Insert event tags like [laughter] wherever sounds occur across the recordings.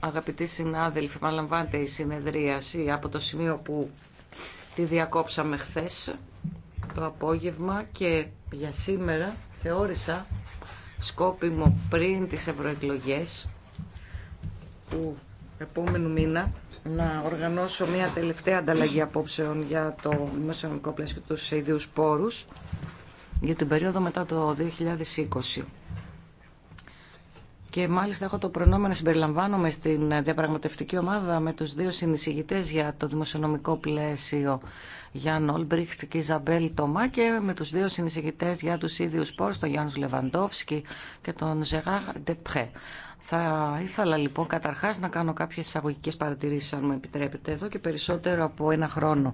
Αγαπητοί συνάδελφοι, παραλαμβάνεται η συνεδρίαση από το σημείο που τη διακόψαμε χθε το απόγευμα και για σήμερα θεώρησα σκόπιμο πριν τις ευρωεκλογέ του επόμενου μήνα να οργανώσω μια τελευταία ανταλλαγή απόψεων για το δημοσιονομικό πλαίσιο του ίδιους πόρους για την περίοδο μετά το 2020. Και μάλιστα έχω το προνόμιο να συμπεριλαμβάνομαι στην διαπραγματευτική ομάδα με τους δύο συνεισηγητές για το δημοσιονομικό πλαίσιο Γιάνν Όλμπριχτ και Ιζαμπέλ Τομά και με τους δύο συνεισηγητές για τους ίδιους πόρους, τον Γιάννου Λεβαντόφσκι και τον Ζεγάρ Ντεπρέ. Θα ήθελα λοιπόν καταρχάς να κάνω κάποιες εισαγωγικέ παρατηρήσεις αν μου επιτρέπετε εδώ και περισσότερο από ένα χρόνο.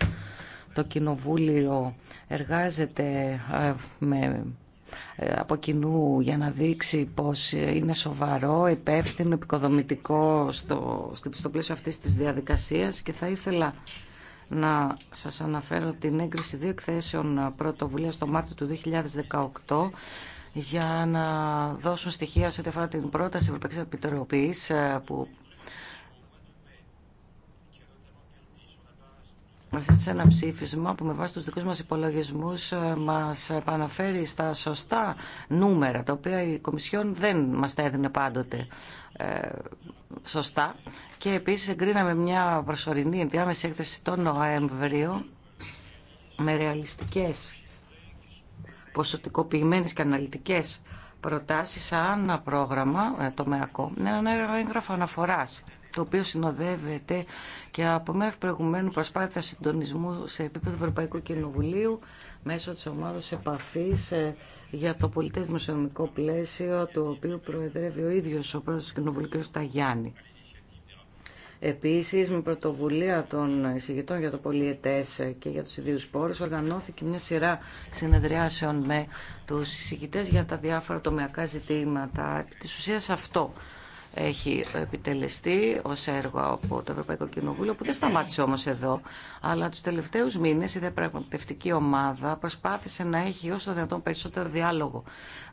Το Κοινοβούλιο εργάζεται ε, με ε, από κοινού για να δείξει πως είναι σοβαρό, υπεύθυνο, επικοδομητικό στο, στο πλαίσιο αυτής της διαδικασίας και θα ήθελα να σας αναφέρω την έγκριση δύο εκθέσεων πρωτοβουλία το Μάρτιο του 2018 για να δώσουν στοιχεία σε ό,τι αφορά την πρόταση Ευρωπαϊκής Επιτροπής ε, που Μας σε ένα ψήφισμα που με βάση τους δικούς μας υπολογισμούς ε, μας επαναφέρει στα σωστά νούμερα, τα οποία η Κομισιόν δεν μας τα έδινε πάντοτε ε, σωστά. Και επίσης εγκρίναμε μια προσωρινή ενδιάμεση έκθεση τον Νοέμβριο με ρεαλιστικές, ποσοτικοποιημένες και αναλυτικές προτάσεις σαν ένα πρόγραμμα ε, με ένα έγγραφο αναφοράς το οποίο συνοδεύεται και από μέχρι προηγουμένου προσπάθεια συντονισμού σε επίπεδο Ευρωπαϊκού Κοινοβουλίου μέσω της ομάδας επαφής ε, για το πολιτές δημοσιονομικό πλαίσιο του οποίο προεδρεύει ο ίδιος ο πρόεδρος του Κοινοβουλίου κ. Σταγιάννη. Επίσης, με πρωτοβουλία των εισηγητών για το πολιετές και για τους ιδίους πόρους, οργανώθηκε μια σειρά συνεδριάσεων με τους εισηγητές για τα διάφορα τομεακά ζητήματα. Της ουσίας αυτό έχει επιτελεστεί ως έργο από το Ευρωπαϊκό Κοινοβούλιο, που δεν σταμάτησε όμω εδώ, αλλά τους τελευταίους μήνες η διαπραγματευτική ομάδα προσπάθησε να έχει όσο δυνατόν περισσότερο διάλογο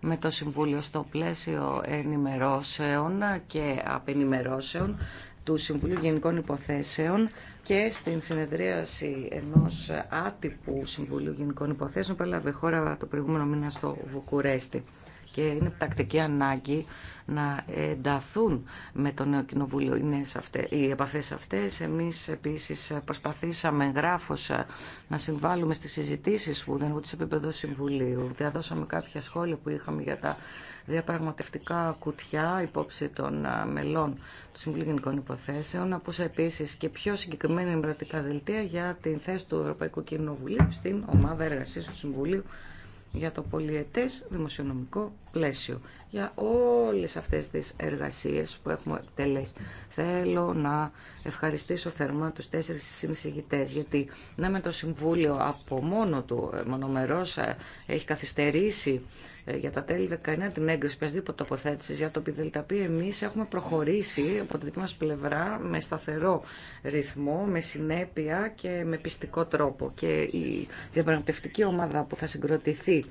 με το Συμβούλιο στο πλαίσιο ενημερώσεων και απενημερώσεων του Συμβουλίου Γενικών Υποθέσεων και στην συνεδρίαση ενός άτυπου Συμβουλίου Γενικών Υποθέσεων που έλαβε χώρα το προηγούμενο μήνα στο Βουκουρέστι και είναι τακτική ανάγκη να ενταθούν με το νέο κοινοβούλιο οι επαφές αυτές. Εμείς επίσης προσπαθήσαμε γράφως να συμβάλλουμε στις συζητήσεις που δεν σε επίπεδο συμβουλίου. Διαδώσαμε κάποια σχόλια που είχαμε για τα διαπραγματευτικά κουτιά υπόψη των μελών του Συμβουλίου Γενικών Υποθέσεων, όπως επίση και πιο συγκεκριμένα ημερωτικά δελτία για την θέση του Ευρωπαϊκού Κοινοβουλίου στην ομάδα εργασίας του Συμβουλίου για το πολιετές δημοσιονομικό πλαίσιο. Για όλες αυτές τις εργασίες που έχουμε εκτελέσει. Θέλω να ευχαριστήσω θερμά τους τέσσερις συνεισηγητές, γιατί να με το Συμβούλιο από μόνο του ε, μονομερός ε, έχει καθυστερήσει ε, για τα τέλη 19 την έγκριση οποιασδήποτε τοποθέτηση για το πιδελταπή εμείς έχουμε προχωρήσει από την δική μας πλευρά με σταθερό ρυθμό, με συνέπεια και με πιστικό τρόπο και η διαπραγματευτική ομάδα που θα συγκροτηθεί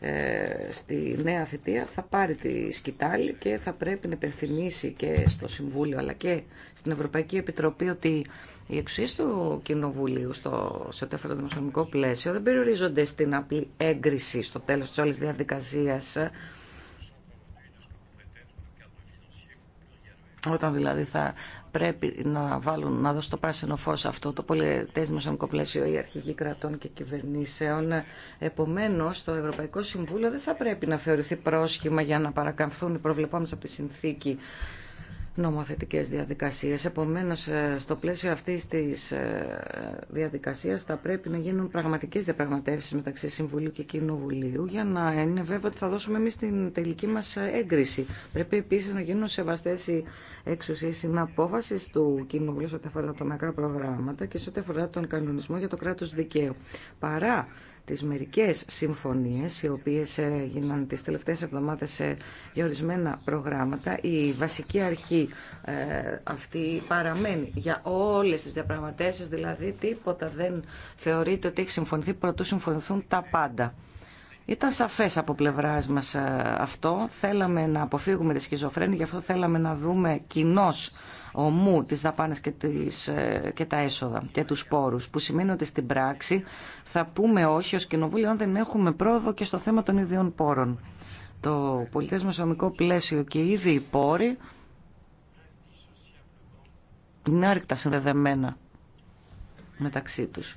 ε, στη νέα θητεία θα πάρει τη σκητάλη και θα πρέπει να υπενθυμίσει και στο Συμβούλιο αλλά και στην Ευρωπαϊκή Επιτροπή ότι οι εξουσίες του Κοινοβουλίου στο, σε ό,τι δημοσιονομικό πλαίσιο δεν περιορίζονται στην απλή έγκριση στο τέλος της όλης διαδικασίας όταν δηλαδή θα πρέπει να, βάλουν, να δώσουν το πράσινο φως αυτό το πολυετές δημοσιονομικό πλαίσιο ή αρχηγοί κρατών και κυβερνήσεων. Επομένως, το Ευρωπαϊκό Συμβούλιο δεν θα πρέπει να θεωρηθεί πρόσχημα για να παρακαμφθούν οι προβλεπόμενες από τη συνθήκη νομοθετικές διαδικασίες. Επομένως, ε, στο πλαίσιο αυτής της ε, διαδικασίας θα πρέπει να γίνουν πραγματικές διαπραγματεύσεις μεταξύ Συμβουλίου και Κοινοβουλίου για να είναι βέβαιο ότι θα δώσουμε εμείς την τελική μας έγκριση. Πρέπει επίσης να γίνουν σεβαστές οι εξουσίες συνάποβασης του Κοινοβουλίου σε ό,τι αφορά τα προγράμματα και σε ό,τι αφορά τον κανονισμό για το κράτος δικαίου. Παρά τις μερικές συμφωνίες οι οποίες έγιναν τις τελευταίες εβδομάδες σε ορισμένα προγράμματα. Η βασική αρχή ε, αυτή παραμένει για όλες τις διαπραγματεύσεις, δηλαδή τίποτα δεν θεωρείται ότι έχει συμφωνηθεί προτού συμφωνηθούν τα πάντα. Ήταν σαφές από πλευράς μας ε, αυτό. Θέλαμε να αποφύγουμε τη σχιζοφρένη, γι' αυτό θέλαμε να δούμε κοινώς ομού τις δαπάνες και, ε, και τα έσοδα και τους πόρους, που σημαίνει ότι στην πράξη θα πούμε όχι ως κοινοβούλιο αν δεν έχουμε πρόοδο και στο θέμα των ιδιών πόρων. Το πολιτές μεσομικό πλαίσιο και ήδη οι πόροι είναι άρρηκτα συνδεδεμένα μεταξύ τους.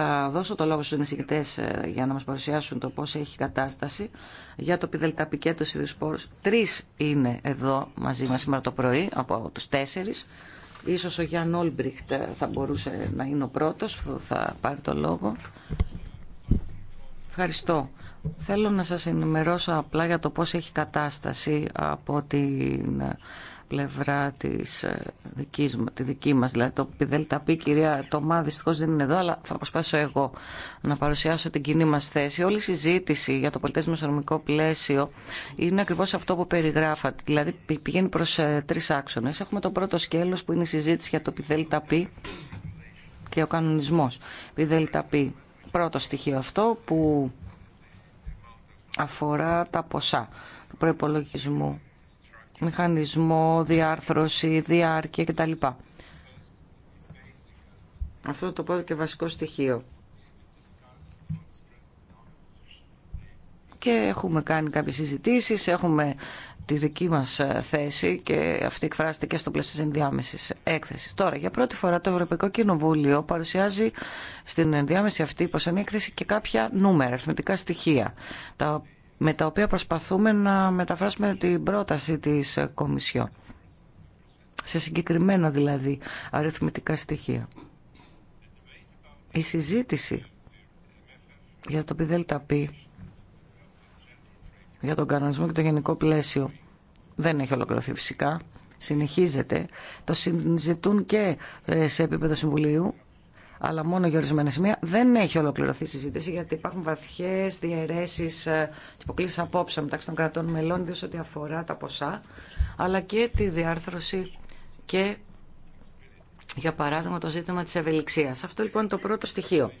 Θα δώσω το λόγο στους εισηγητές ε, για να μας παρουσιάσουν το πώς έχει η κατάσταση. Για το πιδελταπικέ τους ίδιους πόρους. Τρεις είναι εδώ μαζί μας σήμερα το πρωί από τους τέσσερις. Ίσως ο Γιάνν Όλμπριχτ ε, θα μπορούσε να είναι ο πρώτος που θα πάρει το λόγο. Ευχαριστώ. Θέλω να σας ενημερώσω απλά για το πώς έχει κατάσταση από την ε, πλευρά της ε, δικής τη δική μας, δηλαδή το πει κυρία Τωμά, δυστυχώς δεν είναι εδώ, αλλά θα προσπάσω εγώ να παρουσιάσω την κοινή μας θέση. Όλη η συζήτηση για το πολιτές οικονομικό πλαίσιο είναι ακριβώς αυτό που περιγράφατε, δηλαδή πηγαίνει προς ε, τρεις άξονες. Έχουμε το πρώτο σκέλος που είναι η συζήτηση για το πει και ο κανονισμός πει. Πρώτο στοιχείο αυτό που αφορά τα ποσά του προπολογισμού μηχανισμό, διάρθρωση, διάρκεια κτλ. Αυτό το πρώτο και βασικό στοιχείο. Και έχουμε κάνει κάποιες συζητήσεις, έχουμε τη δική μας ε, θέση και αυτή εκφράστηκε στο πλαίσιο της ενδιάμεσης έκθεσης. Τώρα, για πρώτη φορά το Ευρωπαϊκό Κοινοβούλιο παρουσιάζει στην ενδιάμεση αυτή η έκθεση και κάποια νούμερα, αριθμητικά στοιχεία, τα με τα οποία προσπαθούμε να μεταφράσουμε την πρόταση της κόμισιο Σε συγκεκριμένα δηλαδή αριθμητικά στοιχεία. Η συζήτηση για το πι, για τον κανονισμό και το γενικό πλαίσιο, δεν έχει ολοκληρωθεί φυσικά, συνεχίζεται. Το συζητούν και ε, σε επίπεδο Συμβουλίου αλλά μόνο για ορισμένα σημεία, δεν έχει ολοκληρωθεί η συζήτηση, γιατί υπάρχουν βαθιέ διαιρέσει ε, και υποκλήσει απόψεων μεταξύ των κρατών μελών, ιδίω ό,τι αφορά τα ποσά, αλλά και τη διάρθρωση και, για παράδειγμα, το ζήτημα τη ευελιξία. Αυτό λοιπόν είναι το πρώτο στοιχείο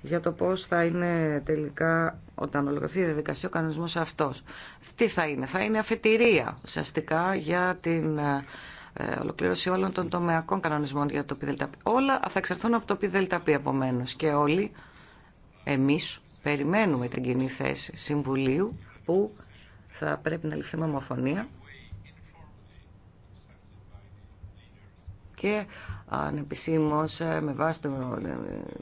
για το πώς θα είναι τελικά όταν ολοκληρωθεί η διαδικασία ο κανονισμός αυτός. Τι θα είναι, θα είναι αφετηρία ουσιαστικά για την ε, ε, ολοκλήρωση όλων των τομεακών κανονισμών για το ΠΔΕΛΤΑΠ. Όλα θα εξαρθούν από το ΠΔΕΛΤΑΠ επομένω. και όλοι εμείς περιμένουμε την κοινή θέση Συμβουλίου που θα πρέπει να ληφθεί με ομοφωνία και ανεπισήμως ε, με βάση το,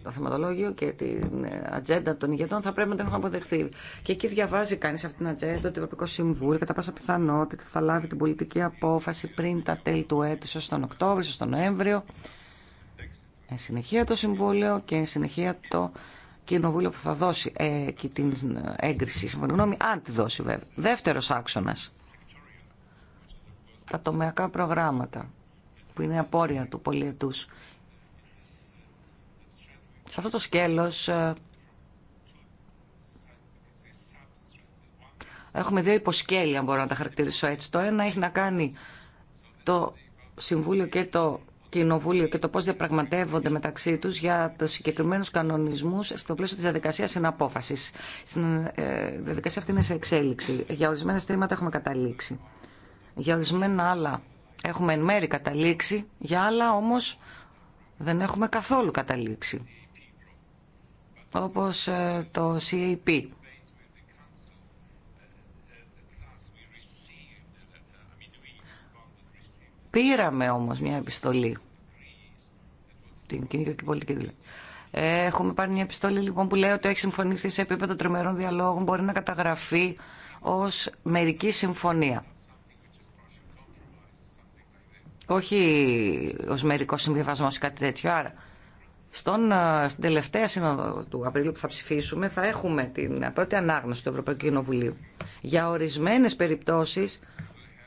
το θεματολόγιο και την ε, ατζέντα των ηγετών θα πρέπει να την έχουν αποδεχθεί. Και εκεί διαβάζει κανείς αυτή την ατζέντα ότι το Ευρωπαϊκό Συμβούλιο κατά πάσα πιθανότητα θα λάβει την πολιτική απόφαση πριν τα τέλη του έτους, ω τον Οκτώβριο, ως τον Νοέμβριο. Εν συνεχεία το Συμβούλιο και εν συνεχεία το Κοινοβούλιο που θα δώσει ε, και την έγκριση συμφωνή γνώμη, αν τη δώσει βέβαια. Δεύτερο άξονα. τα τομεακά προγράμματα που είναι απόρρια του πολιετούς. Σε αυτό το σκέλος ε, έχουμε δύο υποσκέλια αν μπορώ να τα χαρακτηρίσω έτσι. Το ένα έχει να κάνει το Συμβούλιο και το Κοινοβούλιο και το πώς διαπραγματεύονται μεταξύ τους για τους συγκεκριμένους κανονισμούς στο πλαίσιο της διαδικασίας συναπόφασης. Στην ε, διαδικασία αυτή είναι σε εξέλιξη. Για ορισμένα θέματα έχουμε καταλήξει. Για ορισμένα άλλα Έχουμε εν μέρη καταλήξει, για άλλα όμως δεν έχουμε καθόλου καταλήξει. Όπως ε, το CAP. Πήραμε όμως μια επιστολή. Την κοινωνική πολιτική δουλειά. Δηλαδή. Έχουμε πάρει μια επιστολή λοιπόν που λέει ότι έχει συμφωνηθεί σε επίπεδο τριμερών διαλόγων μπορεί να καταγραφεί ως μερική συμφωνία όχι ως μερικό συμβιβασμό ή κάτι τέτοιο. Άρα, στον, ε, στην τελευταία σύνοδο του Απριλίου που θα ψηφίσουμε θα έχουμε την πρώτη ανάγνωση του Ευρωπαϊκού Κοινοβουλίου. Για ορισμένες περιπτώσεις,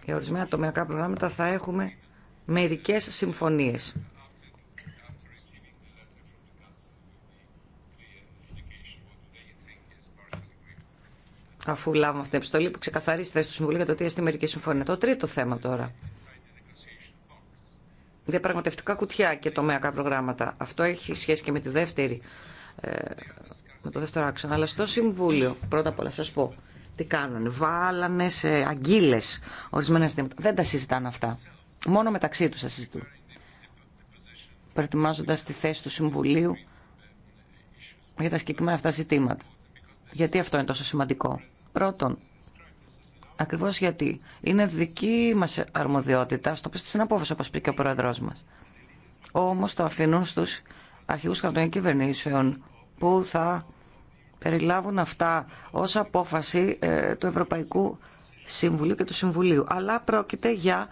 για ορισμένα τομεακά προγράμματα θα έχουμε μερικές συμφωνίες. Αφού λάβουμε αυτή την επιστολή που ξεκαθαρίσει θέση του Συμβουλίου για το τι είναι μερική συμφωνία. Το τρίτο θέμα τώρα διαπραγματευτικά κουτιά και τομεακά προγράμματα. Αυτό έχει σχέση και με τη δεύτερη, ε, με το δεύτερο άξονα. Αλλά στο Συμβούλιο, πρώτα απ' όλα σα πω, τι κάνανε. Βάλανε σε αγκύλες ορισμένα ζητήματα. Δεν τα συζητάνε αυτά. Μόνο μεταξύ του τα συζητούν. Προετοιμάζοντα τη θέση του Συμβουλίου για τα συγκεκριμένα αυτά ζητήματα. Γιατί αυτό είναι τόσο σημαντικό. Πρώτον, Ακριβώ γιατί είναι δική μα αρμοδιότητα, στο οποίο στην απόφαση όπως πήγε ο πρόεδρό μας. Όμως το αφήνουν στου αρχηγού κρατών κυβερνήσεων που θα περιλάβουν αυτά ως απόφαση ε, του Ευρωπαϊκού Συμβουλίου και του Συμβουλίου. Αλλά πρόκειται για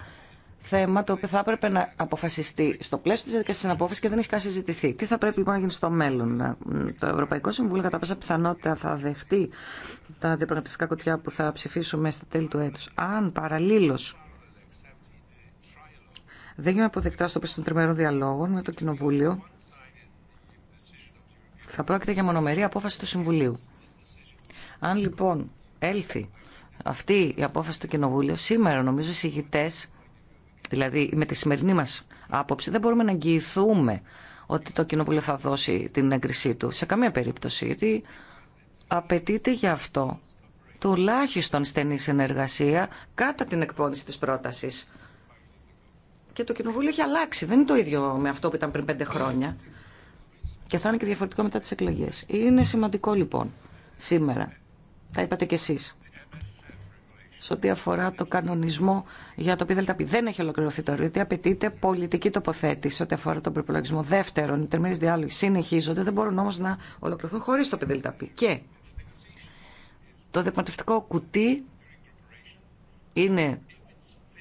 θέμα το οποίο θα έπρεπε να αποφασιστεί στο πλαίσιο τη διαδικασία συναπόφαση και δεν έχει καν συζητηθεί. Τι θα πρέπει λοιπόν να γίνει στο μέλλον. Το Ευρωπαϊκό Συμβούλιο κατά πάσα πιθανότητα θα δεχτεί τα διαπραγματευτικά κοτιά που θα ψηφίσουμε στα τέλη του έτου. Αν παραλίλω δεν γίνουν αποδεκτά στο πλαίσιο των τριμερών διαλόγων με το Κοινοβούλιο, θα πρόκειται για μονομερή απόφαση του Συμβουλίου. Αν λοιπόν έλθει αυτή η απόφαση του Κοινοβούλιο, σήμερα νομίζω οι συγητές δηλαδή με τη σημερινή μας άποψη, δεν μπορούμε να εγγυηθούμε ότι το κοινοβούλιο θα δώσει την έγκρισή του σε καμία περίπτωση, γιατί απαιτείται γι' αυτό τουλάχιστον στενή συνεργασία κατά την εκπόνηση της πρότασης. Και το κοινοβούλιο έχει αλλάξει, δεν είναι το ίδιο με αυτό που ήταν πριν πέντε χρόνια. Και θα είναι και διαφορετικό μετά τις εκλογές. Είναι σημαντικό λοιπόν σήμερα, τα είπατε κι εσείς, σε ό,τι αφορά το κανονισμό για το ΠΔΕΛΤΑΠΗ. Δεν έχει ολοκληρωθεί τώρα, γιατί απαιτείται πολιτική τοποθέτηση σε ό,τι αφορά τον προπολογισμό. Δεύτερον, οι τερμέρε διάλογοι συνεχίζονται, δεν μπορούν όμω να ολοκληρωθούν χωρί το ΠΔΕΛΤΑΠΗ. Και το διαπραγματευτικό κουτί είναι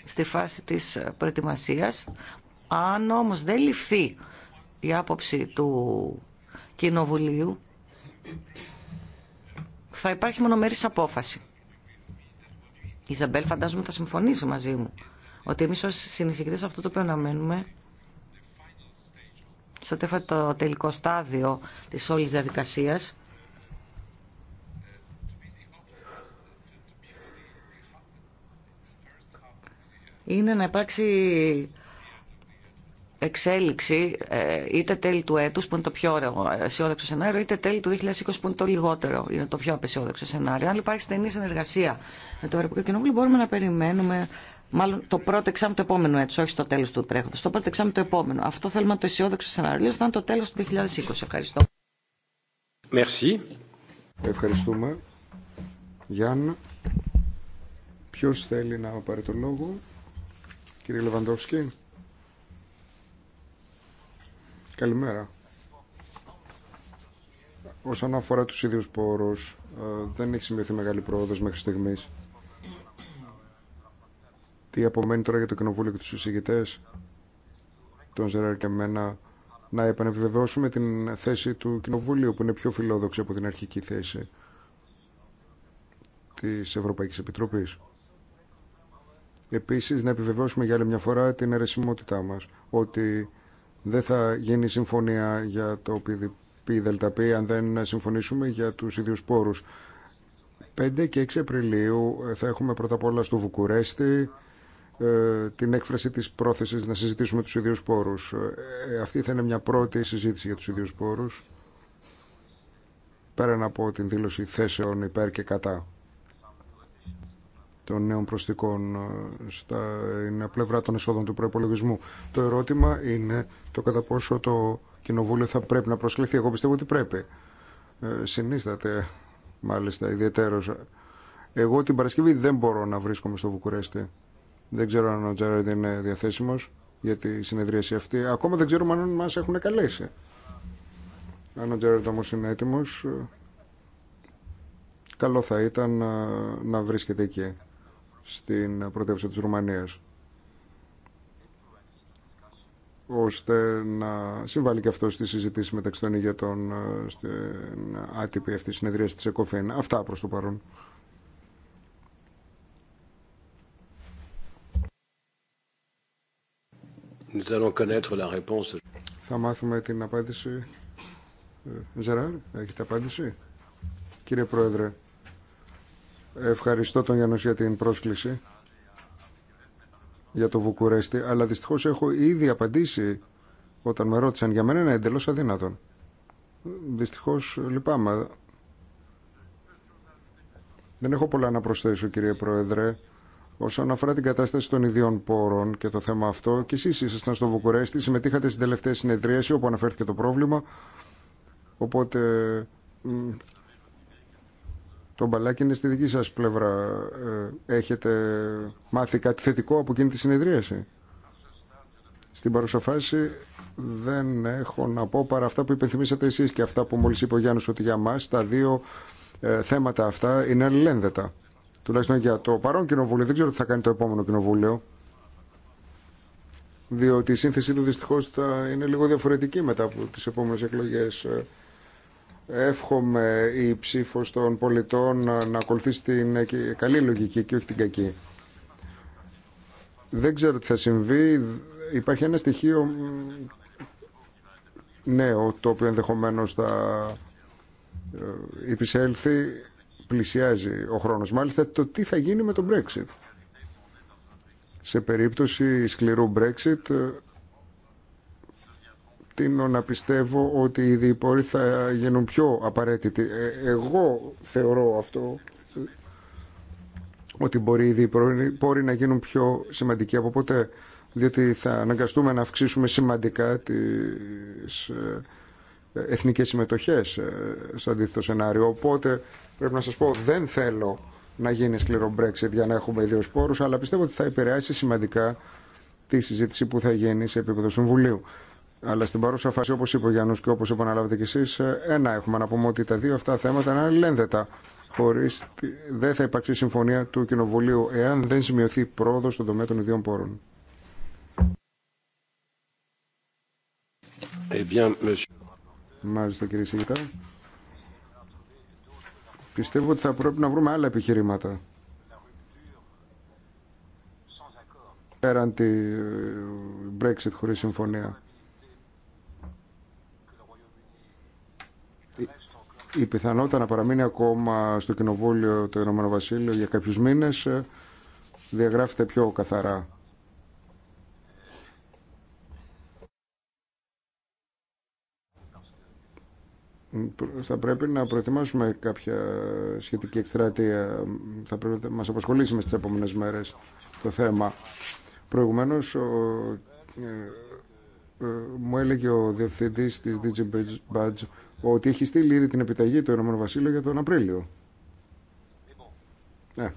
στη φάση της προετοιμασίας. Αν όμως δεν ληφθεί η άποψη του Κοινοβουλίου, θα υπάρχει μονομερής απόφαση. Η Ιζαμπέλ φαντάζομαι θα συμφωνήσει μαζί μου ότι εμείς ως συνεισηγητές αυτό το οποίο αναμένουμε στο το τελικό στάδιο της όλης διαδικασίας είναι να υπάρξει εξέλιξη ε, είτε τέλη του έτου που είναι το πιο ε, αισιόδοξο σενάριο είτε τέλη του 2020 που είναι το λιγότερο είναι το πιο απεσιόδοξο σενάριο. Αν υπάρχει στενή συνεργασία με το Ευρωπαϊκό Κοινοβούλιο μπορούμε να περιμένουμε μάλλον το πρώτο εξάμεινο του επόμενου έτσι, όχι στο τέλο του τρέχοντος, το πρώτο εξάμεινο του επόμενου. Αυτό θέλουμε το αισιόδοξο σενάριο θα είναι το τέλο του 2020. Ευχαριστώ. Merci. Ευχαριστούμε. Γιάννα, Ποιο θέλει να πάρει το λόγο, κύριε Λεβαντόφσκι. Καλημέρα. Όσον αφορά τους ίδιους πόρους, ε, δεν έχει σημειωθεί μεγάλη πρόοδος μέχρι στιγμής. Τι απομένει τώρα για το Κοινοβούλιο και τους εισηγητές, τον Ζεράρ και εμένα, να επανεπιβεβαιώσουμε την θέση του Κοινοβουλίου, που είναι πιο φιλόδοξη από την αρχική θέση της Ευρωπαϊκής Επιτροπής. Επίσης, να επιβεβαιώσουμε για άλλη μια φορά την αιρεσιμότητά μας, ότι δεν θα γίνει συμφωνία για το PDP-ΔΠ αν δεν συμφωνήσουμε για τους ίδιους πόρους. 5 και 6 Απριλίου ε, θα έχουμε πρώτα απ' όλα στο Βουκουρέστι ε, την έκφραση της πρόθεσης να συζητήσουμε τους ίδιους πόρους. Ε, αυτή θα είναι μια πρώτη συζήτηση για τους ίδιους πόρους, πέραν από την δήλωση θέσεων υπέρ και κατά των νέων προσθήκων ε, στα πλευρά των εσόδων του προπολογισμού. Το ερώτημα είναι το κατά πόσο το κοινοβούλιο θα πρέπει να προσκληθεί. Εγώ πιστεύω ότι πρέπει. Ε, συνίσταται μάλιστα ιδιαίτερο. Εγώ την Παρασκευή δεν μπορώ να βρίσκομαι στο Βουκουρέστι. Δεν ξέρω αν ο Τζέραρντ είναι διαθέσιμο για τη συνεδρίαση αυτή. Ακόμα δεν ξέρουμε αν μα έχουν καλέσει. Αν ο Τζέραρντ όμω είναι έτοιμο, καλό θα ήταν ε, να βρίσκεται εκεί στην πρωτεύουσα της Ρουμανίας ώστε να συμβάλλει και αυτό στη συζήτηση μεταξύ των ηγετών ε, στην άτυπη αυτή συνεδρία της ΕΚΟΦΕΝ. Αυτά προς το παρόν. Θα μάθουμε την απάντηση. Ε, Ζεράρ, έχετε απάντηση. Κύριε Πρόεδρε, Ευχαριστώ τον Γιάννος για την πρόσκληση για το Βουκουρέστι, αλλά δυστυχώς έχω ήδη απαντήσει όταν με ρώτησαν για μένα είναι εντελώς αδύνατον. Δυστυχώς λυπάμαι. Δεν έχω πολλά να προσθέσω κύριε Πρόεδρε. Όσον αφορά την κατάσταση των ιδιών πόρων και το θέμα αυτό, και εσεί ήσασταν στο Βουκουρέστι, συμμετείχατε στην τελευταία συνεδρίαση όπου αναφέρθηκε το πρόβλημα. Οπότε το μπαλάκι είναι στη δική σας πλευρά. Ε, έχετε μάθει κάτι θετικό από εκείνη τη συνεδρίαση. Στην φάση δεν έχω να πω παρά αυτά που υπενθυμίσατε εσείς και αυτά που μόλις είπε ο Γιάννης ότι για μας τα δύο ε, θέματα αυτά είναι αλληλένδετα. Τουλάχιστον για το παρόν κοινοβούλιο. Δεν ξέρω τι θα κάνει το επόμενο κοινοβούλιο. Διότι η σύνθεσή του δυστυχώς θα είναι λίγο διαφορετική μετά από τις επόμενες εκλογές. Ε, Εύχομαι η ψήφο των πολιτών να ακολουθεί την καλή λογική και όχι την κακή. Δεν ξέρω τι θα συμβεί. Υπάρχει ένα στοιχείο νέο το οποίο ενδεχομένω θα ε, επισέλθει. Πλησιάζει ο χρόνος. Μάλιστα το τι θα γίνει με το Brexit. Σε περίπτωση σκληρού Brexit τίνω να πιστεύω ότι οι διπόροι θα γίνουν πιο απαραίτητοι. Ε, εγώ θεωρώ αυτό ότι μπορεί οι μπορεί να γίνουν πιο σημαντικοί από ποτέ διότι θα αναγκαστούμε να αυξήσουμε σημαντικά τις ε, εθνικές συμμετοχές ε, στο αντίθετο σενάριο. Οπότε πρέπει να σας πω δεν θέλω να γίνει σκληρό Brexit για να έχουμε δύο σπόρους, αλλά πιστεύω ότι θα επηρεάσει σημαντικά τη συζήτηση που θα γίνει σε επίπεδο Συμβουλίου. Αλλά στην παρούσα φάση, όπω είπε ο Γιάννου και όπω επαναλάβετε κι εσεί, ένα έχουμε να πούμε ότι τα δύο αυτά θέματα είναι αλληλένδετα. Χωρίς, δεν θα υπάρξει συμφωνία του Κοινοβουλίου εάν δεν σημειωθεί πρόοδο στον τομέα των ιδιών πόρων. Eh bien, Μάλιστα, κύριε Σιγητά. Πιστεύω ότι θα πρέπει να βρούμε άλλα επιχειρήματα. Πέραν τη ε, Brexit χωρίς συμφωνία. η πιθανότητα να παραμείνει ακόμα στο κοινοβούλιο το Ηνωμένο Βασίλειο για κάποιους μήνες ε, διαγράφεται πιο καθαρά. Θα πρέπει να προετοιμάσουμε κάποια σχετική εκστρατεία. Θα πρέπει να μας απασχολήσει στις επόμενες μέρες το θέμα. Προηγουμένως, ο, ε, ε, μου έλεγε ο διευθυντής της DG Badge ότι έχει στείλει ήδη την επιταγή του Ηνωμένου Βασίλειο για τον Απρίλιο. Ναι. Ε.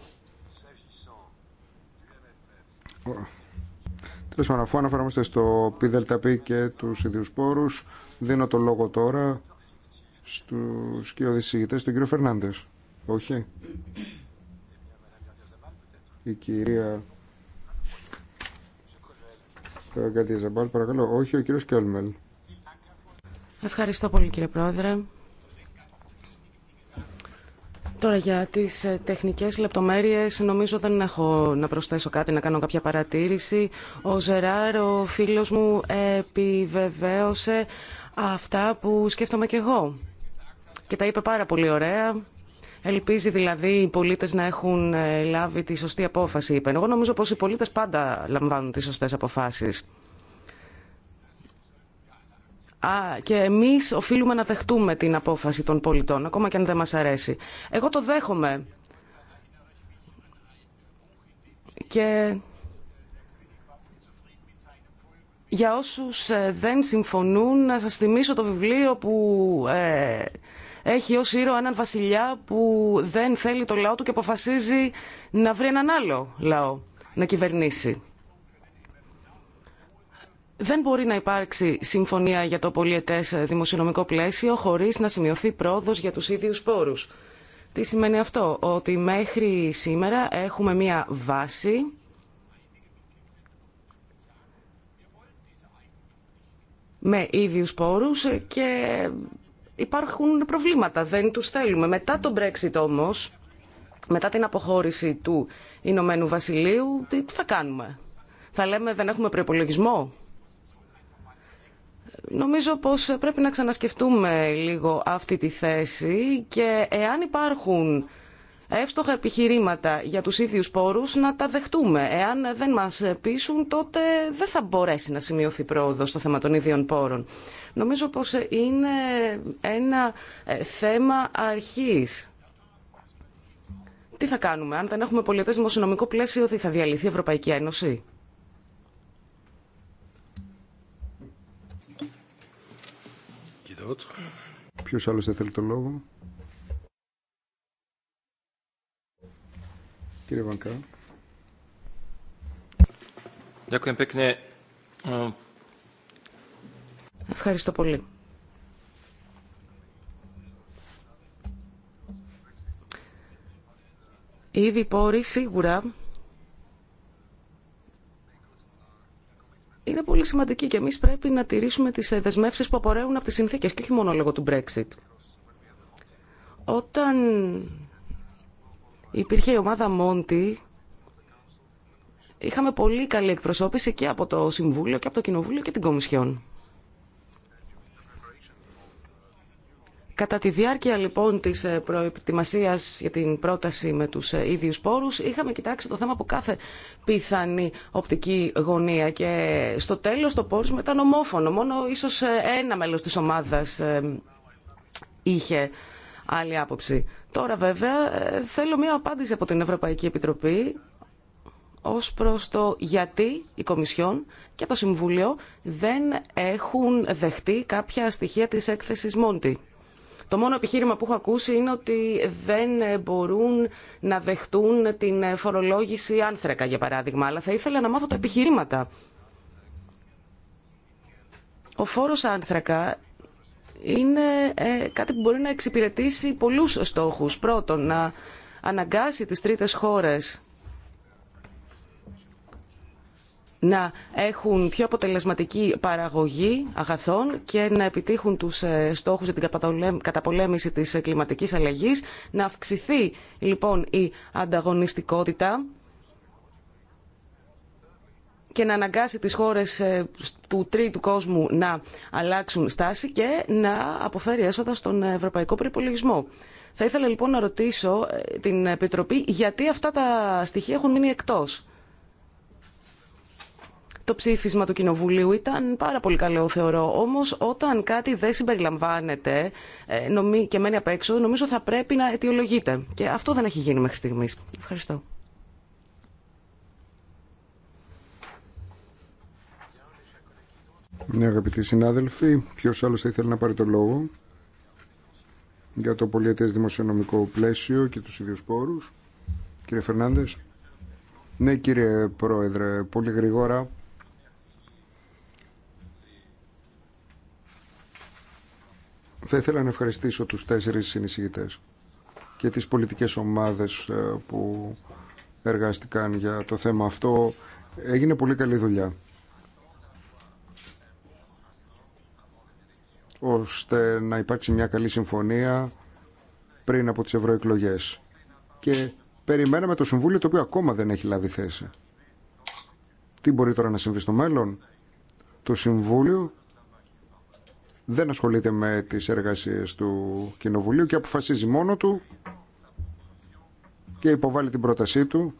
Τέλο πάντων, αφού αναφερόμαστε στο ΠΔΠ και του ίδιου πόρου, δίνω το λόγο τώρα στου ο ηγητέ, τον κύριο Φερνάντε. Όχι. Η κυρία. Κατία παρακαλώ. Όχι, ο κύριο Κέλμελ. Ευχαριστώ πολύ κύριε Πρόεδρε. Τώρα για τις ε, τεχνικές λεπτομέρειες νομίζω δεν έχω να προσθέσω κάτι, να κάνω κάποια παρατήρηση. Ο Ζεράρ, ο φίλος μου, επιβεβαίωσε αυτά που σκέφτομαι και εγώ. Και τα είπε πάρα πολύ ωραία. Ελπίζει δηλαδή οι πολίτε να έχουν ε, λάβει τη σωστή απόφαση, είπε. Εγώ νομίζω πω οι πολίτε πάντα λαμβάνουν τι σωστέ αποφάσει. Α, και εμείς οφείλουμε να δεχτούμε την απόφαση των πολιτών, ακόμα και αν δεν μας αρέσει. Εγώ το δέχομαι. Και για όσους ε, δεν συμφωνούν, να σας θυμίσω το βιβλίο που ε, έχει ως ήρωα έναν βασιλιά που δεν θέλει το λαό του και αποφασίζει να βρει έναν άλλο λαό να κυβερνήσει δεν μπορεί να υπάρξει συμφωνία για το πολιετές ε, δημοσιονομικό πλαίσιο χωρίς να σημειωθεί πρόοδος για τους ίδιους πόρους. Τι σημαίνει αυτό, ότι μέχρι σήμερα έχουμε μία βάση με ίδιους πόρους και υπάρχουν προβλήματα, δεν τους θέλουμε. Μετά τον Brexit όμως, μετά την αποχώρηση του Ηνωμένου Βασιλείου, τι θα κάνουμε. Θα λέμε δεν έχουμε προπολογισμό. Νομίζω πως πρέπει να ξανασκεφτούμε λίγο αυτή τη θέση και εάν υπάρχουν εύστοχα επιχειρήματα για τους ίδιους πόρους να τα δεχτούμε. Εάν δεν μας πείσουν τότε δεν θα μπορέσει να σημειωθεί πρόοδο στο θέμα των ίδιων πόρων. Νομίζω πως είναι ένα ε, θέμα αρχής. Τι θα κάνουμε αν δεν έχουμε πολιτές δημοσιονομικό πλαίσιο, ότι θα διαλυθεί η Ευρωπαϊκή Ένωση. Ποιος άλλος δεν θέλει το λόγο. Κύριε Βανκά. Hm. Ευχαριστώ πολύ. Οι ήδη πόροι σίγουρα είναι πολύ σημαντική και εμείς πρέπει να τηρήσουμε τις ε, δεσμεύσεις που απορρέουν από τις συνθήκες και όχι μόνο λόγω του Brexit. Όταν υπήρχε η ομάδα Μόντι, είχαμε πολύ καλή εκπροσώπηση και από το Συμβούλιο και από το Κοινοβούλιο και την Κομισιόν. Κατά τη διάρκεια λοιπόν της ε, προετοιμασία για την πρόταση με τους ε, ίδιους πόρου, είχαμε κοιτάξει το θέμα από κάθε πιθανή οπτική γωνία και στο τέλος το πόρου ήταν ομόφωνο. Μόνο ίσως ε, ένα μέλος της ομάδας είχε άλλη άποψη. Τώρα βέβαια θέλω μια απάντηση από την Ευρωπαϊκή Επιτροπή ως προς το γιατί η Κομισιόν και το Συμβούλιο δεν έχουν δεχτεί κάποια στοιχεία της έκθεσης Μόντι. Το μόνο επιχείρημα που έχω ακούσει είναι ότι δεν μπορούν να δεχτούν την φορολόγηση άνθρακα, για παράδειγμα. Αλλά θα ήθελα να μάθω τα επιχειρήματα. Ο φόρος άνθρακα είναι ε, κάτι που μπορεί να εξυπηρετήσει πολλούς στόχους. Πρώτον, να αναγκάσει τις τρίτες χώρες να έχουν πιο αποτελεσματική παραγωγή αγαθών και να επιτύχουν τους ε, στόχους για την καταπολέμηση της ε, κλιματικής αλλαγής. Να αυξηθεί λοιπόν η ανταγωνιστικότητα και να αναγκάσει τις χώρες ε, του τρίτου κόσμου να αλλάξουν στάση και να αποφέρει έσοδα στον ευρωπαϊκό προπολογισμό. Θα ήθελα λοιπόν να ρωτήσω την Επιτροπή γιατί αυτά τα στοιχεία έχουν μείνει εκτός το ψήφισμα του Κοινοβουλίου ήταν πάρα πολύ καλό, θεωρώ. Όμω, όταν κάτι δεν συμπεριλαμβάνεται ε, και μένει απ' έξω, νομίζω θα πρέπει να αιτιολογείται. Και αυτό δεν έχει γίνει μέχρι στιγμή. Ευχαριστώ. Ναι, αγαπητοί συνάδελφοι, ποιο άλλο θα ήθελε να πάρει το λόγο για το πολιετέ δημοσιονομικό πλαίσιο και του ίδιου πόρου. Κύριε Φερνάνδε. Ναι, κύριε Πρόεδρε, πολύ γρήγορα. Θα ήθελα να ευχαριστήσω τους τέσσερις συνεισηγητές και τις πολιτικές ομάδες ε, που εργάστηκαν για το θέμα αυτό. Έγινε πολύ καλή δουλειά. ώστε να υπάρξει μια καλή συμφωνία πριν από τις ευρωεκλογέ. Και περιμέναμε το Συμβούλιο το οποίο ακόμα δεν έχει λάβει θέση. Τι μπορεί τώρα να συμβεί στο μέλλον. Το Συμβούλιο δεν ασχολείται με τις εργασίες του Κοινοβουλίου και αποφασίζει μόνο του και υποβάλλει την πρότασή του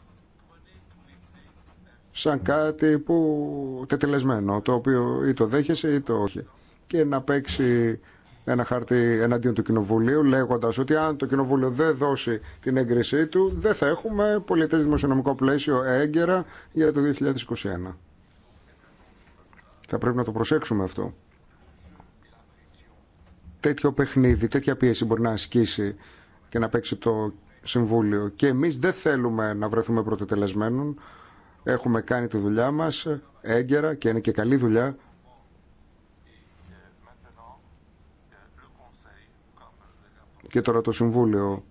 σαν κάτι που τετελεσμένο, το οποίο ή το δέχεσαι ή το όχι. Και να παίξει ένα χάρτη εναντίον του Κοινοβουλίου λέγοντας ότι αν το Κοινοβούλιο δεν δώσει την έγκρισή του δεν θα έχουμε πολιτές δημοσιονομικό πλαίσιο έγκαιρα για το 2021. Θα πρέπει να το προσέξουμε αυτό τέτοιο παιχνίδι, τέτοια πίεση μπορεί να ασκήσει και να παίξει το Συμβούλιο. Και εμείς δεν θέλουμε να βρεθούμε πρωτετελεσμένων. Έχουμε κάνει τη δουλειά μας έγκαιρα και είναι και καλή δουλειά. Και τώρα το Συμβούλιο,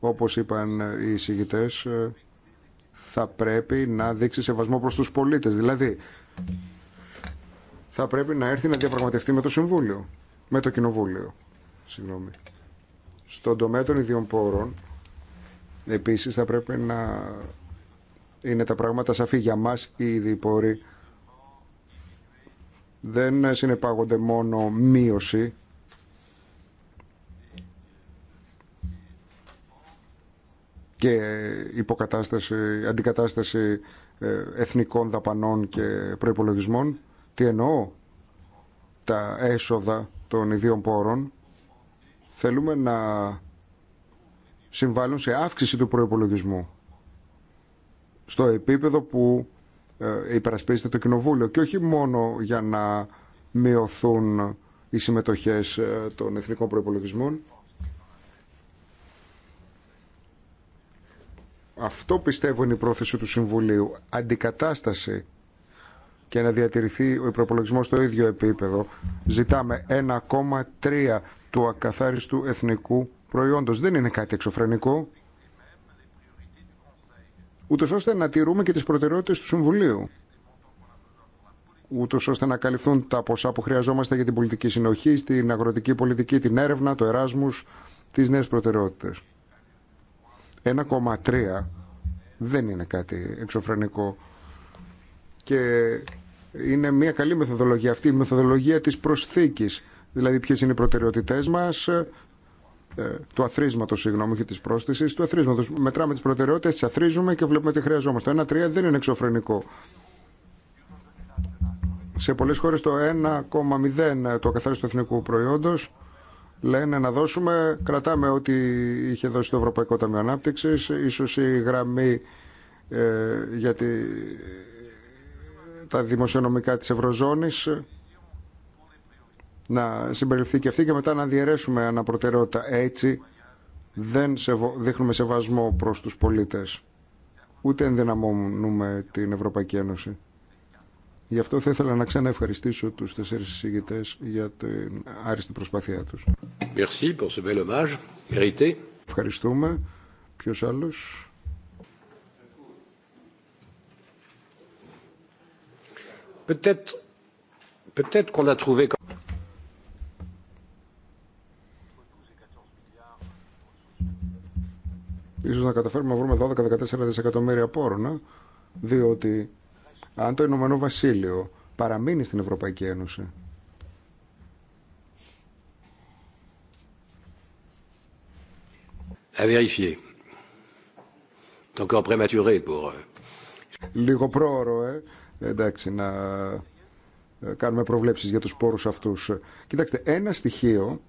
όπως είπαν οι εισηγητές, θα πρέπει να δείξει σεβασμό προς τους πολίτες. Δηλαδή, θα πρέπει να έρθει να διαπραγματευτεί με το Συμβούλιο με το Κοινοβούλιο. Συγγνώμη. Στον τομέα των ιδιών πόρων, επίση θα πρέπει να είναι τα πράγματα σαφή για μας οι ίδιοι πόροι. Δεν συνεπάγονται μόνο μείωση και υποκατάσταση, αντικατάσταση ε, εθνικών δαπανών και προϋπολογισμών. Τι εννοώ, τα έσοδα των ιδίων πόρων θέλουμε να συμβάλλουν σε αύξηση του προϋπολογισμού στο επίπεδο που ε, υπερασπίζεται το Κοινοβούλιο και όχι μόνο για να μειωθούν οι συμμετοχές ε, των εθνικών προϋπολογισμών. Αυτό πιστεύω είναι η πρόθεση του Συμβουλίου. Αντικατάσταση και να διατηρηθεί ο προπολογισμό στο ίδιο επίπεδο. Ζητάμε 1,3 του ακαθάριστου εθνικού προϊόντος. Δεν είναι κάτι εξωφρενικό. Ούτω ώστε να τηρούμε και τι προτεραιότητε του Συμβουλίου. Ούτω ώστε να καλυφθούν τα ποσά που χρειαζόμαστε για την πολιτική συνοχή, στην αγροτική πολιτική, την έρευνα, το Εράσμους, τι νέε προτεραιότητε. 1,3 δεν είναι κάτι εξωφρενικό και είναι μια καλή μεθοδολογία αυτή, η μεθοδολογία της προσθήκης. Δηλαδή ποιες είναι οι προτεραιότητές μας, ε, ε, του αθρίσματο, συγγνώμη, και τη πρόσθεση του αθρίσματο. Μετράμε τι προτεραιότητε, τι αθρίζουμε και βλέπουμε τι χρειαζόμαστε. Το 1,3 δεν είναι εξωφρενικό. Σε πολλέ χώρε το 1,0 ε, το ακαθάριστο εθνικού προϊόντο λένε να δώσουμε. Κρατάμε ό,τι είχε δώσει το Ευρωπαϊκό Ταμείο Ανάπτυξη, ίσω η γραμμή ε, για τα δημοσιονομικά της Ευρωζώνης να συμπεριληφθεί και αυτή και μετά να διαιρέσουμε αναπροτεραιότητα. Έτσι δεν δείχνουμε σεβασμό προς τους πολίτες, ούτε ενδυναμώνουμε την Ευρωπαϊκή Ένωση. Γι' αυτό θα ήθελα να ξαναευχαριστήσω τους τέσσερις συζητητές για την άριστη προσπάθειά τους. Ευχαριστούμε. Ποιος άλλος. peut Ίσως να καταφέρουμε να βρούμε 12-14 δισεκατομμύρια πόρων, ε? διότι αν το Ηνωμένο Βασίλειο παραμείνει στην Ευρωπαϊκή Ένωση, euh, Λίγο πρόωρο, ε εντάξει, να ε, κάνουμε προβλέψεις για τους πόρους αυτούς. Κοιτάξτε, ένα στοιχείο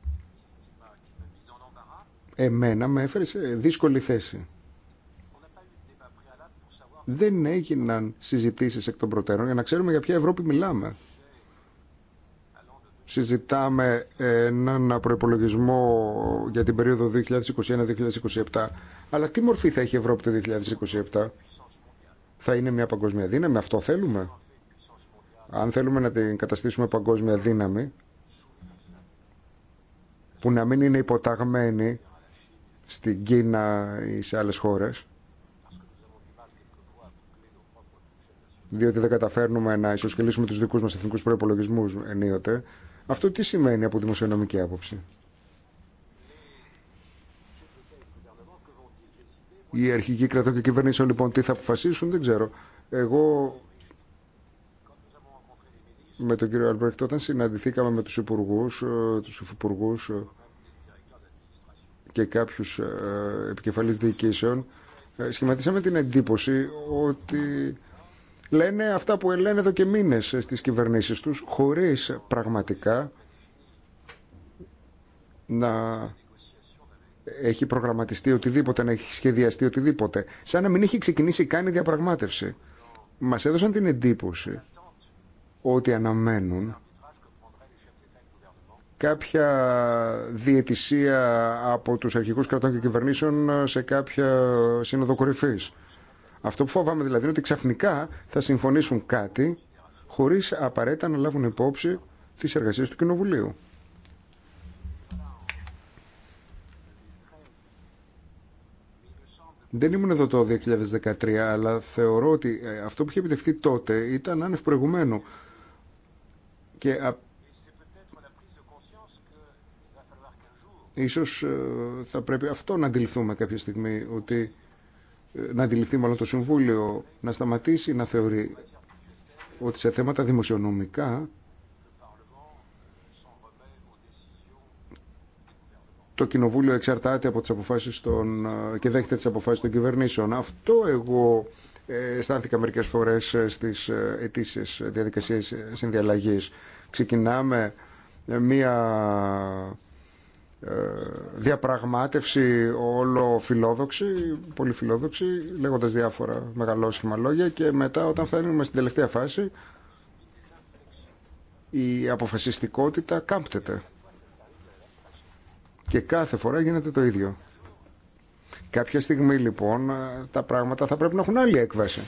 εμένα με έφερε σε δύσκολη θέση. Δεν έγιναν συζητήσεις εκ των προτέρων για να ξέρουμε για ποια Ευρώπη μιλάμε. Συζητάμε έναν προπολογισμό για την περίοδο 2021-2027. Αλλά τι μορφή θα έχει η Ευρώπη το 2027 θα είναι μια παγκόσμια δύναμη. Αυτό θέλουμε. Αν θέλουμε να την καταστήσουμε παγκόσμια δύναμη, που να μην είναι υποταγμένη στην Κίνα ή σε άλλες χώρες, διότι δεν καταφέρνουμε να ισοσκελίσουμε τους δικούς μας εθνικούς προϋπολογισμούς ενίοτε, αυτό τι σημαίνει από δημοσιονομική άποψη. η αρχική κρατών και κυβερνήσεων λοιπόν τι θα αποφασίσουν δεν ξέρω. Εγώ με τον κύριο Αλμπρεχτ όταν συναντηθήκαμε με τους υπουργούς, ε, τους υφυπουργούς ε, και κάποιους ε, επικεφαλής διοικήσεων σχηματίσαμε την εντύπωση ότι λένε αυτά που λένε εδώ και μήνες στις κυβερνήσεις τους χωρίς πραγματικά να έχει προγραμματιστεί οτιδήποτε, να έχει σχεδιαστεί οτιδήποτε. Σαν να μην έχει ξεκινήσει καν η διαπραγμάτευση. Μα έδωσαν την εντύπωση ότι αναμένουν κάποια διαιτησία από τους αρχικούς κρατών και κυβερνήσεων σε κάποια σύνοδο κορυφής. Αυτό που φοβάμαι δηλαδή είναι ότι ξαφνικά θα συμφωνήσουν κάτι χωρίς απαραίτητα να λάβουν υπόψη τις εργασίες του Κοινοβουλίου. Δεν ήμουν εδώ το 2013, αλλά θεωρώ ότι ε, αυτό που είχε επιτευχθεί τότε ήταν άνευ προηγουμένου. Και ίσως ε, θα πρέπει αυτό να αντιληφθούμε κάποια στιγμή, ότι ε, να αντιληφθεί μάλλον το Συμβούλιο, να σταματήσει να θεωρεί ότι σε θέματα δημοσιονομικά το κοινοβούλιο εξαρτάται από τις αποφάσεις των, ε, και δέχεται τις αποφάσεις των κυβερνήσεων. Αυτό εγώ ε, αισθάνθηκα μερικές φορές ε, στις αιτήσεις διαδικασίες συνδιαλλαγής. Ξεκινάμε μία διαπραγμάτευση όλο φιλόδοξη, πολύ φιλόδοξη, λέγοντας διάφορα μεγαλόσχημα λόγια και μετά όταν φτάνουμε στην τελευταία φάση η αποφασιστικότητα κάμπτεται. Και κάθε φορά γίνεται το ίδιο. Κάποια στιγμή λοιπόν τα πράγματα θα πρέπει να έχουν άλλη έκβαση.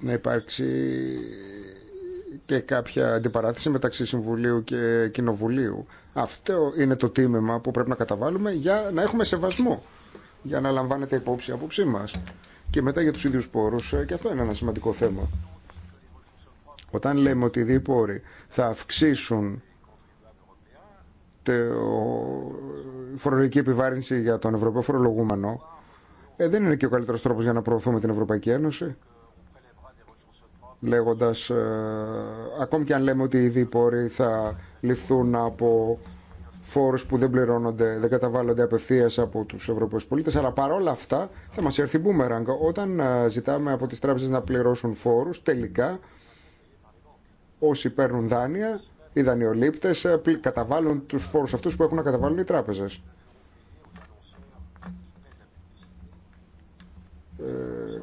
Να υπάρξει και κάποια αντιπαράθεση μεταξύ Συμβουλίου και Κοινοβουλίου. Αυτό είναι το τίμημα που πρέπει να καταβάλουμε για να έχουμε σεβασμό, για να λαμβάνετε υπόψη η απόψή μας. Και μετά για τους ίδιους πόρους, ε, και αυτό είναι ένα σημαντικό θέμα. Όταν λέμε ότι οι διπόροι θα αυξήσουν τη φορολογική επιβάρυνση για τον Ευρωπαίο φορολογούμενο, ε, δεν είναι και ο καλύτερο τρόπο για να προωθούμε την Ευρωπαϊκή Ένωση. Λέγοντα, ε, ακόμη και αν λέμε ότι οι διπόροι θα ληφθούν από φόρου που δεν πληρώνονται, δεν καταβάλλονται απευθεία από του Ευρωπαίου πολίτε. Αλλά παρόλα αυτά θα μα έρθει μπούμεραγκ. Όταν ε, ζητάμε από τι τράπεζε να πληρώσουν φόρου, τελικά όσοι παίρνουν δάνεια, οι δανειολήπτες ε, καταβάλουν τους φόρους αυτούς που έχουν να καταβάλουν οι τράπεζες. Ε,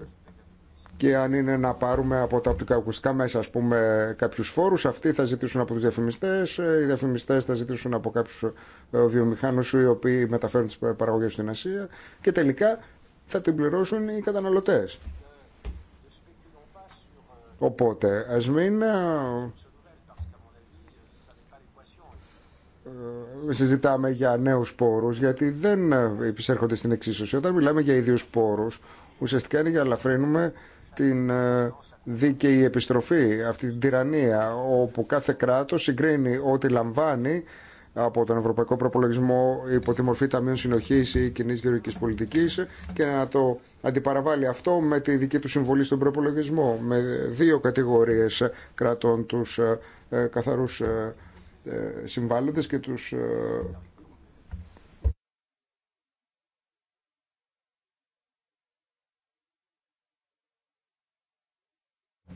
και αν είναι να πάρουμε από τα ακουστικά μέσα ας πούμε κάποιους φόρους αυτοί θα ζητήσουν από τους διαφημιστέ. Ε, οι διαφημιστέ θα ζητήσουν από κάποιου βιομηχανου οι οποίοι μεταφέρουν τι παραγωγέ στην Ασία και τελικά θα την πληρώσουν οι καταναλωτές Οπότε, ας μην ε, ε, συζητάμε για νέους πόρους, γιατί δεν ε, επισέρχονται στην εξίσωση. Όταν μιλάμε για ίδιους πόρους, ουσιαστικά είναι για λαφρύνουμε την δίκαιη επιστροφή, αυτή την τυραννία, όπου κάθε κράτος συγκρίνει ό,τι λαμβάνει από τον Ευρωπαϊκό Προπολογισμό υπό τη μορφή Ταμείων Συνοχή ή Κοινή Γεωργική Πολιτική και να το αντιπαραβάλει αυτό με τη δική του συμβολή στον προπολογισμό, με δύο κατηγορίε κρατών, του ε, καθαρού ε, ε, συμβάλλοντε και του.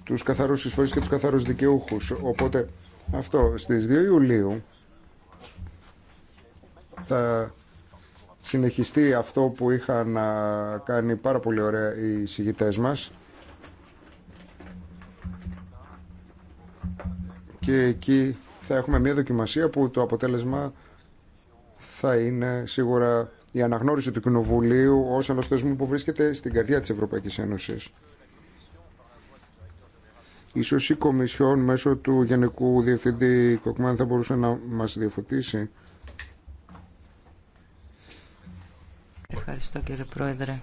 τους καθαρούς εισφορείς και τους καθαρούς δικαιούχους. Οπότε αυτό στις 2 Ιουλίου θα συνεχιστεί αυτό που είχαν κάνει πάρα πολύ ωραία οι συγητές μας και εκεί θα έχουμε μια δοκιμασία που το αποτέλεσμα θα είναι σίγουρα η αναγνώριση του Κοινοβουλίου ως ένας θεσμού που βρίσκεται στην καρδιά της Ευρωπαϊκής Ένωσης. Ίσως η Κομισιόν μέσω του Γενικού Διευθυντή Κοκμάν θα μπορούσε να μας διαφωτίσει. Ευχαριστώ κύριε Πρόεδρε.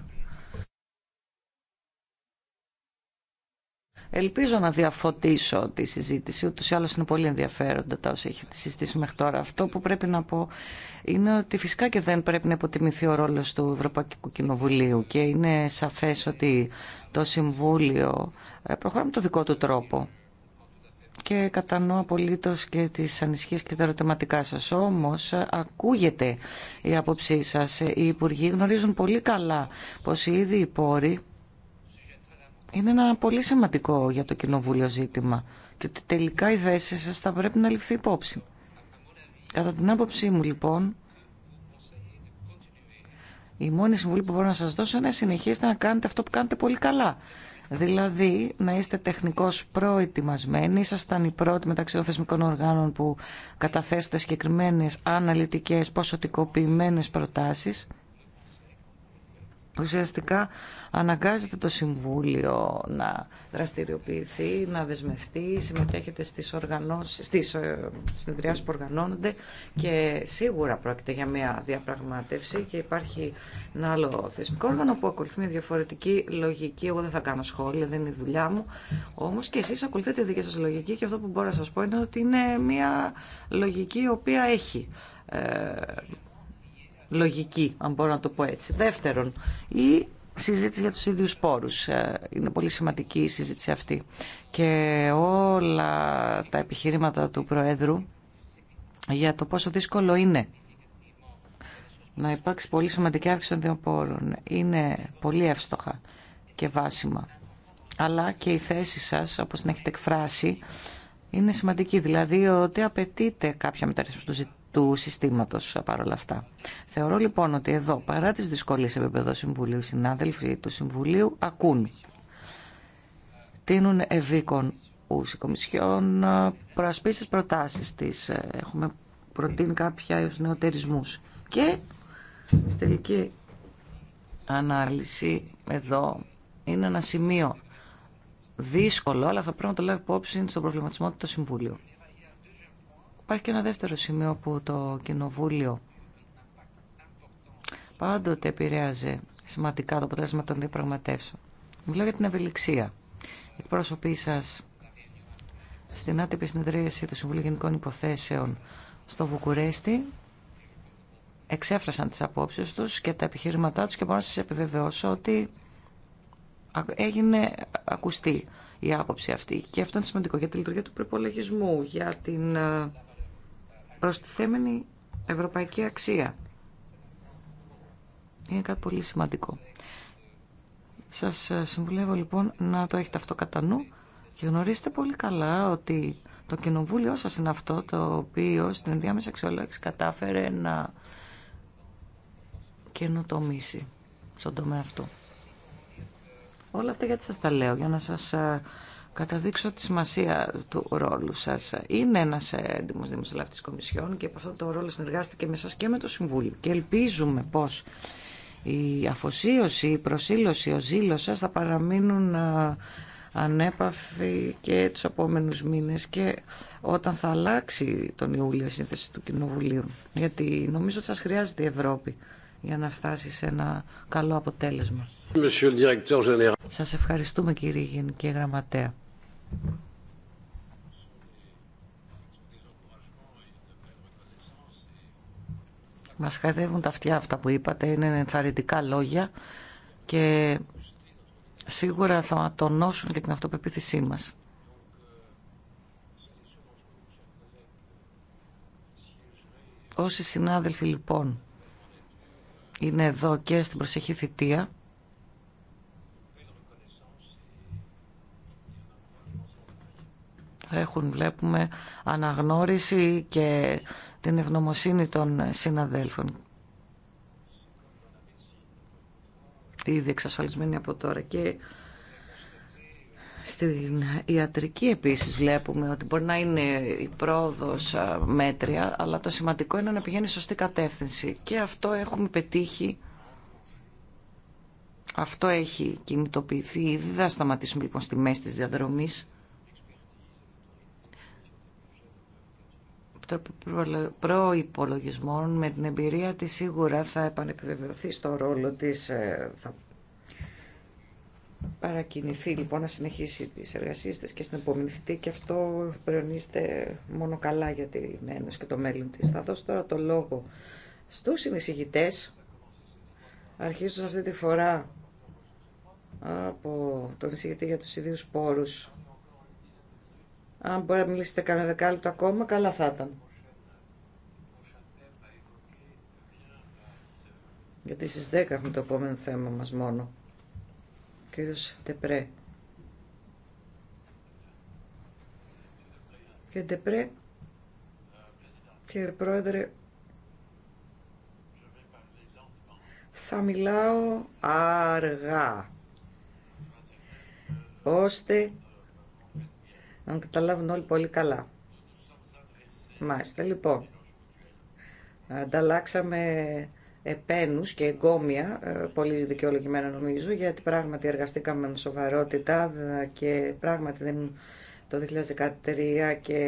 Ελπίζω να διαφωτίσω τη συζήτηση. ούτως ή άλλως είναι πολύ ενδιαφέροντα τα όσα έχει συζήτηση μέχρι τώρα. Αυτό που πρέπει να πω είναι ότι φυσικά και δεν πρέπει να υποτιμηθεί ο ρόλο του Ευρωπαϊκού Κοινοβουλίου και είναι σαφές ότι το Συμβούλιο ε, προχωρά με το δικό του τρόπο και κατανοώ απολύτω και τις ανησυχίες και τα ερωτηματικά σας. Όμως ακούγεται η άποψή σας. Οι υπουργοί γνωρίζουν πολύ καλά πως ήδη ίδιοι πόροι είναι ένα πολύ σημαντικό για το κοινοβούλιο ζήτημα και ότι τελικά η θέση σας θα πρέπει να ληφθεί υπόψη. Κατά την άποψή μου λοιπόν, η μόνη συμβουλή που μπορώ να σας δώσω είναι να συνεχίσετε να κάνετε αυτό που κάνετε πολύ καλά. Δηλαδή να είστε τεχνικώς προετοιμασμένοι, ήσασταν οι πρώτοι μεταξύ των θεσμικών οργάνων που καταθέσετε συγκεκριμένε αναλυτικέ ποσοτικοποιημένες προτάσεις ουσιαστικά αναγκάζεται το Συμβούλιο να δραστηριοποιηθεί, να δεσμευτεί, συμμετέχετε στις, οργανώσεις, ε, στις συνεδριάσεις που οργανώνονται και σίγουρα πρόκειται για μια διαπραγμάτευση και υπάρχει ένα άλλο θεσμικό όργανο που ακολουθεί μια διαφορετική λογική. Εγώ δεν θα κάνω σχόλια, δεν είναι η δουλειά μου. Όμως και εσείς ακολουθείτε τη δική σας λογική και αυτό που μπορώ να σας πω είναι ότι είναι μια λογική η οποία έχει ε, λογική, αν μπορώ να το πω έτσι. Δεύτερον, η συζήτηση για τους ίδιους πόρους. Ε, είναι πολύ σημαντική η συζήτηση αυτή. Και όλα τα επιχειρήματα του Προέδρου για το πόσο δύσκολο είναι να υπάρξει πολύ σημαντική αύξηση των δυο πόρων. Είναι πολύ εύστοχα και βάσιμα. Αλλά και η θέση σας, όπως την έχετε εκφράσει, είναι σημαντική. Δηλαδή ότι απαιτείται κάποια μεταρρύθμιση του του συστήματος παρόλα αυτά. Θεωρώ λοιπόν ότι εδώ, παρά τις δυσκολίες επίπεδο Συμβουλίου, οι συνάδελφοι του Συμβουλίου ακούν. Τίνουν ευήκον ούση κομισιών, προασπίσει προτάσεις της. Ε, έχουμε προτείνει κάποια έως νεοτερισμούς. Και στη τελική ανάλυση εδώ είναι ένα σημείο δύσκολο, αλλά θα πρέπει να το λάβει υπόψη στον προβληματισμό του το Υπάρχει και ένα δεύτερο σημείο που το Κοινοβούλιο πάντοτε επηρέαζε σημαντικά το αποτέλεσμα των διαπραγματεύσεων. Μιλάω για την ευελιξία. Οι εκπρόσωποι σα στην άτυπη συνεδρίαση του Συμβουλίου Γενικών Υποθέσεων στο Βουκουρέστι εξέφρασαν τις απόψει τους και τα επιχείρηματά του και μπορώ να σα επιβεβαιώσω ότι έγινε ακουστή η άποψη αυτή. Και αυτό είναι σημαντικό για τη λειτουργία του προπολογισμού, για την προστιθέμενη ευρωπαϊκή αξία. Είναι κάτι πολύ σημαντικό. Σας ε, συμβουλεύω λοιπόν να το έχετε αυτό κατά νου και γνωρίζετε πολύ καλά ότι το κοινοβούλιο σας είναι αυτό το οποίο στην ενδιάμεση αξιολόγηση κατάφερε να καινοτομήσει στον τομέα αυτό. Όλα αυτά γιατί σας τα λέω, για να σας ε, καταδείξω τη σημασία του ρόλου σα. Είναι ένας έντιμος τη Κομισιόν και από αυτό το ρόλο συνεργάστηκε με εσά και με το Συμβούλιο. Και ελπίζουμε πω η αφοσίωση, η προσήλωση, ο ζήλο σα θα παραμείνουν ε, ανέπαφοι και του επόμενου μήνε και όταν θα αλλάξει τον Ιούλιο η σύνθεση του Κοινοβουλίου. Γιατί νομίζω ότι σας χρειάζεται η Ευρώπη για να φτάσει σε ένα καλό αποτέλεσμα. Σας ευχαριστούμε κύριε Γενική Γραμματέα. Μας χαϊδεύουν τα αυτιά αυτά που είπατε, είναι ενθαρρυντικά λόγια και σίγουρα θα τονώσουν και την αυτοπεποίθησή μας. Όσοι συνάδελφοι λοιπόν είναι εδώ και στην προσεχή θητεία, έχουν βλέπουμε αναγνώριση και την ευγνωμοσύνη των συναδέλφων. Ήδη εξασφαλισμένοι από τώρα και στην ιατρική επίσης βλέπουμε ότι μπορεί να είναι η πρόοδος μέτρια, αλλά το σημαντικό είναι να πηγαίνει σωστή κατεύθυνση. Και αυτό έχουμε πετύχει, αυτό έχει κινητοποιηθεί. Δεν θα σταματήσουμε λοιπόν στη μέση της διαδρομής. Επιτροπή Προϋπολογισμών με την εμπειρία της σίγουρα θα επανεπιβεβαιωθεί στο ρόλο της, ε, θα παρακινηθεί λοιπόν να συνεχίσει τις εργασίες της και στην επόμενη και αυτό προνείστε μόνο καλά για την Ένωση και το μέλλον της. Θα δώσω τώρα το λόγο στους συνεισηγητές, αρχίζω αυτή τη φορά από τον εισηγητή για τους ιδίους πόρους, αν μπορεί να μιλήσετε κανένα δεκάλεπτο ακόμα, καλά θα ήταν. Γιατί στις 10 έχουμε το επόμενο θέμα μας μόνο. Κύριο κύριος Τεπρέ. Κύριε Τεπρέ, κύριε Πρόεδρε, θα μιλάω αργά, ώστε να καταλάβουν όλοι πολύ καλά. Μάλιστα, λοιπόν, ανταλλάξαμε επένους και εγκόμια, ε, πολύ δικαιολογημένα νομίζω, γιατί πράγματι εργαστήκαμε με σοβαρότητα και πράγματι δεν το 2013 και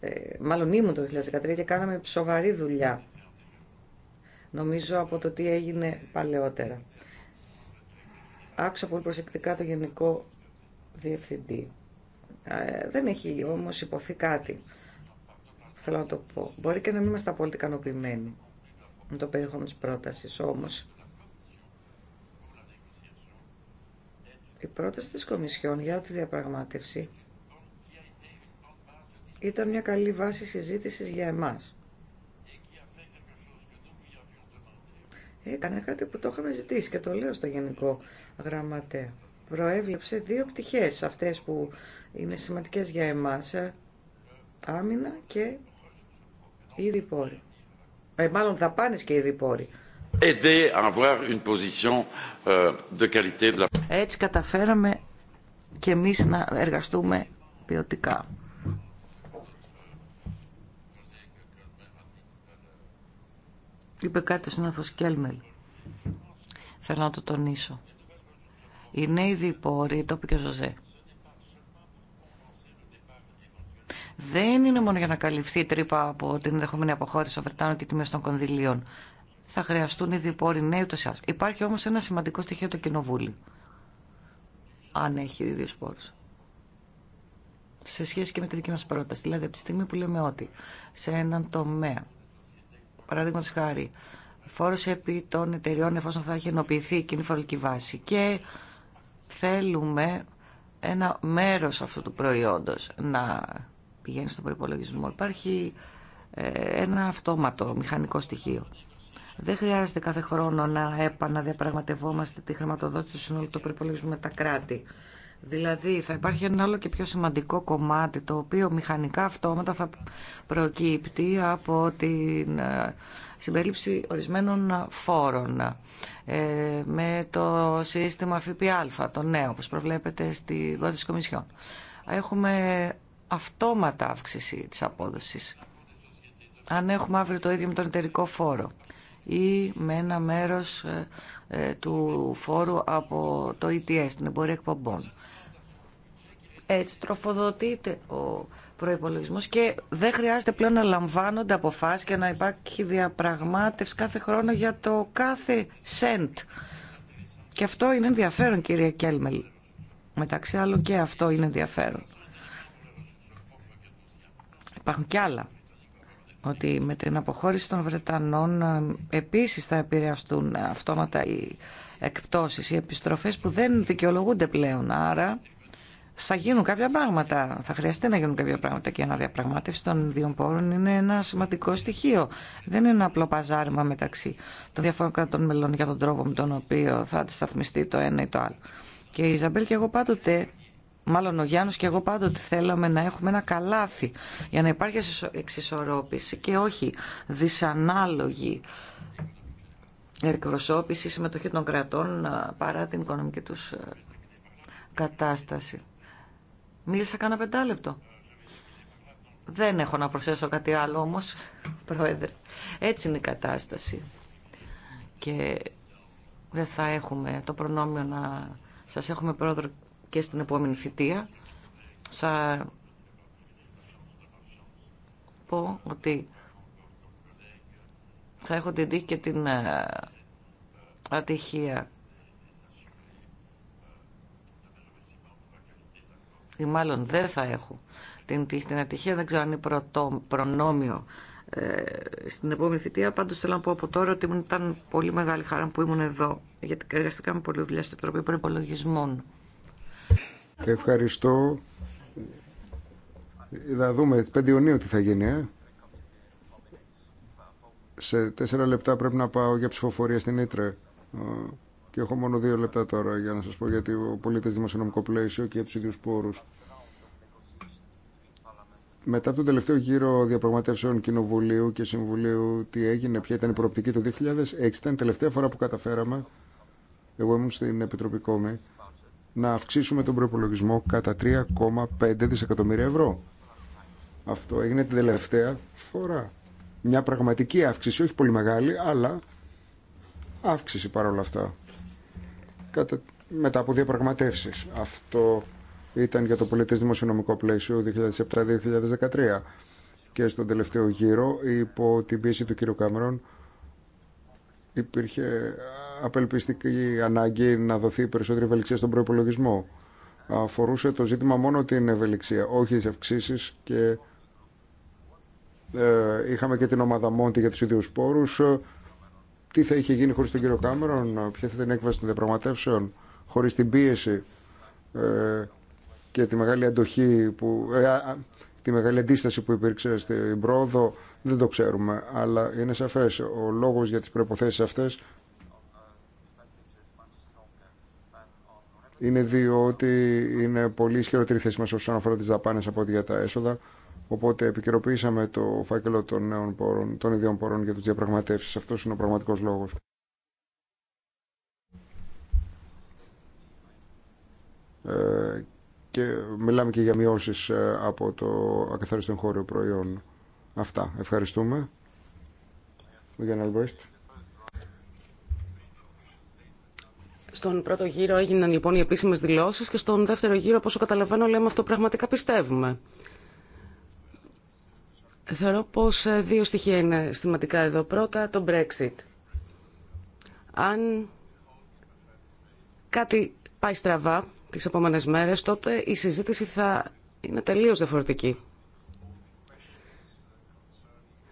ε, μάλλον ήμουν το 2013 και κάναμε σοβαρή δουλειά. Νομίζω από το τι έγινε παλαιότερα. Άκουσα πολύ προσεκτικά το Γενικό Διευθυντή. Ε, δεν έχει όμως υποθεί κάτι. Θέλω να το πω. Μπορεί και να μην είμαστε απόλυτα ικανοποιημένοι με το περιεχόμενο της πρότασης, όμως η πρόταση της Κομισιόν για τη διαπραγμάτευση ήταν μια καλή βάση συζήτησης για εμάς. Ε, έκανε κάτι που το είχαμε ζητήσει και το λέω στο Γενικό Γραμματέα προέβλεψε δύο πτυχές αυτές που είναι σημαντικές για εμάς ε, άμυνα και ήδη πόροι ε, μάλλον δαπάνες και ήδη πόροι euh, έτσι καταφέραμε και εμείς να εργαστούμε ποιοτικά. Είπε κάτι ο συνάδελφος Κέλμελ. Θέλω να το τονίσω οι νέοι διπόροι, το είπε και ο Ζωζέ. Δεν είναι μόνο για να καλυφθεί η τρύπα από την ενδεχομένη αποχώρηση των Βρετάνων και τιμέ των κονδυλίων. Θα χρειαστούν οι διπόροι νέοι ούτω ή Υπάρχει όμω ένα σημαντικό στοιχείο το κοινοβούλιο. Αν έχει ίδιου πόρου σε σχέση και με τη δική μας πρόταση. Δηλαδή, από τη στιγμή που λέμε ότι σε έναν τομέα, παραδείγματος χάρη, φόρος επί των εταιριών εφόσον θα έχει ενοποιηθεί η κοινή φορολογική βάση και θέλουμε ένα μέρος αυτού του προϊόντος να πηγαίνει στον προϋπολογισμό. Υπάρχει ε, ένα αυτόματο μηχανικό στοιχείο. Δεν χρειάζεται κάθε χρόνο να επαναδιαπραγματευόμαστε τη χρηματοδότηση του συνόλου του προπολογισμού με τα κράτη. Δηλαδή θα υπάρχει ένα άλλο και πιο σημαντικό κομμάτι το οποίο μηχανικά αυτόματα θα προκύπτει από την ε, συμπερίληψη ορισμένων φόρων ε, με το σύστημα ΦΠΑ, το νέο, όπως προβλέπεται στη γόντια της Κομισιόν. Έχουμε αυτόματα αύξηση της απόδοσης. Αν έχουμε αύριο το ίδιο με τον εταιρικό φόρο ή με ένα μέρος ε, του φόρου από το ETS, την εμπορία εκπομπών. Έτσι τροφοδοτείται ο προπολογισμό και δεν χρειάζεται πλέον να λαμβάνονται αποφάσει και να υπάρχει διαπραγμάτευση κάθε χρόνο για το κάθε σεντ. Και αυτό είναι ενδιαφέρον κύριε Κέλμελ. Μεταξύ άλλων και αυτό είναι ενδιαφέρον. Υπάρχουν και άλλα ότι με την αποχώρηση των Βρετανών ε, επίσης θα επηρεαστούν ε, αυτόματα οι εκπτώσεις, οι επιστροφές που δεν δικαιολογούνται πλέον. Άρα θα γίνουν κάποια πράγματα, θα χρειαστεί να γίνουν κάποια πράγματα και η αναδιαπραγμάτευση των δύο πόρων είναι ένα σημαντικό στοιχείο. Δεν είναι ένα απλό παζάριμα μεταξύ των διαφόρων κρατών μελών για τον τρόπο με τον οποίο θα αντισταθμιστεί το ένα ή το άλλο. Και η Ιζαμπέλ και εγώ πάντοτε, μάλλον ο Γιάννη και εγώ πάντοτε θέλαμε να έχουμε ένα καλάθι για να υπάρχει εξισορρόπηση και όχι δυσανάλογη εκπροσώπηση, συμμετοχή των κρατών παρά την οικονομική τους κατάσταση. Μίλησα κανένα πεντάλεπτο. Δεν έχω να προσθέσω κάτι άλλο όμως, Πρόεδρε. Έτσι είναι η κατάσταση. Και δεν θα έχουμε το προνόμιο να σας έχουμε πρόεδρο και στην επόμενη θητεία. Θα πω ότι θα έχω την τύχη και την ε, ατυχία ή μάλλον δεν θα έχω την την ατυχία, δεν ξέρω αν είναι πρωτό, προνόμιο ε, στην επόμενη θητεία. Πάντω θέλω να πω από τώρα ότι ήταν πολύ μεγάλη χαρά που ήμουν εδώ, γιατί εργαστήκαμε πολύ δουλειά στην Επιτροπή Προπολογισμών. Ευχαριστώ. Θα δούμε 5 Ιουνίου τι θα γίνει. Ε? Σε τέσσερα λεπτά πρέπει να πάω για ψηφοφορία στην Ήτρε. Και έχω μόνο δύο λεπτά τώρα για να σας πω γιατί ο πολίτες δημοσιονομικό πλαίσιο και για τους ίδιους πόρους. Μετά από τον τελευταίο γύρο διαπραγματεύσεων Κοινοβουλίου και Συμβουλίου, τι έγινε, ποια ήταν η προοπτική το 2006, ήταν η τελευταία φορά που καταφέραμε, εγώ ήμουν στην Επιτροπή Κόμη, να αυξήσουμε τον προπολογισμό κατά 3,5 δισεκατομμύρια ευρώ. Αυτό έγινε την τελευταία φορά. Μια πραγματική αύξηση, όχι πολύ μεγάλη, αλλά αύξηση παρόλα αυτά μετά από διαπραγματεύσει. Αυτό ήταν για το πολιτε δημοσιονομικο δημοσιονομικό πλαίσιο 2007-2013 και στον τελευταίο γύρο υπό την πίεση του κ. Κάμερον υπήρχε απελπιστική ανάγκη να δοθεί περισσότερη ευελιξία στον προπολογισμό. Αφορούσε το ζήτημα μόνο την ευελιξία, όχι τι αυξήσει και ε, είχαμε και την ομάδα Μόντι για τους ίδιους πόρους τι θα είχε γίνει χωρίς τον κύριο Κάμερον, ποια θα ήταν η έκβαση των διαπραγματεύσεων, χωρίς την πίεση ε, και τη μεγάλη αντοχή, που, ε, τη μεγάλη αντίσταση που υπήρξε στην πρόοδο, δεν το ξέρουμε. Αλλά είναι σαφές, ο λόγος για τις προϋποθέσεις αυτές είναι διότι είναι πολύ ισχυρότερη θέση μας όσον αφορά τις δαπάνες από ό,τι για τα έσοδα Οπότε επικαιροποιήσαμε το φάκελο των, νέων πόρων, των ιδιών πόρων για τι διαπραγματεύσει. Αυτό είναι ο πραγματικό λόγος. Ε, και μιλάμε και για μειώσεις ε, από το ακαθαρίστον χώριο προϊόν. Αυτά. Ευχαριστούμε. Στον πρώτο γύρο έγιναν λοιπόν οι επίσημες δηλώσεις και στον δεύτερο γύρο, όπως καταλαβαίνω, λέμε αυτό πραγματικά πιστεύουμε. Θεωρώ πως ε, δύο στοιχεία είναι σημαντικά εδώ. Πρώτα, το Brexit. Αν κάτι πάει στραβά τις επόμενες μέρες, τότε η συζήτηση θα είναι τελείως διαφορετική.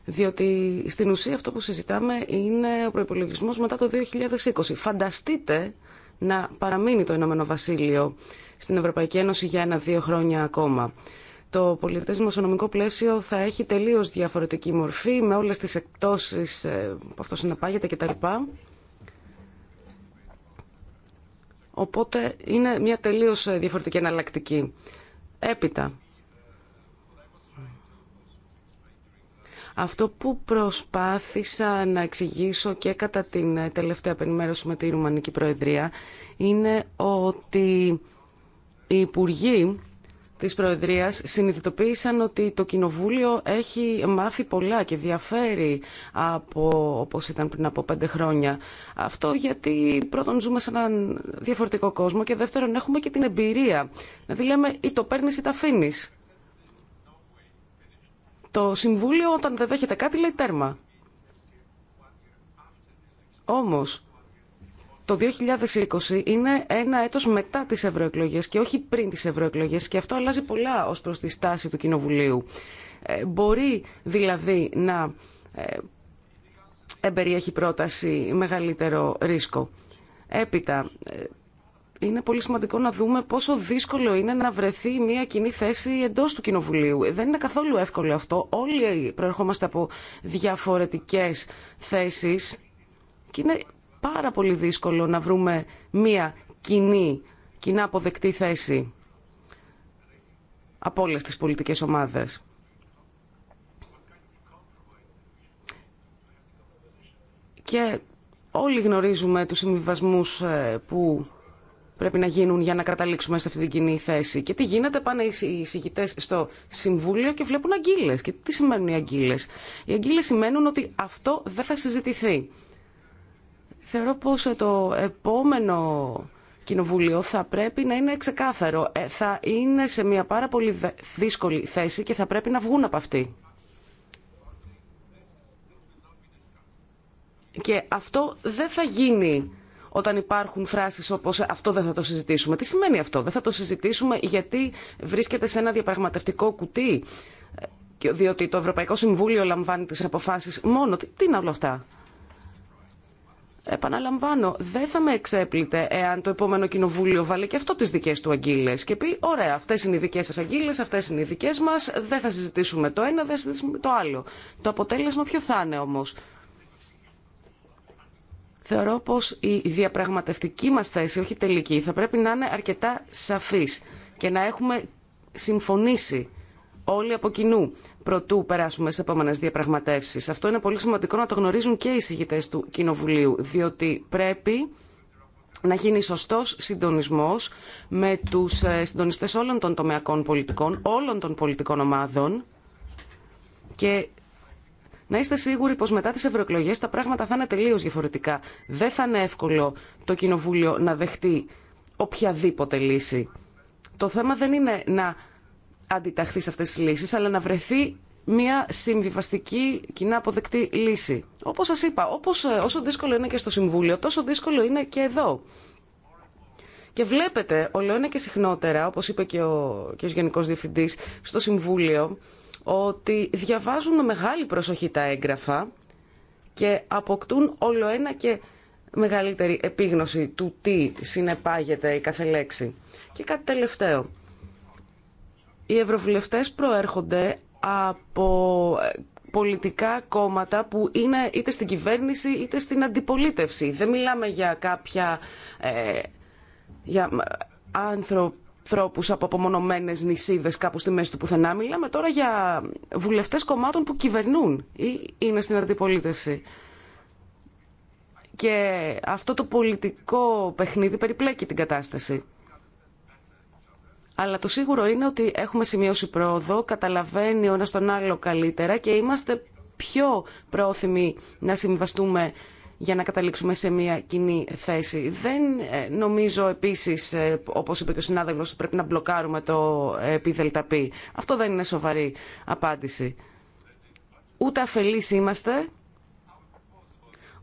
Διότι στην ουσία αυτό που συζητάμε είναι ο προπολογισμό μετά το 2020. Φανταστείτε να παραμείνει το Ηνωμένο Βασίλειο στην Ευρωπαϊκή Ένωση για ένα-δύο χρόνια ακόμα το πολιτισμό δημοσιονομικό πλαίσιο θα έχει τελείω διαφορετική μορφή με όλες τις εκτόσεις ε, που αυτό συνεπάγεται κτλ. Οπότε είναι μια τελείως ε, διαφορετική εναλλακτική. Έπειτα, Αυτό που προσπάθησα να εξηγήσω και κατά την ε, τελευταία πενημέρωση με τη Ρουμανική Προεδρία είναι ότι οι υπουργοί της Προεδρίας συνειδητοποίησαν ότι το Κοινοβούλιο έχει μάθει πολλά και διαφέρει από όπως ήταν πριν από πέντε χρόνια. Αυτό γιατί πρώτον ζούμε σε έναν διαφορετικό κόσμο και δεύτερον έχουμε και την εμπειρία. Δηλαδή λέμε ή το παίρνεις ή τα αφήνει. Το Συμβούλιο όταν δεν δέχεται κάτι λέει τέρμα. Όμως το 2020 είναι ένα έτος μετά τις ευρωεκλογέ και όχι πριν τις ευρωεκλογέ και αυτό αλλάζει πολλά ως προς τη στάση του Κοινοβουλίου. Ε, μπορεί δηλαδή να ε, εμπεριέχει πρόταση μεγαλύτερο ρίσκο. Έπειτα, ε, είναι πολύ σημαντικό να δούμε πόσο δύσκολο είναι να βρεθεί μια κοινή θέση εντός του Κοινοβουλίου. Δεν είναι καθόλου εύκολο αυτό. Όλοι προερχόμαστε από διαφορετικές θέσεις και είναι πάρα πολύ δύσκολο να βρούμε μία κοινή, κοινά αποδεκτή θέση από όλε τις πολιτικές ομάδες. Και όλοι γνωρίζουμε τους συμβιβασμού ε, που πρέπει να γίνουν για να καταλήξουμε σε αυτή την κοινή θέση. Και τι γίνεται, πάνε οι συγκητές στο Συμβούλιο και βλέπουν αγγίλες. Και τι σημαίνουν οι αγγίλες. Οι αγγίλες σημαίνουν ότι αυτό δεν θα συζητηθεί. Θεωρώ πως το επόμενο κοινοβούλιο θα πρέπει να είναι ξεκάθαρο. Ε, θα είναι σε μια πάρα πολύ δύσκολη θέση και θα πρέπει να βγουν από αυτή. Και αυτό δεν θα γίνει όταν υπάρχουν φράσεις όπως «αυτό δεν θα το συζητήσουμε». Τι σημαίνει αυτό, δεν θα το συζητήσουμε γιατί βρίσκεται σε ένα διαπραγματευτικό κουτί, ε, διότι το Ευρωπαϊκό Συμβούλιο λαμβάνει τις αποφάσεις μόνο. Τι, τι είναι όλα αυτά επαναλαμβάνω, δεν θα με εξέπλητε εάν το επόμενο κοινοβούλιο βάλει και αυτό τι δικέ του αγγείλε και πει: Ωραία, αυτέ είναι οι δικέ σα αγγείλε, αυτέ είναι οι δικέ μα, δεν θα συζητήσουμε το ένα, δεν θα συζητήσουμε το άλλο. Το αποτέλεσμα ποιο θα είναι όμω. Θεωρώ πω η διαπραγματευτική μα θέση, όχι τελική, θα πρέπει να είναι αρκετά σαφή και να έχουμε συμφωνήσει όλοι από κοινού προτού περάσουμε σε επόμενε διαπραγματεύσει. Αυτό είναι πολύ σημαντικό να το γνωρίζουν και οι συγητέ του Κοινοβουλίου, διότι πρέπει να γίνει σωστό συντονισμός με τους ε, συντονιστέ όλων των τομεακών πολιτικών, όλων των πολιτικών ομάδων και να είστε σίγουροι πως μετά τις ευρωεκλογέ τα πράγματα θα είναι τελείως διαφορετικά. Δεν θα είναι εύκολο το Κοινοβούλιο να δεχτεί οποιαδήποτε λύση. Το θέμα δεν είναι να αντιταχθεί σε αυτές τις λύσεις, αλλά να βρεθεί μια συμβιβαστική κοινά αποδεκτή λύση. Όπως σας είπα, όπως, ε, όσο δύσκολο είναι και στο Συμβούλιο, τόσο δύσκολο είναι και εδώ. Και βλέπετε, ολοένα και συχνότερα, όπως είπε και ο, και ο Γενικός Διευθυντής στο Συμβούλιο, ότι διαβάζουν μεγάλη προσοχή τα έγγραφα και αποκτούν ολοένα και μεγαλύτερη επίγνωση του τι συνεπάγεται η κάθε λέξη. Και κάτι τελευταίο οι ευρωβουλευτές προέρχονται από ε, πολιτικά κόμματα που είναι είτε στην κυβέρνηση είτε στην αντιπολίτευση. Δεν μιλάμε για κάποια ε, για ανθρώπους από απομονωμένες νησίδες κάπου στη μέση του πουθενά. Μιλάμε τώρα για βουλευτές κομμάτων που κυβερνούν ή είναι στην αντιπολίτευση. Και αυτό το πολιτικό παιχνίδι περιπλέκει την κατάσταση. Αλλά το σίγουρο είναι ότι έχουμε σημειώσει πρόοδο, καταλαβαίνει ο ένας τον άλλο καλύτερα και είμαστε πιο πρόθυμοι να συμβαστούμε για να καταλήξουμε σε μια κοινή θέση. Δεν ε, νομίζω επίσης, ε, όπως είπε και ο συνάδελφος, πρέπει να μπλοκάρουμε το ε, πι. Αυτό δεν είναι σοβαρή απάντηση. Ούτε αφελείς είμαστε,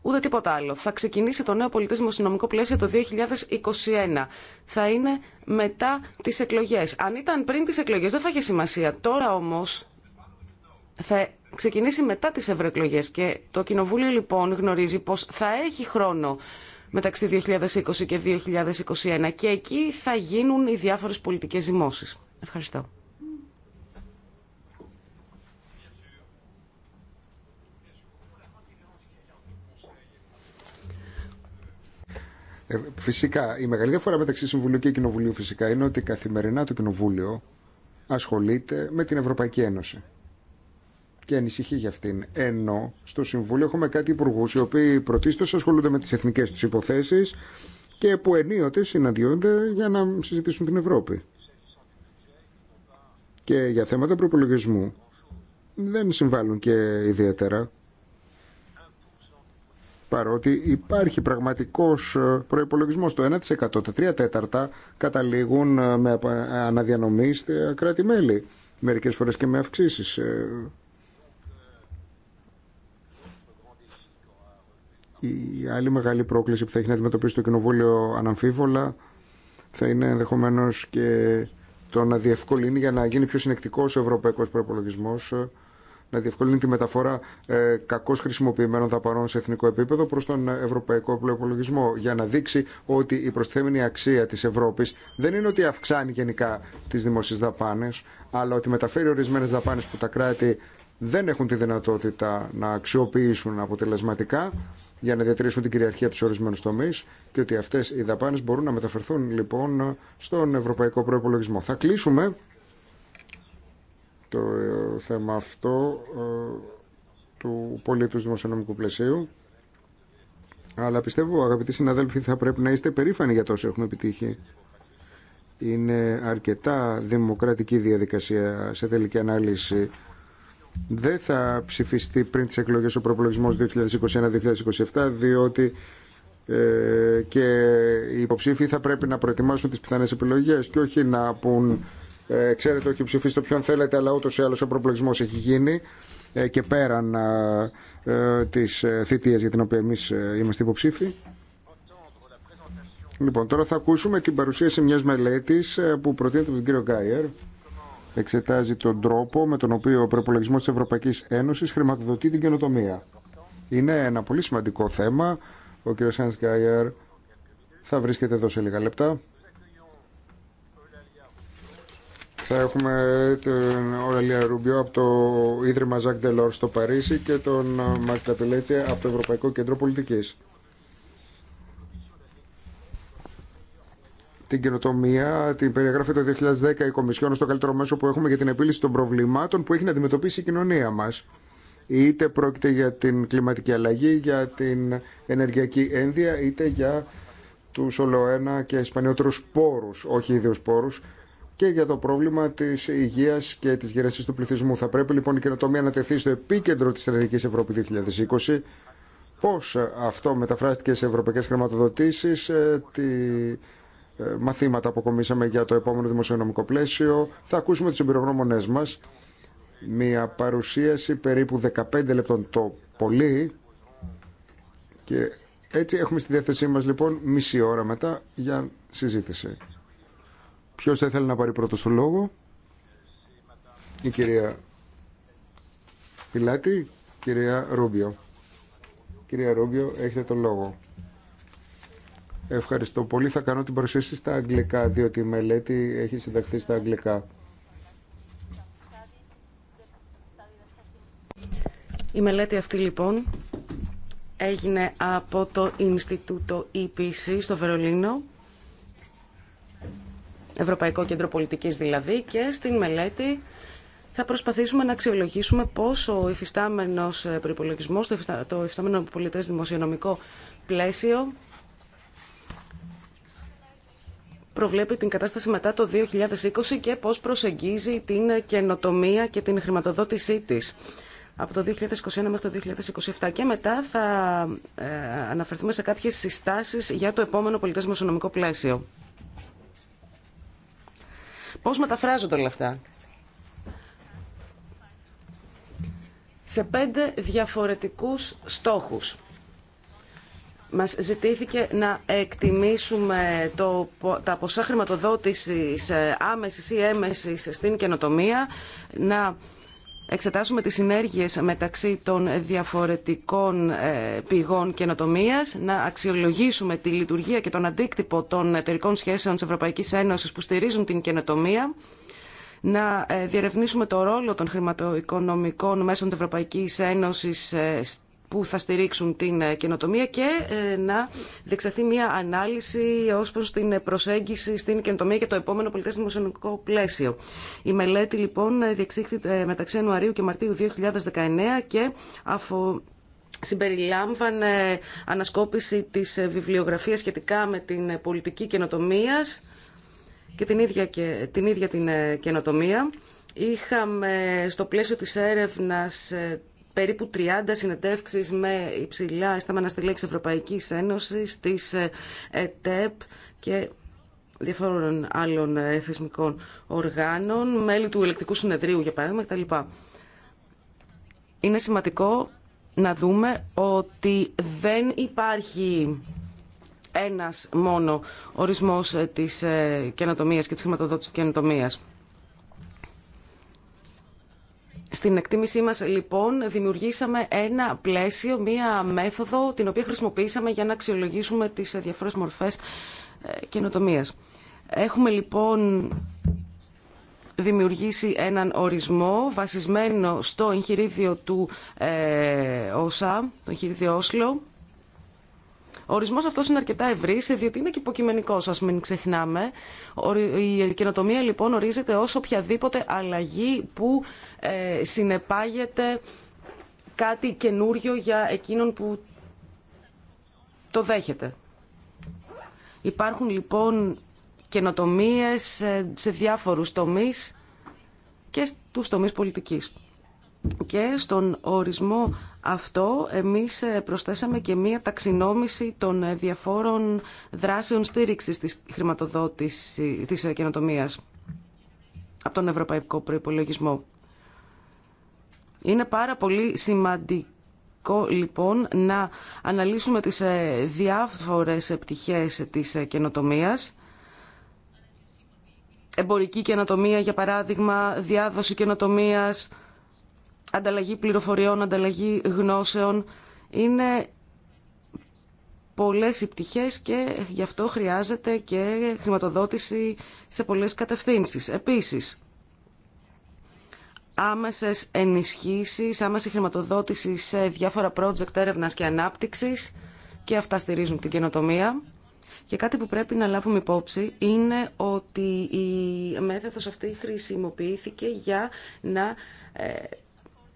ούτε τίποτα άλλο. Θα ξεκινήσει το νέο πολιτισμο συνομικό πλαίσιο το 2021. Θα είναι μετά τις εκλογές. Αν ήταν πριν τις εκλογές δεν θα είχε σημασία. Τώρα όμως θα ξεκινήσει μετά τις ευρωεκλογέ και το Κοινοβούλιο λοιπόν γνωρίζει πως θα έχει χρόνο μεταξύ 2020 και 2021 και εκεί θα γίνουν οι διάφορες πολιτικές ζημώσεις. Ευχαριστώ. Ε, φυσικά, η μεγάλη διαφορά μεταξύ Συμβουλίου και Κοινοβουλίου φυσικά είναι ότι καθημερινά το Κοινοβούλιο ασχολείται με την Ευρωπαϊκή Ένωση και ανησυχεί για αυτήν. Ενώ στο Συμβούλιο έχουμε κάτι υπουργού οι οποίοι πρωτίστω ασχολούνται με τι εθνικέ του υποθέσει και που ενίοτε συναντιόνται για να συζητήσουν την Ευρώπη. Και για θέματα προπολογισμού δεν συμβάλλουν και ιδιαίτερα παρότι υπάρχει πραγματικός ε, προϋπολογισμός το 1%, τα 3 τέταρτα καταλήγουν ε, με αναδιανομή στα κράτη-μέλη, μερικές φορές και με αυξήσεις. Ε. Η άλλη μεγάλη πρόκληση που θα έχει να αντιμετωπίσει το Κοινοβούλιο αναμφίβολα θα είναι ενδεχομένω και το να διευκολύνει για να γίνει πιο συνεκτικός ο ευρωπαϊκός προπολογισμό να διευκολύνει τη μεταφορά ε, κακώς χρησιμοποιημένων δαπανών σε εθνικό επίπεδο προ τον ευρωπαϊκό προπολογισμό για να δείξει ότι η προσθέμενη αξία τη Ευρώπη δεν είναι ότι αυξάνει γενικά τι δημόσιε δαπάνε, αλλά ότι μεταφέρει ορισμένε δαπάνε που τα κράτη δεν έχουν τη δυνατότητα να αξιοποιήσουν αποτελεσματικά για να διατηρήσουν την κυριαρχία του σε ορισμένου τομεί και ότι αυτέ οι δαπάνε μπορούν να μεταφερθούν λοιπόν στον ευρωπαϊκό προπολογισμό. Θα κλείσουμε το ε, θέμα αυτό ε, του πολίτου δημοσιονομικού πλαισίου. Αλλά πιστεύω, αγαπητοί συναδέλφοι, θα πρέπει να είστε περήφανοι για το όσο έχουμε επιτύχει. Είναι αρκετά δημοκρατική διαδικασία σε τελική ανάλυση. Δεν θα ψηφιστεί πριν τις εκλογές ο προπολογισμός 2021-2027, διότι ε, και οι υποψήφοι θα πρέπει να προετοιμάσουν τις πιθανές επιλογές και όχι να πούν ε, ξέρετε ότι ψηφίστε ποιον θέλετε, αλλά ούτως ή άλλως ο προπλογισμός έχει γίνει ε, και πέραν ε, ε της ε, θητείας για την οποία εμείς είμαστε υποψήφοι. Λοιπόν, τώρα θα ακούσουμε την παρουσίαση μιας μελέτης που προτείνεται από τον κύριο Γκάιερ. Εξετάζει τον τρόπο με τον οποίο ο προπολογισμό της Ευρωπαϊκής Ένωσης χρηματοδοτεί την καινοτομία. Είναι ένα πολύ σημαντικό θέμα. Ο κύριος Σάνς Γκάιερ θα βρίσκεται εδώ σε λίγα λεπτά. Θα έχουμε ε, τον Ωραλία Ρουμπιό από το Ίδρυμα Ζακ Ντελόρ στο Παρίσι και τον ε, Μαρκ Καπελέτσια από το Ευρωπαϊκό Κέντρο Πολιτικής. την καινοτομία, την περιγράφει το 2010 η Κομισιόν στο καλύτερο μέσο που έχουμε για την επίλυση των προβλημάτων που έχει να αντιμετωπίσει η κοινωνία μας. Είτε πρόκειται για την κλιματική αλλαγή, για την ενεργειακή ένδυα, είτε για του ολοένα και σπανιότερου πόρου, όχι ιδίους πόρου και για το πρόβλημα τη υγεία και τη γέρεση του πληθυσμού. Θα πρέπει λοιπόν η καινοτομία να τεθεί στο επίκεντρο τη στρατηγική Ευρώπη 2020. Πώ αυτό μεταφράστηκε σε ευρωπαϊκέ χρηματοδοτήσει, ε, τι ε, μαθήματα που κομίσαμε για το επόμενο δημοσιονομικό πλαίσιο. Θα ακούσουμε τι εμπειρογνώμονές μα Μια παρουσίαση περίπου 15 λεπτών το πολύ. Και έτσι έχουμε στη διάθεσή μας λοιπόν μισή ώρα μετά για συζήτηση. Ποιος θα ήθελε να πάρει πρώτο λόγο. Η κυρία Πιλάτη, κυρία Ρούμπιο. Κυρία Ρούμπιο, έχετε τον λόγο. Ευχαριστώ πολύ. Θα κάνω την παρουσίαση στα αγγλικά, διότι η μελέτη έχει συνταχθεί στα αγγλικά. Η μελέτη αυτή λοιπόν έγινε από το Ινστιτούτο EPC στο Βερολίνο Ευρωπαϊκό Κέντρο Πολιτικής δηλαδή, και στην μελέτη θα προσπαθήσουμε να αξιολογήσουμε πόσο ο υφιστάμενος ε, προπολογισμό, το, το υφιστάμενο πολιτές δημοσιονομικό πλαίσιο προβλέπει την κατάσταση μετά το 2020 και πώς προσεγγίζει την καινοτομία και την χρηματοδότησή της από το 2021 μέχρι το 2027 και μετά θα ε, αναφερθούμε σε κάποιες συστάσεις για το επόμενο πολιτές δημοσιονομικό πλαίσιο. Πώς μεταφράζονται όλα αυτά. Σε πέντε διαφορετικούς στόχους. Μας ζητήθηκε να εκτιμήσουμε το, τα ποσά χρηματοδότησης ε, άμεσης ή έμεσης στην καινοτομία, να εξετάσουμε τις συνέργειες μεταξύ των διαφορετικών ε, πηγών καινοτομία, να αξιολογήσουμε τη λειτουργία και τον αντίκτυπο των εταιρικών σχέσεων της Ευρωπαϊκής Ένωσης που στηρίζουν την καινοτομία, να ε, διερευνήσουμε το ρόλο των χρηματοοικονομικών μέσων της Ευρωπαϊκής Ένωσης ε, που θα στηρίξουν την ε, καινοτομία και ε, να διεξαθεί μια ανάλυση ως προς την προσέγγιση στην καινοτομία για το επόμενο πολιτές δημοσιονομικό πλαίσιο. Η μελέτη λοιπόν ε, διεξήχθη μεταξύ Ιανουαρίου και Μαρτίου 2019 και αφού συμπεριλάμβανε ανασκόπηση της βιβλιογραφίας σχετικά με την πολιτική καινοτομία και την ίδια, και, την, ίδια την καινοτομία. Είχαμε στο πλαίσιο της έρευνας περίπου 30 συνεντεύξεις με υψηλά αισθάμενα στη λέξη Ευρωπαϊκής Ένωσης, της ε, ΕΤΕΠ και διαφόρων άλλων ε, θεσμικών οργάνων, μέλη του Ελεκτικού Συνεδρίου για παράδειγμα κτλ. Είναι σημαντικό να δούμε ότι δεν υπάρχει ένας μόνο ορισμός ε, της καινοτομίας και της χρηματοδότησης της καινοτομίας. Στην εκτίμησή μας λοιπόν δημιουργήσαμε ένα πλαίσιο, μία μέθοδο την οποία χρησιμοποιήσαμε για να αξιολογήσουμε τις διαφορές μορφές ε, καινοτομίας. Έχουμε λοιπόν δημιουργήσει έναν ορισμό βασισμένο στο εγχειρίδιο του ε, ΟΣΑ, το εγχειρίδιο Όσλο, ο ορισμό αυτό είναι αρκετά ευρύ, διότι είναι και υποκειμενικό, α μην ξεχνάμε. Η καινοτομία λοιπόν ορίζεται ω οποιαδήποτε αλλαγή που ε, συνεπάγεται κάτι καινούριο για εκείνον που το δέχεται. Υπάρχουν λοιπόν καινοτομίε ε, σε διάφορους τομείς και στους τομείς πολιτικής και στον ορισμό αυτό εμείς ε, προσθέσαμε και μία ταξινόμηση των ε, διαφόρων δράσεων στήριξης της χρηματοδότησης της ε, καινοτομίας από τον Ευρωπαϊκό Προϋπολογισμό. Είναι πάρα πολύ σημαντικό λοιπόν να αναλύσουμε τις διάφορες πτυχές της καινοτομίας εμπορική καινοτομία για παράδειγμα, διάδοση καινοτομίας, ανταλλαγή πληροφοριών, ανταλλαγή γνώσεων. Είναι πολλές οι και γι' αυτό χρειάζεται και χρηματοδότηση σε πολλές κατευθύνσεις. Επίσης, άμεσες ενισχύσεις, άμεση χρηματοδότηση σε διάφορα project έρευνας και ανάπτυξης και αυτά στηρίζουν την καινοτομία. Και κάτι που πρέπει να λάβουμε υπόψη είναι ότι η μέθοδος αυτή χρησιμοποιήθηκε για να ε,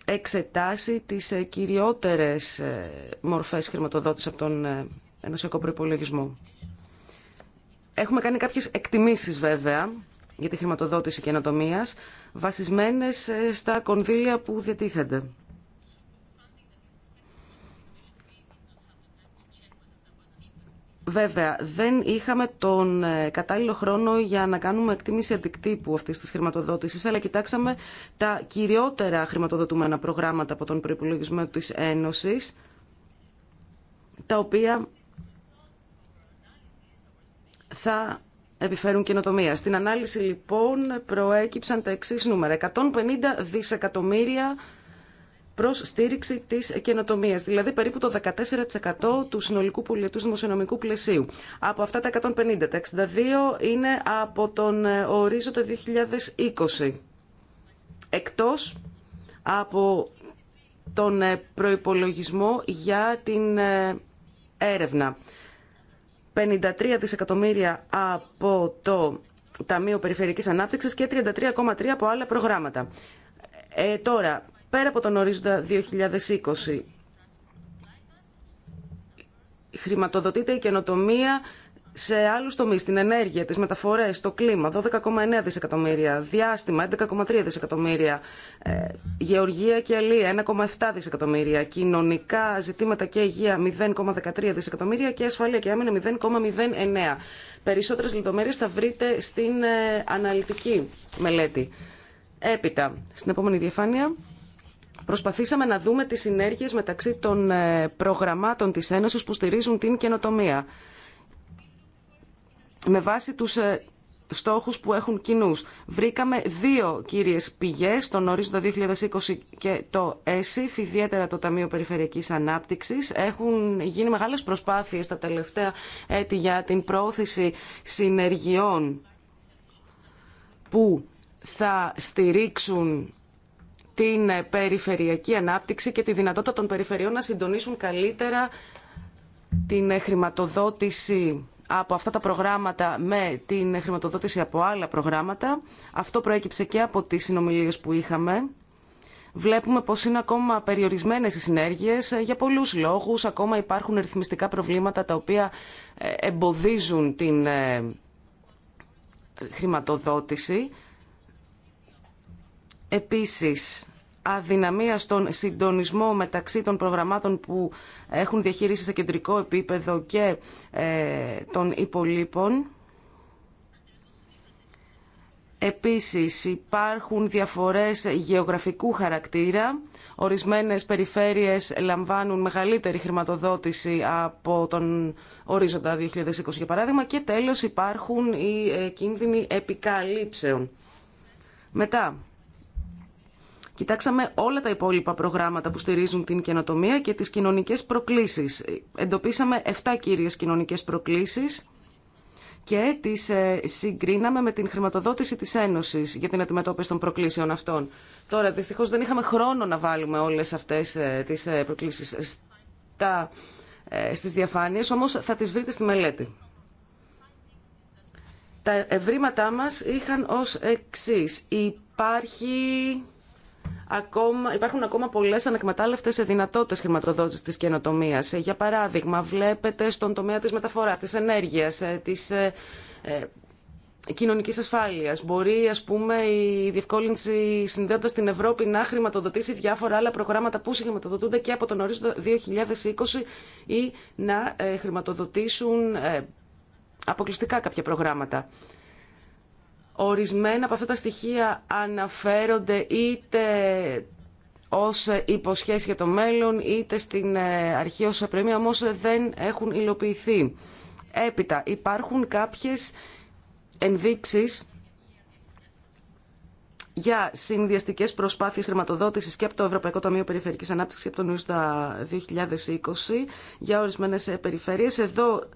εξετάσει τις ε, κυριότερες ε, μορφές χρηματοδότησης από τον ε, ενωσιακό προϋπολογισμό. Έχουμε κάνει κάποιες εκτιμήσεις βέβαια για τη χρηματοδότηση καινοτομίας βασισμένες στα κονδύλια που διατίθενται. Βέβαια, δεν είχαμε τον ε, κατάλληλο χρόνο για να κάνουμε εκτίμηση αντικτύπου αυτή τη χρηματοδότηση, αλλά κοιτάξαμε τα κυριότερα χρηματοδοτούμενα προγράμματα από τον προπολογισμό τη Ένωση, τα οποία θα επιφέρουν καινοτομία. Στην ανάλυση, λοιπόν, προέκυψαν τα εξή νούμερα. 150 δισεκατομμύρια Προ στήριξη τη καινοτομία, δηλαδή περίπου το 14% του συνολικού πολιτικού δημοσιονομικού πλαισίου. Από αυτά τα 150, τα 62 είναι από τον ε, ορίζοντα 2020, Εκτό από τον ε, προϋπολογισμό για την ε, έρευνα. 53 δισεκατομμύρια από το Ταμείο Περιφερειακής Ανάπτυξης και 33,3 από άλλα προγράμματα. Ε, τώρα, πέρα από τον ορίζοντα 2020. Χρηματοδοτείται η καινοτομία σε άλλου τομεί, την ενέργεια, τι μεταφορέ, το κλίμα, 12,9 δισεκατομμύρια, διάστημα, 11,3 δισεκατομμύρια, ε, γεωργία και αλία, 1,7 δισεκατομμύρια, κοινωνικά ζητήματα και υγεία, 0,13 δισεκατομμύρια και ασφαλεία και άμυνα, 0,09. Περισσότερε λεπτομέρειε θα βρείτε στην ε, αναλυτική μελέτη. Έπειτα, στην επόμενη διαφάνεια. Προσπαθήσαμε να δούμε τις συνέργειες μεταξύ των ε, προγραμμάτων της Ένωσης που στηρίζουν την καινοτομία. Με βάση τους ε, στόχους που έχουν κοινού. Βρήκαμε δύο κύριες πηγές, τον ορίζοντα 2020 και το ΕΣΥΦ, ιδιαίτερα το Ταμείο Περιφερειακής Ανάπτυξης. Έχουν γίνει μεγάλες προσπάθειες τα τελευταία έτη για την προώθηση συνεργειών που θα στηρίξουν την περιφερειακή ανάπτυξη και τη δυνατότητα των περιφερειών να συντονίσουν καλύτερα την χρηματοδότηση από αυτά τα προγράμματα με την χρηματοδότηση από άλλα προγράμματα. Αυτό προέκυψε και από τις συνομιλίες που είχαμε. Βλέπουμε πως είναι ακόμα περιορισμένες οι συνέργειες για πολλούς λόγους. Ακόμα υπάρχουν ρυθμιστικά προβλήματα τα οποία ε, εμποδίζουν την ε, χρηματοδότηση Επίσης, αδυναμία στον συντονισμό μεταξύ των προγραμμάτων που έχουν διαχείριση σε κεντρικό επίπεδο και ε, των υπολείπων. Επίσης υπάρχουν διαφορές γεωγραφικού χαρακτήρα. Ορισμένες περιφέρειες λαμβάνουν μεγαλύτερη χρηματοδότηση από τον ορίζοντα 2020 για παράδειγμα και τέλος υπάρχουν οι ε, κίνδυνοι επικαλύψεων. Μετά, Κοιτάξαμε όλα τα υπόλοιπα προγράμματα που στηρίζουν την καινοτομία και τις κοινωνικές προκλήσεις. Εντοπίσαμε 7 κύριες κοινωνικές προκλήσεις και τις ε, συγκρίναμε με την χρηματοδότηση της Ένωσης για την αντιμετώπιση των προκλήσεων αυτών. Τώρα, δυστυχώς, δεν είχαμε χρόνο να βάλουμε όλες αυτές ε, τις ε, προκλήσεις στα, στις διαφάνειες, όμως θα τις βρείτε στη μελέτη. Τα ευρήματά μας είχαν ως εξής. Υπάρχει υπάρχουν ακόμα πολλές ανεκμετάλλευτες δυνατότητες χρηματοδότησης της καινοτομίας. Ε, για παράδειγμα, βλέπετε στον τομέα της μεταφοράς, της ενέργειας, ε, της ε, κοινωνική ασφάλεια. ασφάλειας. Μπορεί, ας πούμε, η διευκόλυνση συνδέοντα την Ευρώπη να χρηματοδοτήσει διάφορα άλλα προγράμματα που συγχρηματοδοτούνται και από τον ορίζοντα 2020 ή να χρηματοδοτήσουν αποκλειστικά κάποια προγράμματα. Ορισμένα από αυτά τα στοιχεία αναφέρονται είτε ως υποσχέσεις για το μέλλον, είτε στην ε, αρχή ως απρεμία, όμως δεν έχουν υλοποιηθεί. Έπειτα υπάρχουν κάποιες ενδείξεις για συνδυαστικές προσπάθειες χρηματοδότησης και από το Ευρωπαϊκό Ταμείο Περιφερειακής Ανάπτυξης και από τον Ιούστα 2020 για ορισμένες περιφέρειες. Εδώ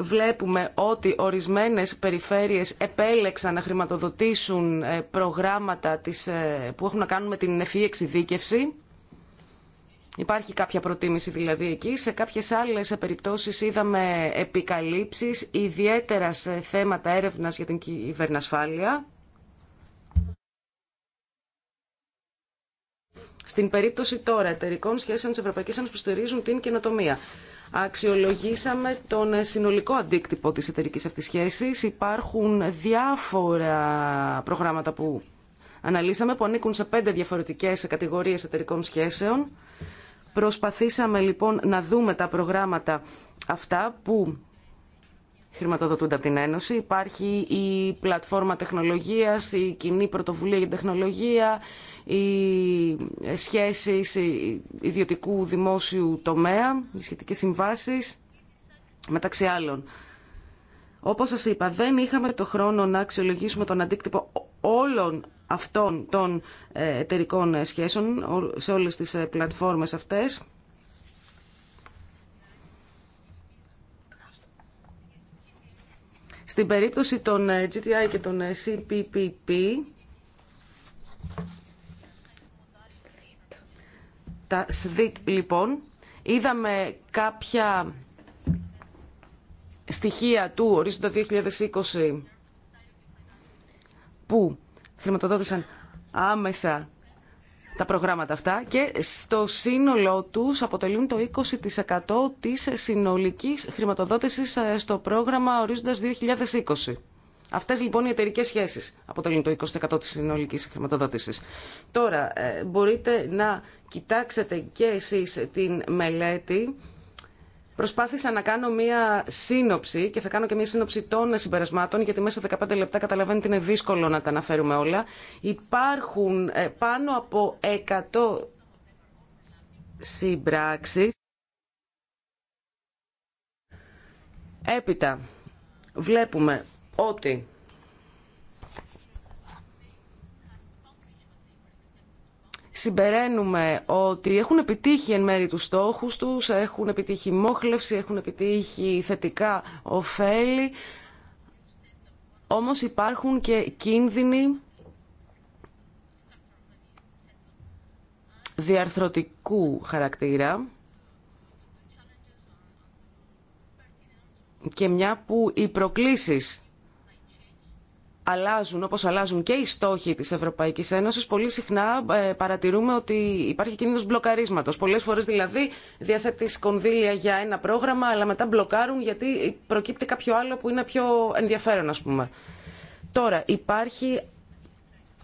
βλέπουμε ότι ορισμένες περιφέρειες επέλεξαν να χρηματοδοτήσουν ε, προγράμματα ε, που έχουν να κάνουν με την ευφύ εξειδίκευση. Υπάρχει κάποια προτίμηση δηλαδή εκεί. Σε κάποιες άλλες περιπτώσεις είδαμε επικαλύψεις, ιδιαίτερα σε θέματα έρευνας για την κυβερνασφάλεια. Στην περίπτωση τώρα εταιρικών σχέσεων τη Ευρωπαϊκή Ένωσης που στηρίζουν την καινοτομία. Αξιολογήσαμε τον συνολικό αντίκτυπο της εταιρικής αυτής σχέσης. Υπάρχουν διάφορα προγράμματα που αναλύσαμε που ανήκουν σε πέντε διαφορετικές κατηγορίες εταιρικών σχέσεων. Προσπαθήσαμε λοιπόν να δούμε τα προγράμματα αυτά που χρηματοδοτούνται από την Ένωση. Υπάρχει η πλατφόρμα τεχνολογίας, η κοινή πρωτοβουλία για τεχνολογία, οι σχέσεις ιδιωτικού δημόσιου τομέα, οι σχετικές συμβάσεις, μεταξύ άλλων. Όπως σας είπα, δεν είχαμε το χρόνο να αξιολογήσουμε τον αντίκτυπο όλων αυτών των ε, εταιρικών σχέσεων σε όλες τις ε, πλατφόρμες αυτές. Στην περίπτωση των ε, GTI και των CPPP, τα ΣΔΙΤ λοιπόν είδαμε κάποια στοιχεία του ορίζοντα 2020 που χρηματοδότησαν άμεσα τα προγράμματα αυτά και στο σύνολό τους αποτελούν το 20% της συνολικής χρηματοδότησης ε, στο πρόγραμμα ορίζοντας 2020. Αυτέ λοιπόν οι εταιρικέ σχέσει αποτελούν το 20% τη συνολική χρηματοδότηση. Τώρα, ε, μπορείτε να κοιτάξετε και εσεί την μελέτη. Προσπάθησα να κάνω μία σύνοψη και θα κάνω και μία σύνοψη των συμπερασμάτων, γιατί μέσα σε 15 λεπτά καταλαβαίνετε είναι δύσκολο να τα αναφέρουμε όλα. Υπάρχουν ε, πάνω από 100 συμπράξει. Έπειτα, βλέπουμε ότι συμπεραίνουμε ότι έχουν επιτύχει εν μέρει τους στόχους τους, έχουν επιτύχει μόχλευση, έχουν επιτύχει θετικά ωφέλη, όμως υπάρχουν και κίνδυνοι διαρθρωτικού χαρακτήρα και μια που οι προκλήσεις αλλάζουν όπως αλλάζουν και οι στόχοι της Ευρωπαϊκής Ένωσης, πολύ συχνά ε, παρατηρούμε ότι υπάρχει κίνδυνος μπλοκαρίσματος. Πολλές φορές δηλαδή διαθέτεις κονδύλια για ένα πρόγραμμα, αλλά μετά μπλοκάρουν γιατί προκύπτει κάποιο άλλο που είναι πιο ενδιαφέρον ας πούμε. Τώρα υπάρχει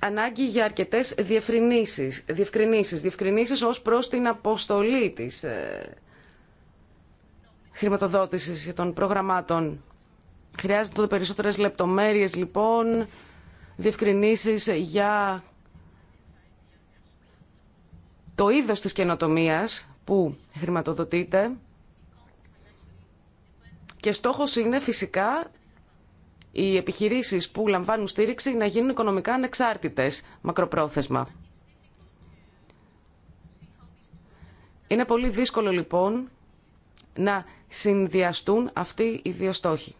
ανάγκη για αρκετές διευκρινήσει ω διευκρινήσεις ως την αποστολή της ε, χρηματοδότηση των προγραμμάτων Χρειάζονται περισσότερες λεπτομέρειες λοιπόν, διευκρινήσεις για το είδος της καινοτομίας που χρηματοδοτείται και στόχος είναι φυσικά οι επιχειρήσεις που λαμβάνουν στήριξη να γίνουν οικονομικά ανεξάρτητες μακροπρόθεσμα. Είναι πολύ δύσκολο λοιπόν να συνδυαστούν αυτοί οι δύο στόχοι.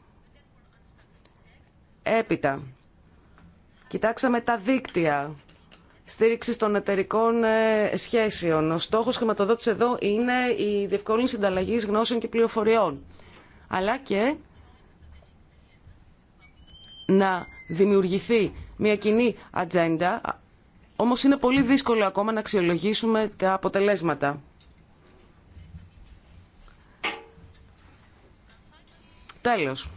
Έπειτα, κοιτάξαμε τα δίκτυα στήριξη των εταιρικών ε, σχέσεων. Ο στόχος χρηματοδότηση εδώ είναι η διευκόλυνση συνταλλαγή γνώσεων και πληροφοριών. Αλλά και να δημιουργηθεί μια κοινή ατζέντα, όμως είναι πολύ δύσκολο ακόμα να αξιολογήσουμε τα αποτελέσματα. Τέλος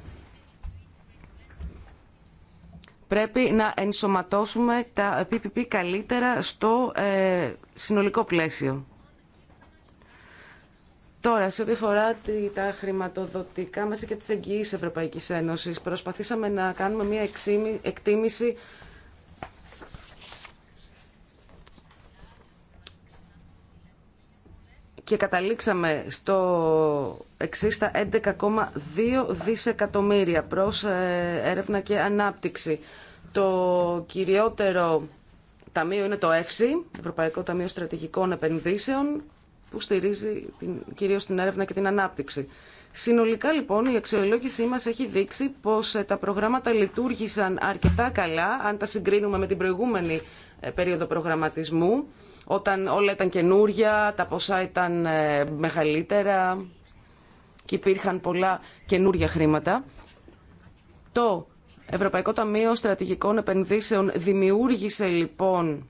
πρέπει να ενσωματώσουμε τα PPP καλύτερα στο ε, συνολικό πλαίσιο. Τώρα, σε ό,τι αφορά τα χρηματοδοτικά μέσα και τις εγγυήσεις Ευρωπαϊκής Ένωσης, προσπαθήσαμε να κάνουμε μια εκτίμηση και καταλήξαμε στο εξής στα 11,2 δισεκατομμύρια προς ε, έρευνα και ανάπτυξη. Το κυριότερο ταμείο είναι το ΕΦΣΥ, Ευρωπαϊκό Ταμείο Στρατηγικών Επενδύσεων, που στηρίζει την, κυρίως την έρευνα και την ανάπτυξη. Συνολικά λοιπόν η αξιολόγησή μας έχει δείξει πως ε, τα προγράμματα λειτουργήσαν αρκετά καλά αν τα συγκρίνουμε με την προηγούμενη ε, περίοδο προγραμματισμού, όταν όλα ήταν καινούρια, τα ποσά ήταν ε, μεγαλύτερα και υπήρχαν πολλά καινούρια χρήματα. Το Ευρωπαϊκό Ταμείο Στρατηγικών Επενδύσεων δημιούργησε λοιπόν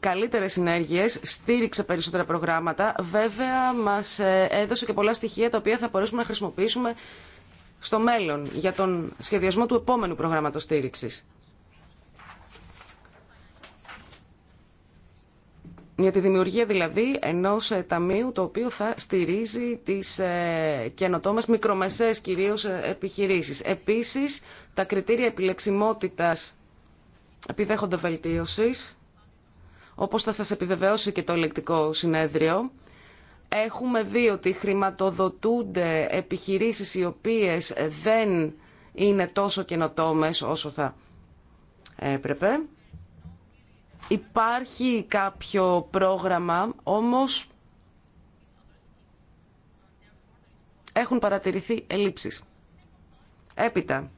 καλύτερες συνέργειες, στήριξε περισσότερα προγράμματα. Βέβαια, μας ε, έδωσε και πολλά στοιχεία τα οποία θα μπορέσουμε να χρησιμοποιήσουμε στο μέλλον για τον σχεδιασμό του επόμενου προγράμματος στήριξης. για τη δημιουργία δηλαδή ενό ε, ταμείου το οποίο θα στηρίζει τις ε, καινοτόμε μικρομεσαίες κυρίως ε, επιχειρήσεις. Επίσης, τα κριτήρια επιλεξιμότητας επιδέχονται βελτίωση, όπως θα σα επιβεβαιώσει και το ελεκτικό συνέδριο. Έχουμε δει ότι χρηματοδοτούνται επιχειρήσεις οι οποίες δεν είναι τόσο καινοτόμες όσο θα έπρεπε. Υπάρχει κάποιο πρόγραμμα, όμως έχουν παρατηρηθεί ελλείψεις. Έπειτα,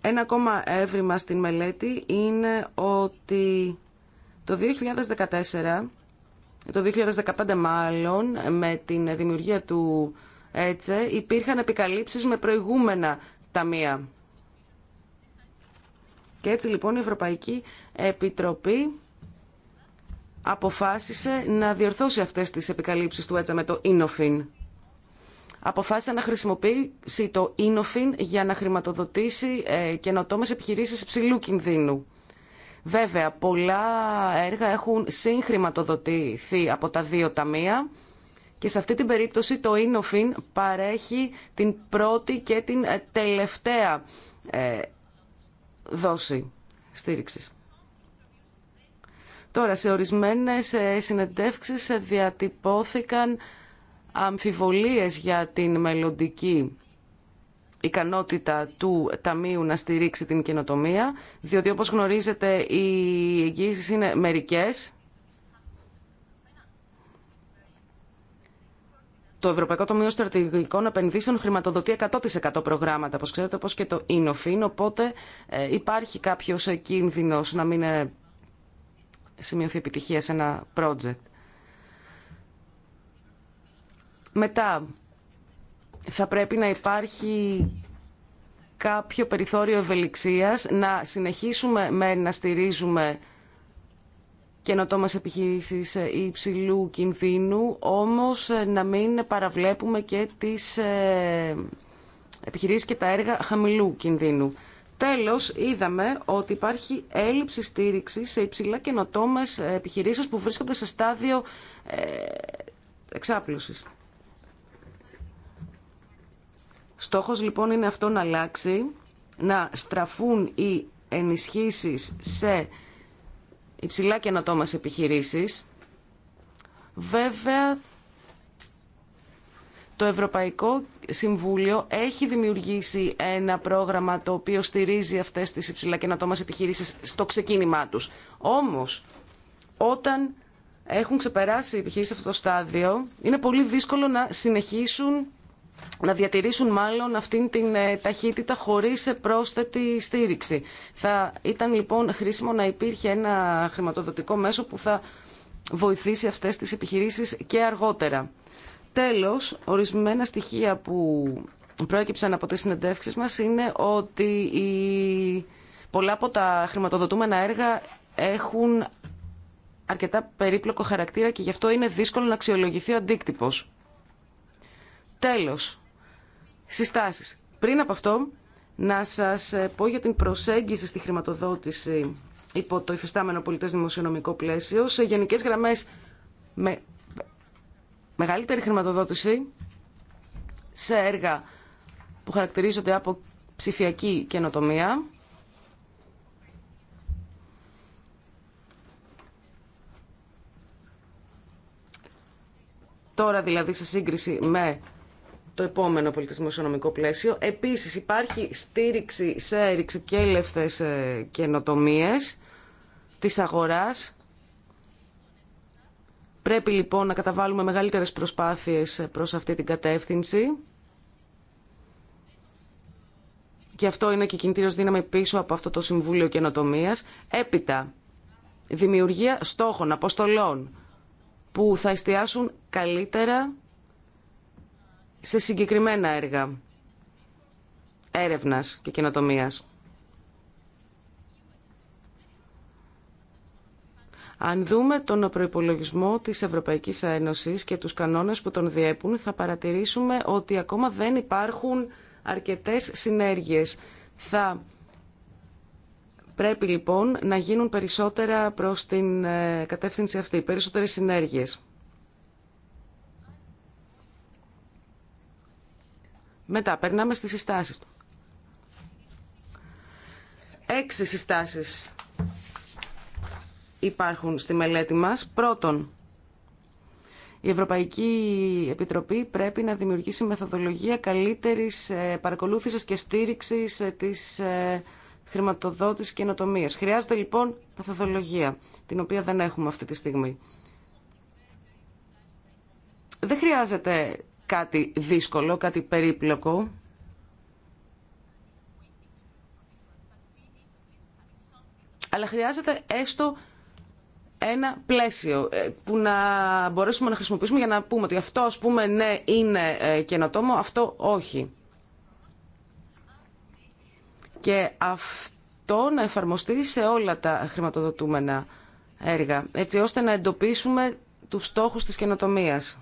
ένα ακόμα έβριμα στην μελέτη είναι ότι το 2014, το 2015 μάλλον, με την δημιουργία του ΕΤΣΕ, υπήρχαν επικαλύψεις με προηγούμενα ταμεία. Και έτσι λοιπόν η Ευρωπαϊκή Επιτροπή αποφάσισε να διορθώσει αυτές τις επικαλύψεις του έτσα με το Ίνοφιν. Αποφάσισε να χρησιμοποιήσει το Ίνοφιν για να χρηματοδοτήσει ε, καινοτόμες επιχειρήσεις ψηλού κινδύνου. Βέβαια, πολλά έργα έχουν συγχρηματοδοτηθεί από τα δύο ταμεία και σε αυτή την περίπτωση το Ίνοφιν παρέχει την πρώτη και την ε, τελευταία ε, δόση στήριξη. Τώρα, σε ορισμένες ε, συνεντεύξεις ε, διατυπώθηκαν αμφιβολίες για την μελλοντική ικανότητα του Ταμείου να στηρίξει την καινοτομία, διότι όπως γνωρίζετε οι εγγύησεις είναι μερικές το Ευρωπαϊκό Τομείο Στρατηγικών Επενδύσεων χρηματοδοτεί 100% προγράμματα, όπως ξέρετε, όπως και το Ινοφίν. οπότε ε, υπάρχει κάποιος κίνδυνος να μην ε, σημειωθεί επιτυχία σε ένα project. Μετά, θα πρέπει να υπάρχει κάποιο περιθώριο ευελιξίας, να συνεχίσουμε με να στηρίζουμε καινοτόμε επιχειρήσει ε, υψηλού κινδύνου, όμως ε, να μην παραβλέπουμε και τις ε, επιχειρήσεις και τα έργα χαμηλού κινδύνου. Τέλος, είδαμε ότι υπάρχει έλλειψη στήριξη σε υψηλά καινοτόμε επιχειρήσεις που βρίσκονται σε στάδιο εξάπλωση. Στόχος λοιπόν είναι αυτό να αλλάξει, να στραφούν οι ενισχύσεις σε υψηλά καινοτόμας επιχειρήσεις. Βέβαια, το Ευρωπαϊκό Συμβούλιο έχει δημιουργήσει ένα πρόγραμμα το οποίο στηρίζει αυτές τις υψηλά καινοτόμας επιχειρήσεις στο ξεκίνημά τους. Όμως, όταν έχουν ξεπεράσει οι επιχειρήσεις σε αυτό το στάδιο, είναι πολύ δύσκολο να συνεχίσουν να διατηρήσουν μάλλον αυτήν την ε, ταχύτητα χωρίς πρόσθετη στήριξη. Θα ήταν λοιπόν χρήσιμο να υπήρχε ένα χρηματοδοτικό μέσο που θα βοηθήσει αυτές τις επιχειρήσεις και αργότερα. Τέλος, ορισμένα στοιχεία που προέκυψαν από τις συνεντεύξεις μας είναι ότι οι... πολλά από τα χρηματοδοτούμενα έργα έχουν αρκετά περίπλοκο χαρακτήρα και γι' αυτό είναι δύσκολο να αξιολογηθεί ο αντίκτυπος. Τέλος, συστάσεις. Πριν από αυτό, να σας πω για την προσέγγιση στη χρηματοδότηση υπό το υφιστάμενο πολιτές δημοσιονομικό πλαίσιο. Σε γενικές γραμμές, με μεγαλύτερη χρηματοδότηση σε έργα που χαρακτηρίζονται από ψηφιακή καινοτομία, τώρα δηλαδή σε σύγκριση με το επόμενο πολιτισμο-οικονομικό πλαίσιο. Επίσης υπάρχει στήριξη σε ερηξικέλευτες ε, καινοτομίε της αγοράς. Πρέπει λοιπόν να καταβάλουμε μεγαλύτερες προσπάθειες προς αυτή την κατεύθυνση. Και αυτό είναι και κινητήριο δύναμη πίσω από αυτό το Συμβούλιο Καινοτομίας. Έπειτα, δημιουργία στόχων, αποστολών, που θα εστιάσουν καλύτερα σε συγκεκριμένα έργα έρευνας και κοινοτομίας. Αν δούμε τον προϋπολογισμό της Ευρωπαϊκής Ένωσης και τους κανόνες που τον διέπουν, θα παρατηρήσουμε ότι ακόμα δεν υπάρχουν αρκετές συνέργειες. Θα πρέπει λοιπόν να γίνουν περισσότερα προς την ε, κατεύθυνση αυτή, περισσότερες συνέργειες. Μετά περνάμε στις συστάσεις του. Έξι συστάσεις υπάρχουν στη μελέτη μας. Πρώτον, η Ευρωπαϊκή Επιτροπή πρέπει να δημιουργήσει μεθοδολογία καλύτερης ε, παρακολούθησης και στήριξης ε, της ε, χρηματοδότησης και Χρειάζεται λοιπόν μεθοδολογία, την οποία δεν έχουμε αυτή τη στιγμή. Δεν χρειάζεται κάτι δύσκολο, κάτι περίπλοκο. Αλλά χρειάζεται έστω ένα πλαίσιο ε, που να μπορέσουμε να χρησιμοποιήσουμε για να πούμε ότι αυτό ας πούμε ναι είναι ε, καινοτόμο, αυτό όχι. Και αυτό να εφαρμοστεί σε όλα τα χρηματοδοτούμενα έργα, έτσι ώστε να εντοπίσουμε τους στόχους της καινοτομίας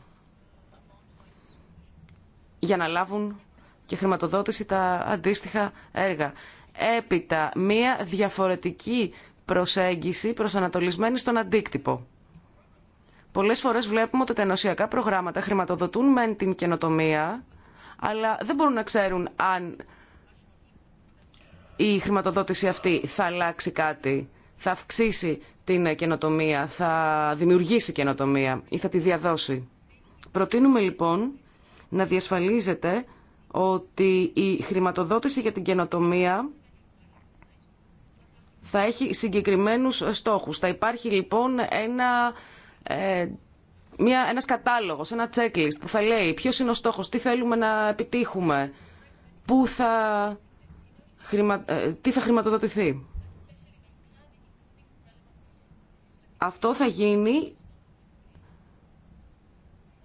για να λάβουν και χρηματοδότηση τα αντίστοιχα έργα. Έπειτα, μία διαφορετική προσέγγιση προσανατολισμένη στον αντίκτυπο. Πολλέ φορέ βλέπουμε ότι τα ενωσιακά προγράμματα χρηματοδοτούν μεν την καινοτομία, αλλά δεν μπορούν να ξέρουν αν η χρηματοδότηση αυτή θα αλλάξει κάτι, θα αυξήσει την καινοτομία, θα δημιουργήσει καινοτομία ή θα τη διαδώσει. Προτείνουμε λοιπόν να διασφαλίζεται ότι η χρηματοδότηση για την καινοτομία θα έχει συγκεκριμένους στόχους. Θα υπάρχει λοιπόν ένα, ε, μια, ένας κατάλογος, ένα checklist που θα λέει ποιος είναι ο στόχος, τι θέλουμε να επιτύχουμε, πού θα, ε, τι θα χρηματοδοτηθεί. Αυτό θα γίνει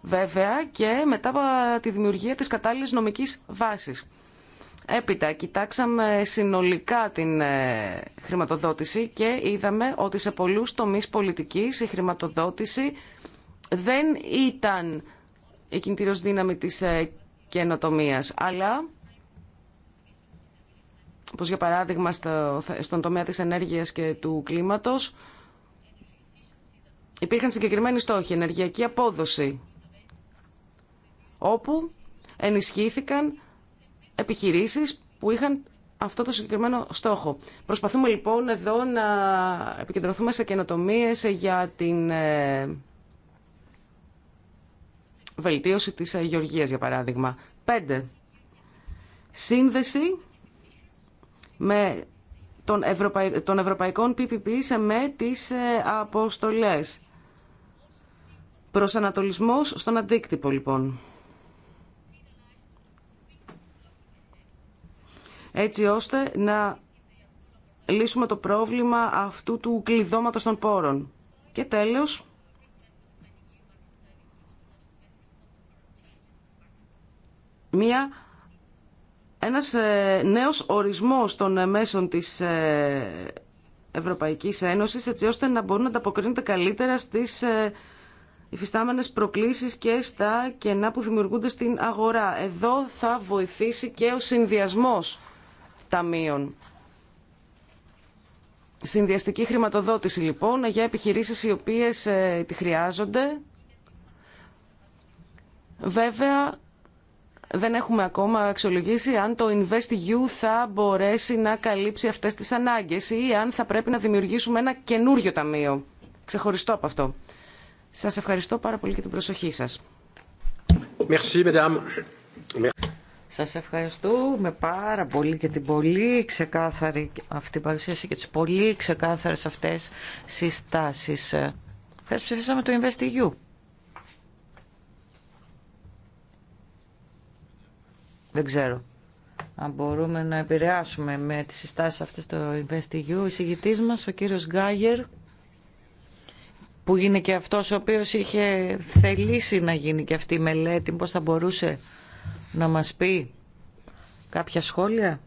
βέβαια και μετά από τη δημιουργία της κατάλληλης νομικής βάσης. Έπειτα, κοιτάξαμε συνολικά την ε, χρηματοδότηση και είδαμε ότι σε πολλούς τομείς πολιτικής η χρηματοδότηση δεν ήταν η κινητήριος δύναμη της ε, καινοτομίας, αλλά όπως για παράδειγμα στον τομέα της ενέργειας και του κλίματος, υπήρχαν συγκεκριμένοι στόχοι, ενεργειακή απόδοση, όπου ενισχύθηκαν επιχειρήσεις που είχαν αυτό το συγκεκριμένο στόχο. Προσπαθούμε λοιπόν εδώ να επικεντρωθούμε σε καινοτομίες για την ε, βελτίωση της ε, γεωργίας, για παράδειγμα. Πέντε. Σύνδεση με τον Ευρωπαϊ... των ευρωπαϊκών PPP με τις ε, αποστολές. Προσανατολισμός στον αντίκτυπο, λοιπόν. έτσι ώστε να λύσουμε το πρόβλημα αυτού του κλειδώματος των πόρων. Και τέλος, μια, ένας ε, νέος ορισμός των ε, μέσων της ε, Ευρωπαϊκής Ένωσης, έτσι ώστε να μπορούν να ανταποκρίνονται καλύτερα στις υφιστάμενες προκλήσεις και στα κενά που δημιουργούνται στην αγορά. Εδώ θα βοηθήσει και ο συνδυασμός ταμείων. Συνδυαστική χρηματοδότηση λοιπόν για επιχειρήσεις οι οποίες ε, τη χρειάζονται. Βέβαια δεν έχουμε ακόμα αξιολογήσει αν το InvestEU θα μπορέσει να καλύψει αυτές τις ανάγκες ή αν θα πρέπει να δημιουργήσουμε ένα καινούριο ταμείο, ξεχωριστό από αυτό. Σας ευχαριστώ πάρα πολύ για την προσοχή σας. Merci, σας ευχαριστούμε πάρα πολύ για την πολύ ξεκάθαρη αυτή παρουσίαση και τις πολύ ξεκάθαρες αυτές συστάσεις. Ε, χθες ψηφίσαμε το InvestEU. Δεν ξέρω αν μπορούμε να επηρεάσουμε με τις συστάσεις αυτές το InvestEU. Ο εισηγητής μας, ο κύριος Γκάγερ, που είναι και αυτός ο οποίος είχε θελήσει να γίνει και αυτή η μελέτη, πώς θα μπορούσε να μας πει κάποια σχόλια.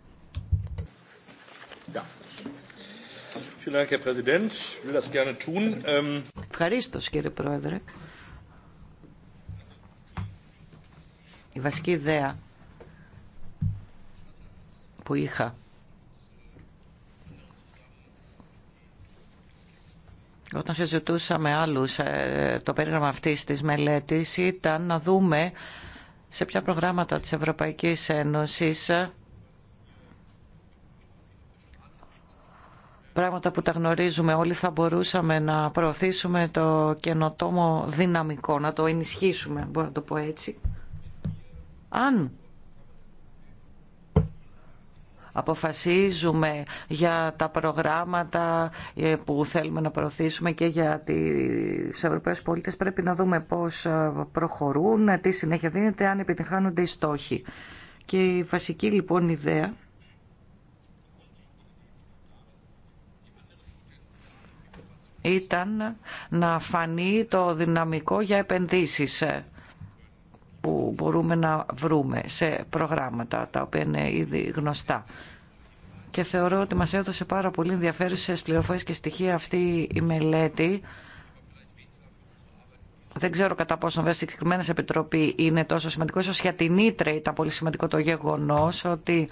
Ähm, Ευχαριστώ κύριε Πρόεδρε. Η βασική ιδέα που είχα Όταν συζητούσαμε με άλλους ε, το πέριγραμμα αυτής της μελέτης ήταν να δούμε σε ποια προγράμματα της Ευρωπαϊκής Ένωσης πράγματα που τα γνωρίζουμε όλοι θα μπορούσαμε να προωθήσουμε το καινοτόμο δυναμικό, να το ενισχύσουμε, μπορώ να το πω έτσι. Αν αποφασίζουμε για τα προγράμματα ε, που θέλουμε να προωθήσουμε και για τις Ευρωπαίες πολίτες πρέπει να δούμε πώς ε, προχωρούν, τι συνέχεια δίνεται, αν επιτυχάνονται οι στόχοι. Και η βασική λοιπόν ιδέα ήταν να φανεί το δυναμικό για επενδύσεις που μπορούμε να βρούμε σε προγράμματα τα οποία είναι ήδη γνωστά. Και θεωρώ ότι μας έδωσε πάρα πολύ ενδιαφέρουσες πληροφορίες και στοιχεία αυτή η μελέτη. Δεν ξέρω κατά πόσο βέβαια στη επιτροπή είναι τόσο σημαντικό. Ίσως για την Ήτρε ήταν πολύ σημαντικό το γεγονός ότι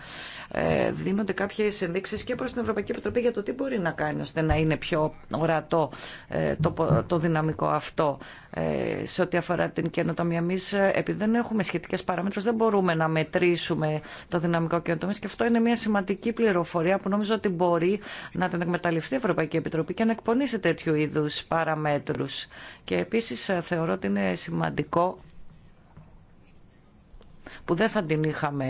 ε, δίνονται κάποιες ενδείξει και προς την Ευρωπαϊκή Επιτροπή για το τι μπορεί να κάνει ώστε να είναι πιο ορατό ε, το δυναμικό αυτό ε, σε ό,τι αφορά την καινοτομία. Εμεί, επειδή δεν έχουμε σχετικέ παράμετρους, δεν μπορούμε να μετρήσουμε το δυναμικό καινοτομία και αυτό είναι μια σημαντική πληροφορία που νομίζω ότι μπορεί να την εκμεταλλευτεί η Ευρωπαϊκή Επιτροπή και να εκπονήσει τέτοιου είδου παραμέτρου. Και επίση θεωρώ ότι είναι σημαντικό που δεν θα την είχαμε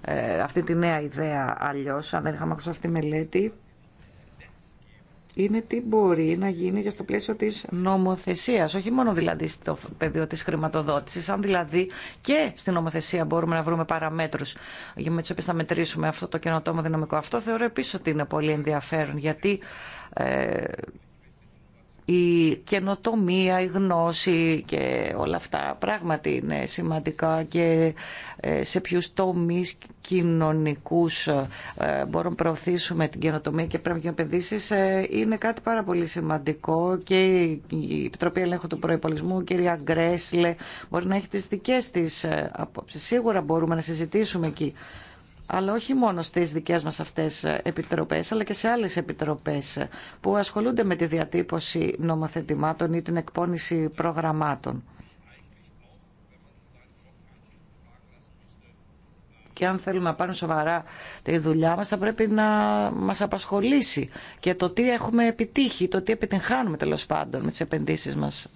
ε, ε, αυτή τη νέα ιδέα αλλιώς, αν δεν είχαμε ακούσει αυτή τη μελέτη, είναι τι μπορεί να γίνει για στο πλαίσιο της νομοθεσίας, όχι μόνο δηλαδή στο πεδίο της χρηματοδότησης, αν δηλαδή και στη νομοθεσία μπορούμε να βρούμε παραμέτρους για με τις οποίες θα μετρήσουμε αυτό το καινοτόμο δυναμικό. Αυτό θεωρώ επίσης ότι είναι πολύ ενδιαφέρον, γιατί ε, η καινοτομία, η γνώση και όλα αυτά πράγματι είναι σημαντικά και ε, σε ποιους τομείς κοινωνικούς ε, μπορούμε να προωθήσουμε την καινοτομία και πρέπει να ε, είναι κάτι πάρα πολύ σημαντικό και η Επιτροπή Ελέγχου του Προϋπολισμού, η κυρία Γκρέσλε μπορεί να έχει τις δικές της απόψεις. Σίγουρα μπορούμε να συζητήσουμε εκεί αλλά όχι μόνο στις δικές μας αυτές επιτροπές, αλλά και σε άλλες επιτροπές που ασχολούνται με τη διατύπωση νομοθετημάτων ή την εκπόνηση προγραμμάτων. και αν θέλουμε να πάρουμε σοβαρά τη δουλειά μας θα πρέπει να μας απασχολήσει και το τι έχουμε επιτύχει, το τι επιτυγχάνουμε τέλος πάντων με τις επενδύσεις μας.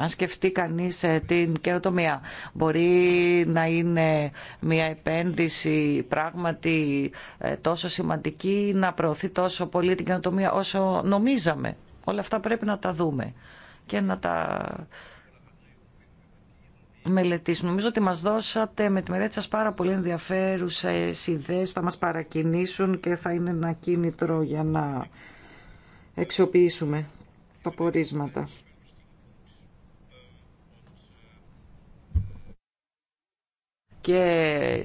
Αν σκεφτεί κανείς ε, την καινοτομία, μπορεί να είναι μια επένδυση πράγματι ε, τόσο σημαντική, να προωθεί τόσο πολύ την καινοτομία όσο νομίζαμε. Όλα αυτά πρέπει να τα δούμε και να τα μελετήσουμε. Νομίζω ότι μας δώσατε με τη μελέτη σας πάρα πολύ ενδιαφέρουσες ιδέες που θα μας παρακινήσουν και θα είναι ένα κίνητρο για να αξιοποιήσουμε τα πορίσματα. και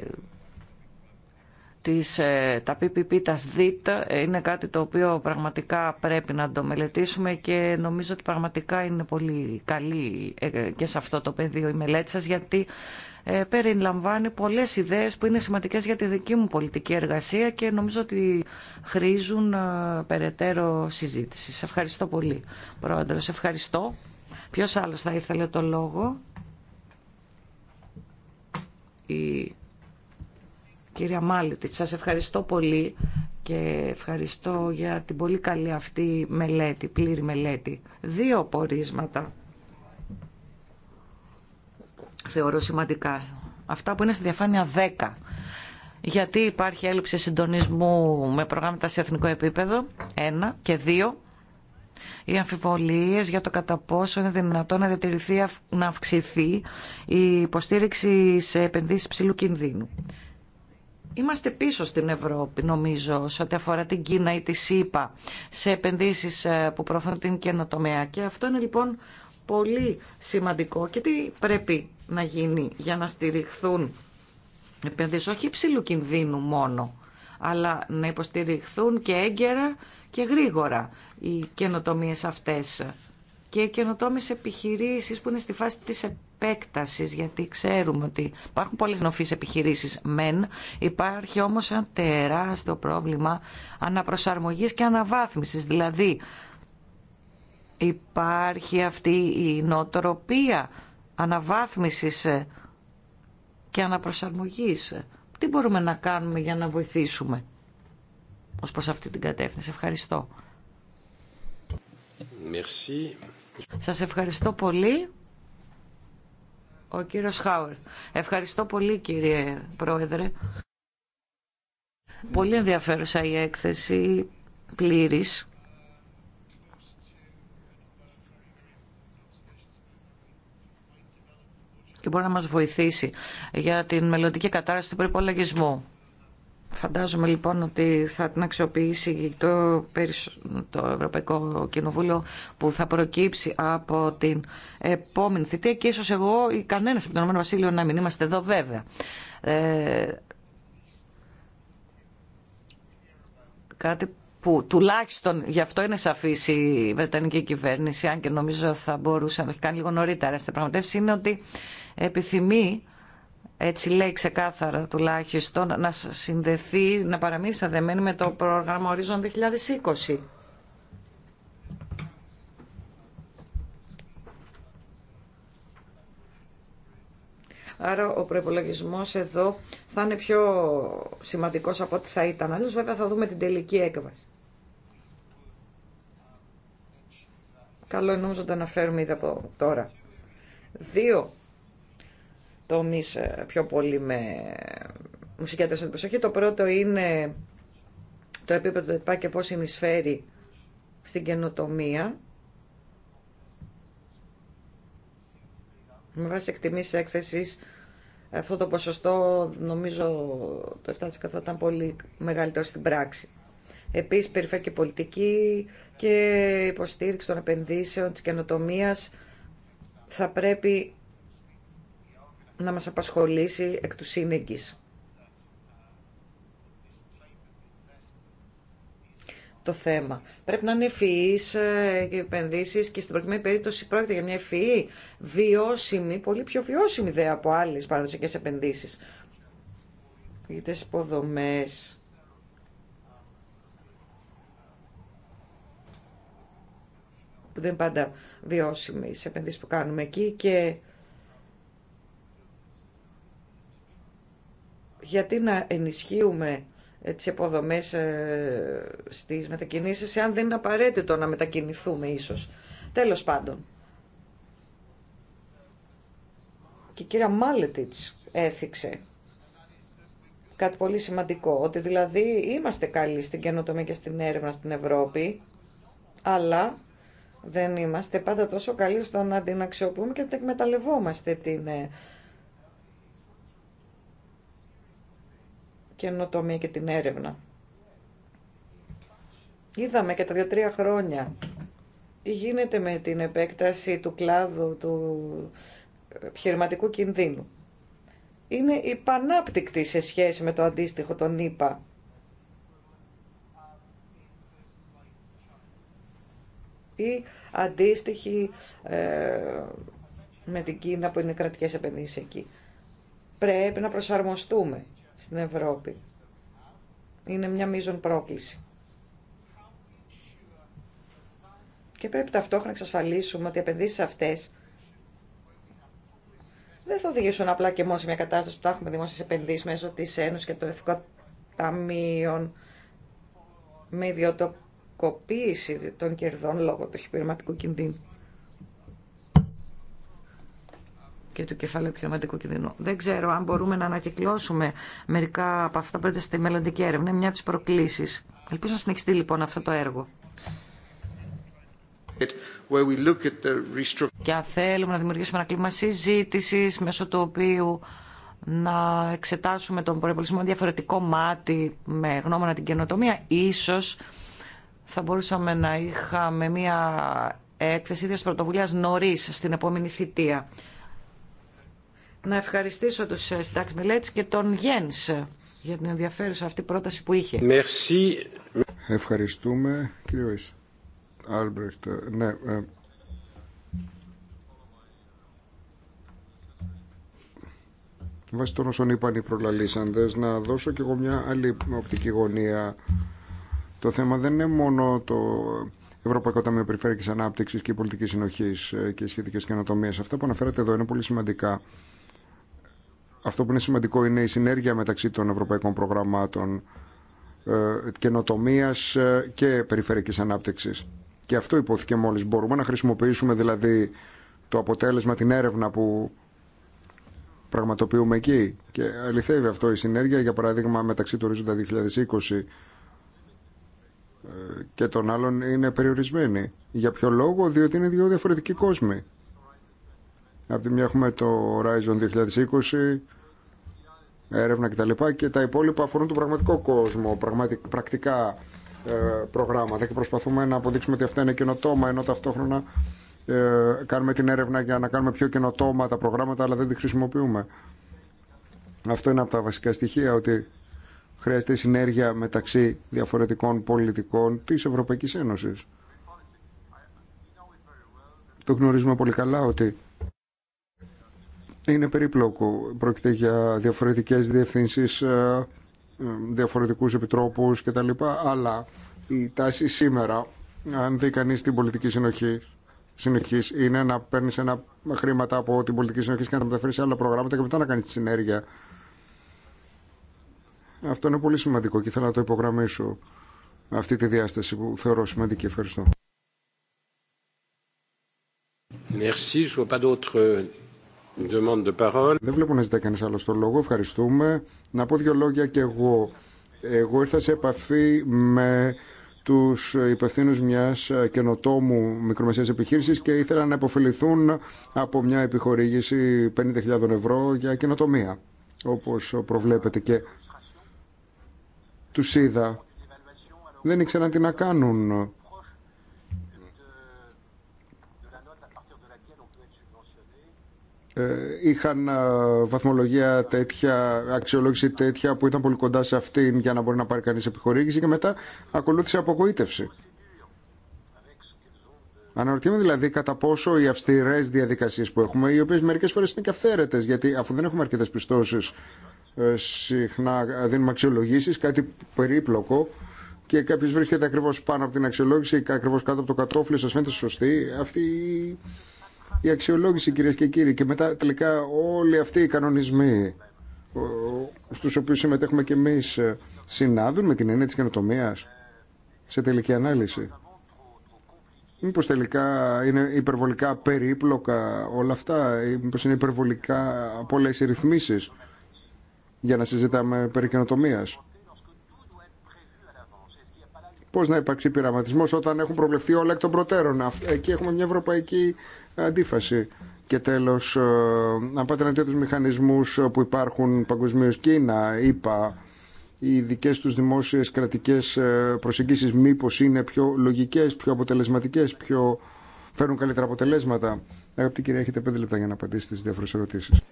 τις, ε, τα PPP, τα SDIT ε, είναι κάτι το οποίο πραγματικά πρέπει να το μελετήσουμε και νομίζω ότι πραγματικά είναι πολύ καλή ε, και σε αυτό το πεδίο η μελέτη σας γιατί περιλαμβάνει πολλές ιδέες που είναι σημαντικές για τη δική μου πολιτική εργασία και νομίζω ότι χρήζουν περαιτέρω συζήτηση. Σε ευχαριστώ πολύ, Πρόεδρε. Σε ευχαριστώ. Ποιος άλλος θα ήθελε το λόγο η κυρία Μάλιτιτ. Σας ευχαριστώ πολύ και ευχαριστώ για την πολύ καλή αυτή μελέτη, πλήρη μελέτη. Δύο πορίσματα θεωρώ σημαντικά. Αυτά που είναι στη διαφάνεια 10. Γιατί υπάρχει έλλειψη συντονισμού με προγράμματα σε εθνικό επίπεδο, ένα και δύο, οι αμφιβολίες για το κατά πόσο είναι δυνατόν να διατηρηθεί, να αυξηθεί η υποστήριξη σε επενδύσεις ψηλού κινδύνου. Είμαστε πίσω στην Ευρώπη, νομίζω, σε ό,τι αφορά την Κίνα ή τη ΣΥΠΑ, σε επενδύσεις ε, που προωθούν την καινοτομία. Και αυτό είναι λοιπόν πολύ σημαντικό. Και τι πρέπει να γίνει για να στηριχθούν επενδύσεις, όχι υψηλού κινδύνου μόνο, αλλά να υποστηριχθούν και έγκαιρα και γρήγορα οι καινοτομίες αυτές. Και οι καινοτόμες επιχειρήσεις που είναι στη φάση της επέκτασης, γιατί ξέρουμε ότι υπάρχουν πολλές νοφείς επιχειρήσεις μεν, υπάρχει όμως ένα τεράστιο πρόβλημα αναπροσαρμογής και αναβάθμισης, δηλαδή υπάρχει αυτή η νοοτροπία αναβάθμισης και αναπροσαρμογής τι μπορούμε να κάνουμε για να βοηθήσουμε ως προς αυτή την κατεύθυνση. Ευχαριστώ. Merci. Σας ευχαριστώ πολύ. Ο κύριος Χάουερ. Ευχαριστώ πολύ κύριε Πρόεδρε. Πολύ ενδιαφέρουσα η έκθεση πλήρης και μπορεί να μας βοηθήσει για την μελλοντική κατάρρευση του προπολογισμού. Φαντάζομαι λοιπόν ότι θα την αξιοποιήσει το, το Ευρωπαϊκό Κοινοβούλιο που θα προκύψει από την επόμενη θητεία και ίσως εγώ ή κανένας από τον Ηνωμένο Βασίλειο να μην είμαστε εδώ βέβαια. Ε, κάτι που τουλάχιστον γι' αυτό είναι σαφή η Βρετανική κυβέρνηση, αν και νομίζω θα μπορούσε να το έχει κάνει λίγο νωρίτερα στην πραγματεύση, είναι ότι επιθυμεί έτσι λέει ξεκάθαρα τουλάχιστον, να συνδεθεί, να παραμείνει σαδεμένη με το πρόγραμμα Horizon 2020. Άρα ο προπολογισμό εδώ θα είναι πιο σημαντικός από ό,τι θα ήταν. Αλλιώ βέβαια θα δούμε την τελική έκβαση. Καλό νομίζω να φέρουμε ήδη από τώρα. Δύο τομείς ε, πιο πολύ με μουσική προσοχή. Το πρώτο είναι το επίπεδο του ΕΤΠΑ και πώς συνεισφέρει στην καινοτομία. Με βάση εκτιμήσεις έκθεσης, αυτό το ποσοστό νομίζω το 7% ήταν πολύ μεγαλύτερο στην πράξη. Επίσης, περιφέρει και πολιτική και υποστήριξη των επενδύσεων της καινοτομίας θα πρέπει να μας απασχολήσει εκ του σύνεγγις το θέμα. Πρέπει να είναι ευφυεί οι ε, επενδύσει και στην προκειμένη περίπτωση πρόκειται για μια ευφυή, βιώσιμη, πολύ πιο βιώσιμη ιδέα από άλλε παραδοσιακέ επενδύσει. Για τι υποδομέ. που δεν πάντα βιώσιμη σε επενδύσει που κάνουμε εκεί και γιατί να ενισχύουμε ε, τις υποδομές ε, στις μετακινήσεις εάν δεν είναι απαραίτητο να μετακινηθούμε ίσως. Τέλος πάντων. Και η κυρία Μάλετιτς έθιξε κάτι πολύ σημαντικό, ότι δηλαδή είμαστε καλοί στην καινοτομία και στην έρευνα στην Ευρώπη, αλλά δεν είμαστε πάντα τόσο καλοί στο να την αξιοποιούμε και να την εκμεταλλευόμαστε την ε, καινοτομία και την έρευνα. Είδαμε και τα δύο-τρία χρόνια τι γίνεται με την επέκταση του κλάδου του επιχειρηματικού κινδύνου. Είναι υπανάπτυκτη σε σχέση με το αντίστοιχο τον ήπα; Ή αντίστοιχη ε, με την Κίνα που είναι κρατικές επενδύσεις εκεί. Πρέπει να προσαρμοστούμε στην Ευρώπη. Είναι μια μείζον πρόκληση. Και πρέπει ταυτόχρονα να εξασφαλίσουμε ότι οι επενδύσει αυτέ δεν θα οδηγήσουν απλά και μόνο σε μια κατάσταση που θα έχουμε δημόσιε επενδύσει μέσω τη Ένωση και των Εθνικών Ταμείων με ιδιωτικοποίηση των κερδών λόγω του χειπηρηματικού κινδύνου. και του κεφάλαιου επιχειρηματικού κινδύνου. Δεν ξέρω αν μπορούμε να ανακυκλώσουμε μερικά από αυτά που στη μελλοντική έρευνα. Είναι μια από τι προκλήσει. Ελπίζω να συνεχιστεί λοιπόν αυτό το έργο. Και αν θέλουμε να δημιουργήσουμε ένα κλίμα συζήτηση μέσω του οποίου να εξετάσουμε τον προεπολισμό διαφορετικό μάτι με γνώμονα την καινοτομία, ίσω θα μπορούσαμε να είχαμε μια έκθεση ίδια πρωτοβουλία νωρί στην επόμενη θητεία να ευχαριστήσω τους ε, συντάξεις και τον Γένς για την ενδιαφέρουσα αυτή πρόταση που είχε. Merci. Ευχαριστούμε, κύριο Άλμπρεχτ. Ε, ναι, ε, βάσει των όσων είπαν οι προλαλήσαντες, να δώσω κι εγώ μια άλλη οπτική γωνία. Το θέμα δεν είναι μόνο το Ευρωπαϊκό Ταμείο Περιφέρειας Ανάπτυξης και η Πολιτική Συνοχής ε, και οι σχετικές καινοτομίες. Αυτά που αναφέρατε εδώ είναι πολύ σημαντικά αυτό που είναι σημαντικό είναι η συνέργεια μεταξύ των ευρωπαϊκών προγραμμάτων ε, καινοτομία ε, και περιφερειακής ανάπτυξης. Και αυτό υπόθηκε μόλις. Μπορούμε να χρησιμοποιήσουμε δηλαδή το αποτέλεσμα, την έρευνα που πραγματοποιούμε εκεί. Και αληθεύει αυτό η συνέργεια, για παράδειγμα, μεταξύ του ορίζοντα 2020 ε, και των άλλων είναι περιορισμένη. Για ποιο λόγο, διότι είναι δύο διαφορετικοί κόσμοι. Από τη μια έχουμε το Horizon 2020, έρευνα κτλ. Και τα υπόλοιπα αφορούν τον πραγματικό κόσμο, πρακτικά ε, προγράμματα και προσπαθούμε να αποδείξουμε ότι αυτά είναι καινοτόμα ενώ ταυτόχρονα ε, κάνουμε την έρευνα για να κάνουμε πιο καινοτόμα τα προγράμματα αλλά δεν τη χρησιμοποιούμε. Αυτό είναι από τα βασικά στοιχεία ότι χρειάζεται συνέργεια μεταξύ διαφορετικών πολιτικών της Ευρωπαϊκής Ένωσης. Το γνωρίζουμε πολύ καλά ότι είναι περίπλοκο. Πρόκειται για διαφορετικές διευθύνσεις, ε, ε, διαφορετικούς επιτρόπους κτλ. Αλλά η τάση σήμερα, αν δει κανείς την πολιτική συνοχή, συνοχής, είναι να παίρνει ένα χρήματα από την πολιτική συνοχή και να τα μεταφέρεις σε άλλα προγράμματα και μετά να κάνει τη συνέργεια. Αυτό είναι πολύ σημαντικό και ήθελα να το υπογραμμίσω αυτή τη διάσταση που θεωρώ σημαντική. Ευχαριστώ. Merci, je vois pas δεν βλέπω να ζητάει κανεί άλλο το λόγο. Ευχαριστούμε. Να πω δύο λόγια και εγώ. Εγώ ήρθα σε επαφή με του υπευθύνου μια καινοτόμου μικρομεσαίας επιχείρηση και ήθελα να υποφεληθούν από μια επιχορήγηση 50.000 ευρώ για καινοτομία. Όπω προβλέπετε και του είδα. Δεν ήξεραν τι να κάνουν Ε, είχαν ε, βαθμολογία τέτοια, αξιολόγηση τέτοια που ήταν πολύ κοντά σε αυτήν για να μπορεί να πάρει κανείς επιχορήγηση και μετά ακολούθησε απογοήτευση. Αναρωτιέμαι δηλαδή κατά πόσο οι αυστηρέ διαδικασίε που έχουμε, οι οποίε μερικέ φορέ είναι και αυθαίρετε, γιατί αφού δεν έχουμε αρκετέ πιστώσει, ε, συχνά δίνουμε αξιολογήσει, κάτι περίπλοκο και κάποιο βρίσκεται ακριβώ πάνω από την αξιολόγηση, ακριβώ κάτω από το κατόφλι, σα φαίνεται σωστή. Αυτή η αξιολόγηση κυρίες και κύριοι και μετά τελικά όλοι αυτοί οι κανονισμοί στους οποίους συμμετέχουμε και εμείς ε, συνάδουν με την έννοια της καινοτομίας σε τελική ανάλυση. Μήπω τελικά είναι υπερβολικά περίπλοκα όλα αυτά, ή μήπως είναι υπερβολικά πολλές οι για να συζητάμε περί καινοτομίας. Πώ να υπάρξει πειραματισμό όταν έχουν προβλεφθεί όλα εκ των προτέρων. Εκεί έχουμε μια ευρωπαϊκή αντίφαση. Και τέλο, ε, αν πάτε να δείτε του μηχανισμού που υπάρχουν παγκοσμίω, Κίνα, ΗΠΑ, οι δικέ του δημόσιε κρατικέ ε, προσεγγίσει μήπω είναι πιο λογικέ, πιο αποτελεσματικέ, πιο φέρουν καλύτερα αποτελέσματα. Αγαπητή κυρία, έχετε πέντε λεπτά για να απαντήσετε στι διάφορε ερωτήσει. [laughs]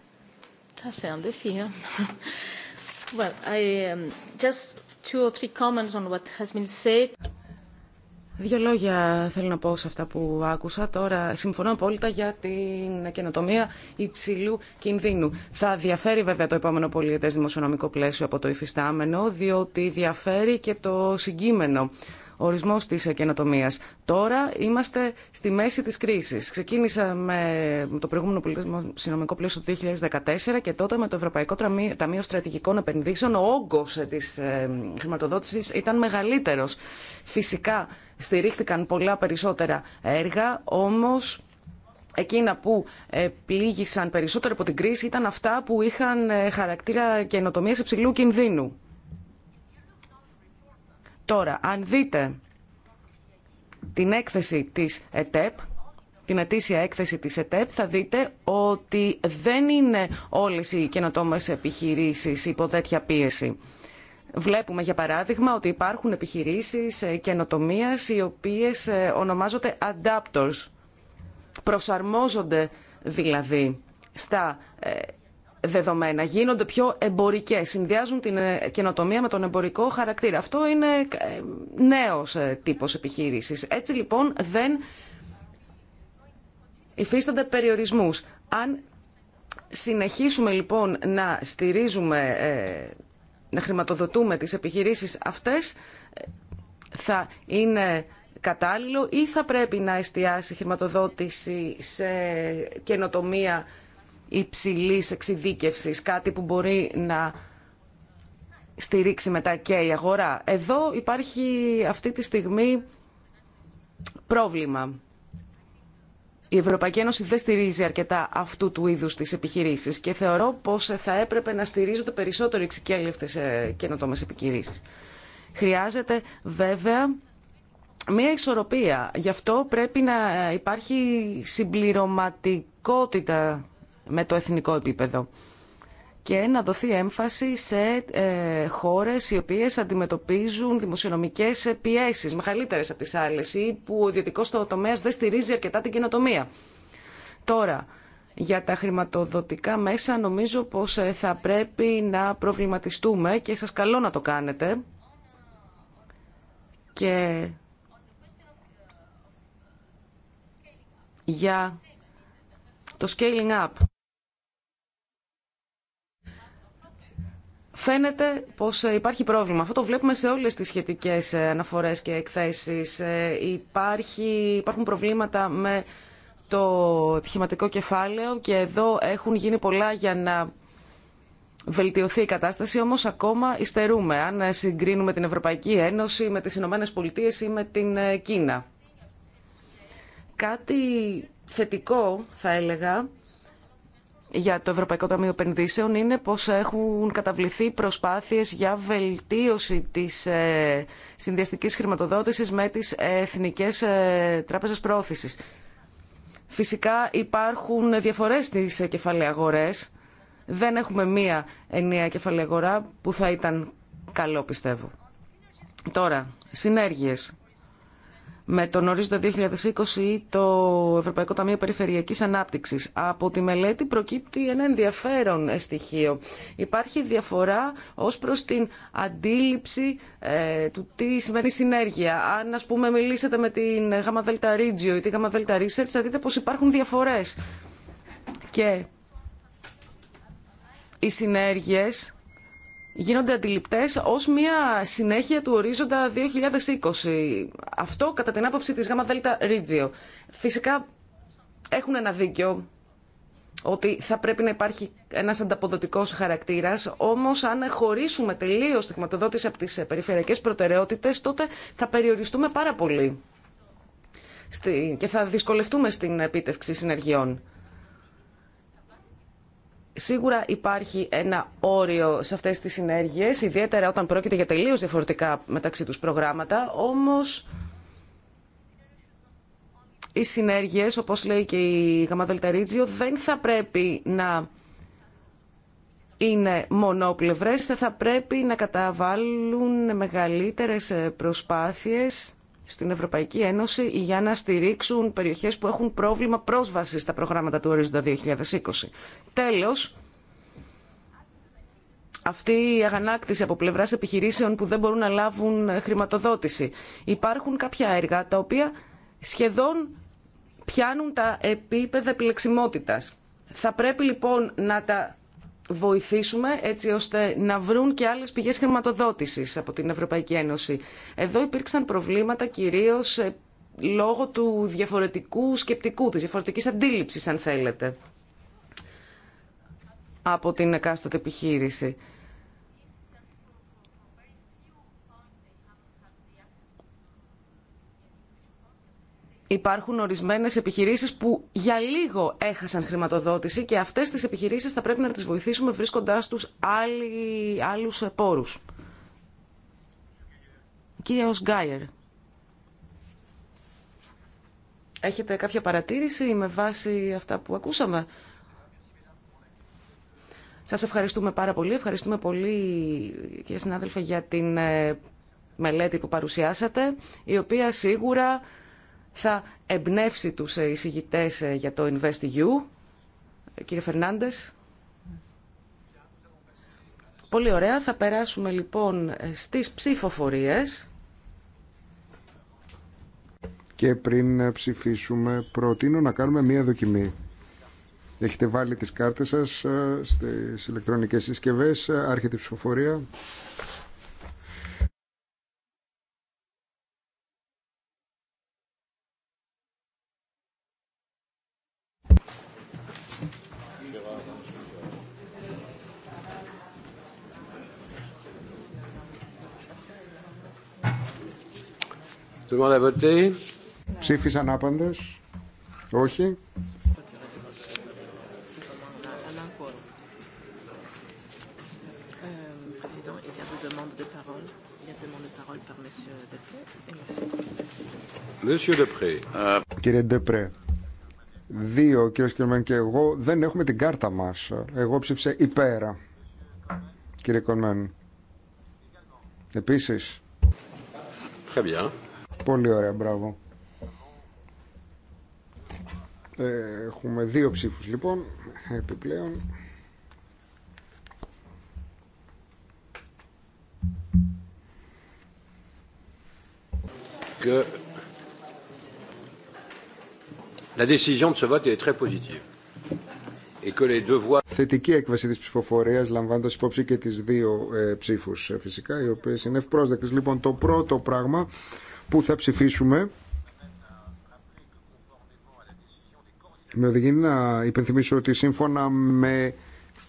Well, I um, just two or three comments on what has been said. Δύο λόγια θέλω να πω σε αυτά που άκουσα. Τώρα συμφωνώ απόλυτα για την καινοτομία υψηλού κινδύνου. Θα διαφέρει βέβαια το επόμενο πολιετές δημοσιονομικό πλαίσιο από το υφιστάμενο, διότι διαφέρει και το συγκείμενο Ορισμό τη ε, καινοτομία. Τώρα είμαστε στη μέση τη κρίση. Ξεκίνησα με το προηγούμενο πολιτισμό συνομικό πλαίσιο του 2014 και τότε με το Ευρωπαϊκό Ταμείο Στρατηγικών Επενδύσεων ο όγκο ε, τη ε, χρηματοδότηση ήταν μεγαλύτερο. Φυσικά στηρίχθηκαν πολλά περισσότερα έργα, όμω εκείνα που πλήγησαν περισσότερο από την κρίση ήταν αυτά που είχαν χαρακτήρα καινοτομία υψηλού κινδύνου. Τώρα, αν δείτε την έκθεση της ΕΤΕΠ, την ετήσια έκθεση της ΕΤΕΠ, θα δείτε ότι δεν είναι όλες οι καινοτόμες επιχειρήσεις υπό τέτοια πίεση. Βλέπουμε, για παράδειγμα, ότι υπάρχουν επιχειρήσεις ε, καινοτομία οι οποίες ε, ονομάζονται adapters. Προσαρμόζονται δηλαδή στα ε, δεδομένα, γίνονται πιο εμπορικές, συνδυάζουν την ε, καινοτομία με τον εμπορικό χαρακτήρα. Αυτό είναι ε, νέος ε, τύπος επιχείρησης. Έτσι λοιπόν δεν υφίστανται περιορισμούς. Αν συνεχίσουμε λοιπόν να στηρίζουμε, να χρηματοδοτούμε τις επιχειρήσεις αυτές, θα είναι κατάλληλο ή θα πρέπει να εστιάσει η θα πρεπει να εστιασει χρηματοδοτηση σε καινοτομία Υψηλή εξειδίκευση, κάτι που μπορεί να στηρίξει μετά και η αγορά. Εδώ υπάρχει αυτή τη στιγμή πρόβλημα. Η Ευρωπαϊκή Ένωση δεν στηρίζει αρκετά αυτού του είδους τις επιχειρήσεις και θεωρώ πως θα έπρεπε να στηρίζονται περισσότερο οι εξικέλευτες ε, καινοτόμες επιχειρήσεις. Χρειάζεται βέβαια μια ισορροπία. Γι' αυτό πρέπει να ε, υπάρχει συμπληρωματικότητα με το εθνικό επίπεδο και να δοθεί έμφαση σε ε, χώρες οι οποίες αντιμετωπίζουν δημοσιονομικές πιέσεις μεγαλύτερες από τις άλλες ή που ο ιδιωτικός τομέας δεν στηρίζει αρκετά την κοινοτομία. Τώρα, για τα χρηματοδοτικά μέσα νομίζω πως ε, θα πρέπει να προβληματιστούμε και σας καλώ να το κάνετε. Και για το scaling up. Φαίνεται πως ε, υπάρχει πρόβλημα. Αυτό το βλέπουμε σε όλες τις σχετικές ε, αναφορές και εκθέσεις. Ε, υπάρχουν προβλήματα με το επιχειρηματικό κεφάλαιο και εδώ έχουν γίνει πολλά για να βελτιωθεί η κατάσταση, όμως ακόμα υστερούμε αν συγκρίνουμε την Ευρωπαϊκή Ένωση με τις Ηνωμένε Πολιτείες ή με την Κίνα. Κάτι θετικό θα έλεγα για το Ευρωπαϊκό Ταμείο Επενδύσεων είναι πως έχουν καταβληθεί προσπάθειες για βελτίωση της ε, συνδυαστικής χρηματοδότησης με τις Εθνικές ε, Τράπεζες Πρόθεσης. Φυσικά υπάρχουν διαφορές στις κεφαλαίες Δεν έχουμε μία ενιαία κεφαλαία αγορά που θα ήταν καλό πιστεύω. Τώρα, συνέργειες με τον ορίζοντα 2020 το Ευρωπαϊκό Ταμείο Περιφερειακής Ανάπτυξης. Από τη μελέτη προκύπτει ένα ενδιαφέρον στοιχείο. Υπάρχει διαφορά ως προς την αντίληψη ε, του τι σημαίνει συνέργεια. Αν ας πούμε μιλήσετε με την ΓΔ ή τη ΓΔ Research θα δείτε πως υπάρχουν διαφορές. Και οι συνέργειες γίνονται αντιληπτές ως μια συνέχεια του ορίζοντα 2020. Αυτό κατά την άποψη της ΓΔ Ρίτζιο. Φυσικά έχουν ένα δίκιο ότι θα πρέπει να υπάρχει ένας ανταποδοτικός χαρακτήρας, όμως αν χωρίσουμε τελείως τη χρηματοδότηση από τις περιφερειακές προτεραιότητες, τότε θα περιοριστούμε πάρα πολύ και θα δυσκολευτούμε στην επίτευξη συνεργειών. Σίγουρα υπάρχει ένα όριο σε αυτές τις συνέργειες, ιδιαίτερα όταν πρόκειται για τελείως διαφορετικά μεταξύ τους προγράμματα, όμως οι συνέργειες, όπως λέει και η Γαμαδελταρίτζιο, δεν θα πρέπει να είναι μονόπλευρες, θα πρέπει να καταβάλουν μεγαλύτερες προσπάθειες στην Ευρωπαϊκή Ένωση για να στηρίξουν περιοχές που έχουν πρόβλημα πρόσβαση στα προγράμματα του ορίζοντα 2020. Τέλος, αυτή η αγανάκτηση από πλευρά επιχειρήσεων που δεν μπορούν να λάβουν χρηματοδότηση. Υπάρχουν κάποια έργα τα οποία σχεδόν πιάνουν τα επίπεδα επιλεξιμότητας. Θα πρέπει λοιπόν να τα βοηθήσουμε έτσι ώστε να βρουν και άλλες πηγές χρηματοδότησης από την Ευρωπαϊκή Ένωση. Εδώ υπήρξαν προβλήματα κυρίως ε, λόγω του διαφορετικού σκεπτικού, της διαφορετικής αντίληψης αν θέλετε από την εκάστοτε επιχείρηση. υπάρχουν ορισμένες επιχειρήσεις που για λίγο έχασαν χρηματοδότηση και αυτές τι επιχειρήσεις θα πρέπει να τις βοηθήσουμε βρίσκοντά τους άλλου πόρου. πόρους. Οσγκάιερ, έχετε κάποια παρατήρηση με βάση αυτά που ακούσαμε. Σας ευχαριστούμε πάρα πολύ. Ευχαριστούμε πολύ, κύριε συνάδελφε, για την ε, μελέτη που παρουσιάσατε, η οποία σίγουρα θα εμπνεύσει τους ε, εισηγητές ε, για το InvestEU. Κύριε Φερνάντες. Πολύ ωραία. Θα περάσουμε λοιπόν ε, στις ψηφοφορίες. Και πριν ψηφίσουμε, προτείνω να κάνουμε μία δοκιμή. Έχετε βάλει τις κάρτες σας στις ηλεκτρονικές συσκευές. Άρχεται η ψηφοφορία. Ψήφισαν άπαντες. Όχι. Κύριε Ντεπρέ, δύο κύριε Κερμαν και εγώ δεν έχουμε την κάρτα μα. Εγώ ψήφισα υπέρα, κύριε Κονμέν. Επίση. Très bien. Πολύ ωραία, μπράβο. Ε, έχουμε δύο ψήφους λοιπόν, επιπλέον. la décision de ce vote est Θετική έκβαση της ψηφοφορίας λαμβάνοντας υπόψη και τις δύο ε, ψήφους ε, φυσικά οι οποίες είναι ευπρόσδεκτες. Λοιπόν το πρώτο πράγμα που θα ψηφίσουμε με οδηγεί να υπενθυμίσω ότι σύμφωνα με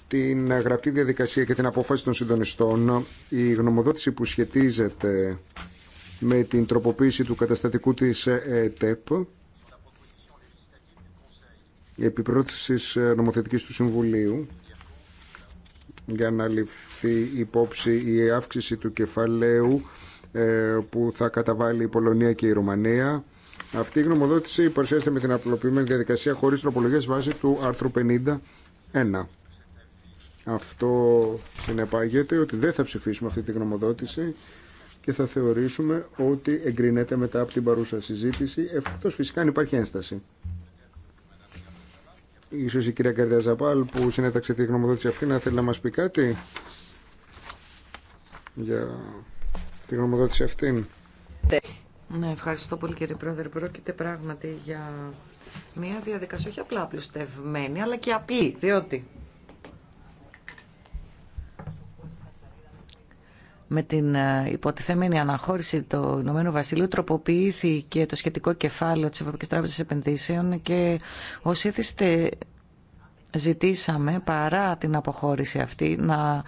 την γραπτή διαδικασία και την απόφαση των συντονιστών η γνωμοδότηση που σχετίζεται με την τροποποίηση του καταστατικού της ΕΤΕΠ η επιπρόθεση νομοθετικής του Συμβουλίου για να ληφθεί υπόψη η αύξηση του κεφαλαίου ε, που θα καταβάλει η Πολωνία και η Ρουμανία. Αυτή η γνωμοδότηση παρουσιάζεται με την απλοποιημένη διαδικασία χωρίς τροπολογίες βάσει του άρθρου 51. Αυτό συνεπάγεται ότι δεν θα ψηφίσουμε αυτή τη γνωμοδότηση και θα θεωρήσουμε ότι εγκρίνεται μετά από την παρούσα συζήτηση, εφόσον φυσικά αν υπάρχει ένσταση. Ίσως η κυρία Καρδιά Ζαπάλ που συνέταξε τη γνωμοδότηση αυτή να θέλει να μας πει κάτι για τη γνωμοδότηση αυτήν. Ναι, ευχαριστώ πολύ κύριε Πρόεδρε. Πρόκειται πράγματι για μια διαδικασία όχι απλά απλουστευμένη, αλλά και απλή, διότι με την ε, υποτιθέμενη αναχώρηση του Ηνωμένου Βασιλείου τροποποιήθηκε το σχετικό κεφάλαιο της Ευρωπαϊκής Τράπεζας Επενδύσεων και ως ήθιστε ζητήσαμε παρά την αποχώρηση αυτή να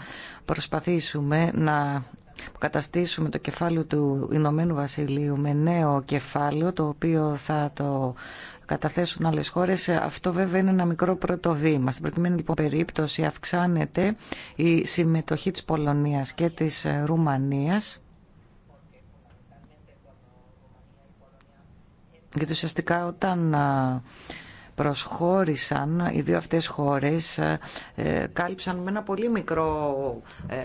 προσπαθήσουμε να που καταστήσουμε το κεφάλαιο του Ηνωμένου Βασιλείου με νέο κεφάλαιο το οποίο θα το καταθέσουν άλλες χώρες. Αυτό βέβαια είναι ένα μικρό πρώτο βήμα. Στην προκειμένη λοιπόν περίπτωση αυξάνεται η συμμετοχή της Πολωνίας και της Ρουμανίας γιατί ουσιαστικά όταν προσχώρησαν οι δύο αυτές χώρες ε, ε, κάλυψαν με ένα πολύ μικρό ε,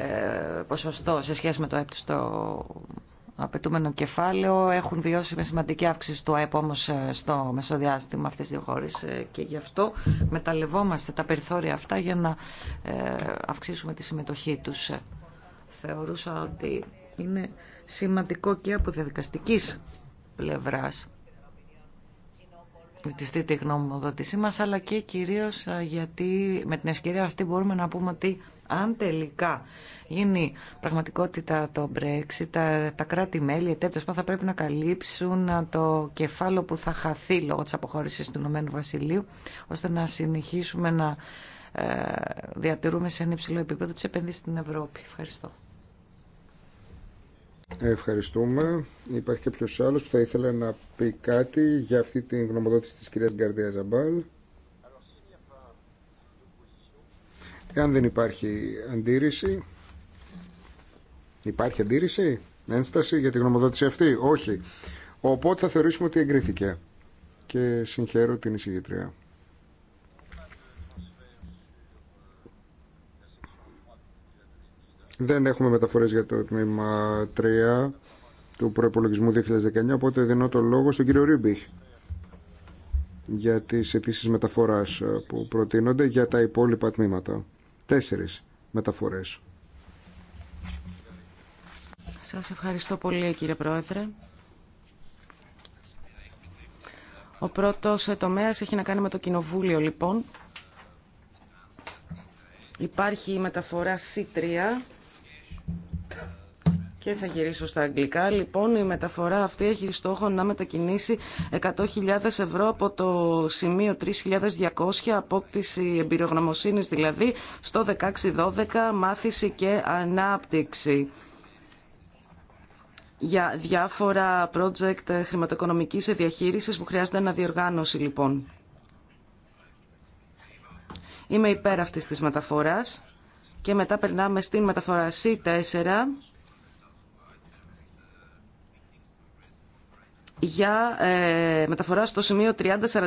ποσοστό σε σχέση με το ΑΕΠ στο απαιτούμενο κεφάλαιο. Έχουν βιώσει με σημαντική αύξηση του ΑΕΠ όμως στο μεσοδιάστημα αυτές οι δύο χώρες και γι' αυτό μεταλλευόμαστε τα περιθώρια αυτά για να αυξήσουμε τη συμμετοχή τους. Θεωρούσα ότι είναι σημαντικό και από διαδικαστικής πλευράς πληκτιστεί τη γνωμοδότησή μας, αλλά και κυρίως γιατί με την ευκαιρία αυτή μπορούμε να πούμε ότι αν τελικά γίνει πραγματικότητα το Brexit, τα, τα κράτη-μέλη, ετέπτες θα πρέπει να καλύψουν το κεφάλαιο που θα χαθεί λόγω της αποχώρησης του Ηνωμένου Βασιλείου, ώστε να συνεχίσουμε να ε, διατηρούμε σε ένα υψηλό επίπεδο τις επενδύσεις στην Ευρώπη. Ευχαριστώ. Ευχαριστούμε. Υπάρχει κάποιο άλλο που θα ήθελε να πει κάτι για αυτή την γνωμοδότηση τη κυρία Γκαρδία Ζαμπάλ. Εάν δεν υπάρχει αντίρρηση. Υπάρχει αντίρρηση, ένσταση για τη γνωμοδότηση αυτή. Όχι. Οπότε θα θεωρήσουμε ότι εγκρίθηκε. Και συγχαίρω την εισηγητρία. Δεν έχουμε μεταφορές για το τμήμα 3 του προπολογισμού 2019, οπότε δίνω το λόγο στον κύριο Ρίμπιχ για τις αιτήσει μεταφορά ε, που προτείνονται για τα υπόλοιπα τμήματα. Τέσσερι μεταφορές. Σας ευχαριστώ πολύ κύριε Πρόεδρε. Ο πρώτος ε, τομέας έχει να κάνει με το Κοινοβούλιο λοιπόν. Υπάρχει η μεταφορά C3 και θα γυρίσω στα αγγλικά. Λοιπόν, η μεταφορά αυτή έχει στόχο να μετακινήσει 100.000 ευρώ από το σημείο 3.200 απόκτηση εμπειρογνωμοσύνης δηλαδή στο 16-12, μάθηση και ανάπτυξη για διάφορα project χρηματοοικονομικής διαχείρισης που χρειάζονται διοργάνωση λοιπόν. Είμαι υπέρ αυτής της μεταφοράς και μετά περνάμε στην μεταφορά C4 για ε, μεταφορά στο σημείο 3042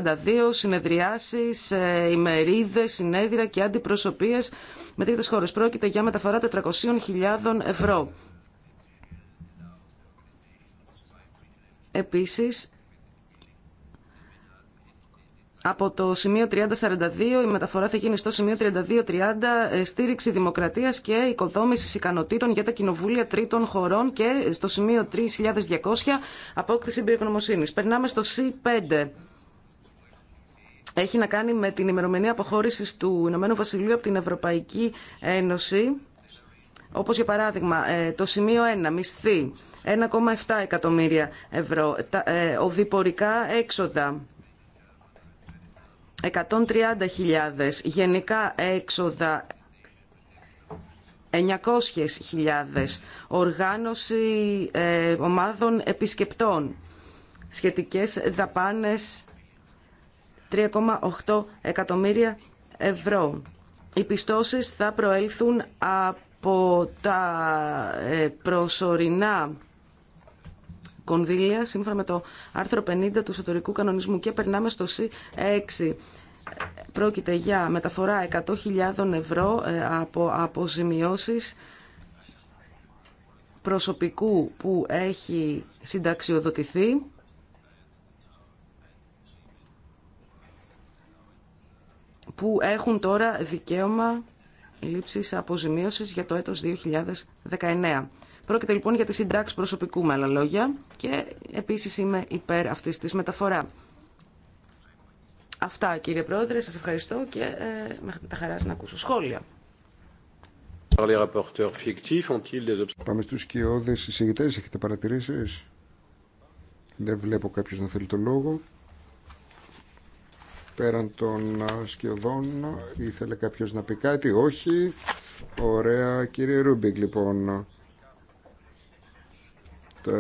συνεδριάσεις, ε, ημερίδες, συνέδρια και αντιπροσωπείες με τρίτες χώρες. Πρόκειται για μεταφορά 400.000 ευρώ. Επίσης, από το σημείο 3042 η μεταφορά θα γίνει στο σημείο 3230 ε, στήριξη δημοκρατίας και οικοδόμηση ικανοτήτων για τα κοινοβούλια τρίτων χωρών και στο σημείο 3200 απόκτηση εμπειρογνωμοσύνης. Περνάμε στο C5. Έχει να κάνει με την ημερομηνία αποχώρηση του Ηνωμένου Βασιλείου από την Ευρωπαϊκή Ένωση. Όπως για παράδειγμα ε, το σημείο 1, μισθή, 1,7 εκατομμύρια ευρώ, ε, οδηπορικά έξοδα, 130.000, γενικά έξοδα 900.000, οργάνωση ε, ομάδων επισκεπτών, σχετικές δαπάνες 3,8 εκατομμύρια ευρώ. Οι πιστώσεις θα προέλθουν από τα ε, προσωρινά κονδύλια σύμφωνα με το άρθρο 50 του εσωτερικού κανονισμού και περνάμε στο C6. Πρόκειται για μεταφορά 100.000 ευρώ ε, από αποζημιώσεις προσωπικού που έχει συνταξιοδοτηθεί που έχουν τώρα δικαίωμα λήψης αποζημίωσης για το έτος 2019. Πρόκειται λοιπόν για τη συντάξη προσωπικού με άλλα λόγια και επίσης είμαι υπέρ αυτής της μεταφορά. Αυτά κύριε Πρόεδρε, σας ευχαριστώ και ε, χαρά τα να ακούσω σχόλια. Πάμε στους σκιώδες συζητητές, έχετε παρατηρήσει. Δεν βλέπω κάποιο να θέλει το λόγο. Πέραν των ε, σκιωδών, ήθελε κάποιος να πει κάτι, όχι. Ωραία, κύριε Ρούμπιγκ, λοιπόν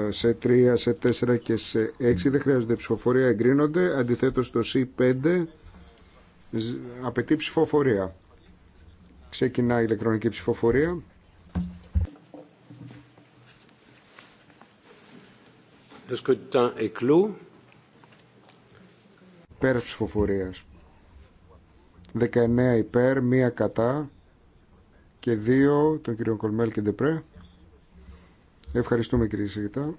σε 3, σε 4 και σε 6 δεν χρειάζονται ψηφοφορία, εγκρίνονται. Αντιθέτως το C5 απαιτεί ψηφοφορία. Ξεκινά η ηλεκτρονική ψηφοφορία. Το Πέρα ψηφοφορία. 19 υπέρ, 1 κατά και 2 τον κύριο Κολμέλ και Ντεπρέ. Ευχαριστούμε κύριε Σίγητα.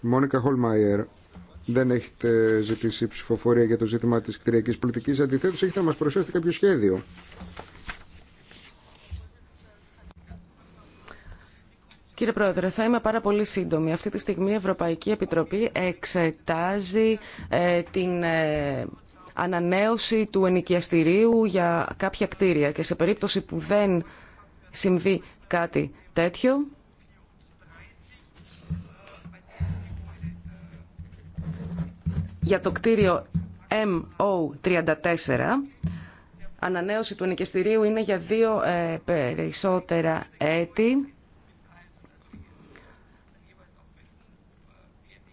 Μόνικα Χολμάιερ, δεν έχετε ζητήσει ψηφοφορία για το ζήτημα της κτηριακής πολιτικής. Αντιθέτως, έχετε να μας προσθέσετε κάποιο σχέδιο. Κύριε Πρόεδρε, θα είμαι πάρα πολύ σύντομη. Αυτή τη στιγμή η Ευρωπαϊκή Επιτροπή εξετάζει ε, την ε, ανανέωση του ενοικιαστηρίου για κάποια κτίρια και σε περίπτωση που δεν συμβεί κάτι τέτοιο. Για το κτίριο MO34, ανανέωση του νοικιστηρίου είναι για δύο ε, περισσότερα έτη.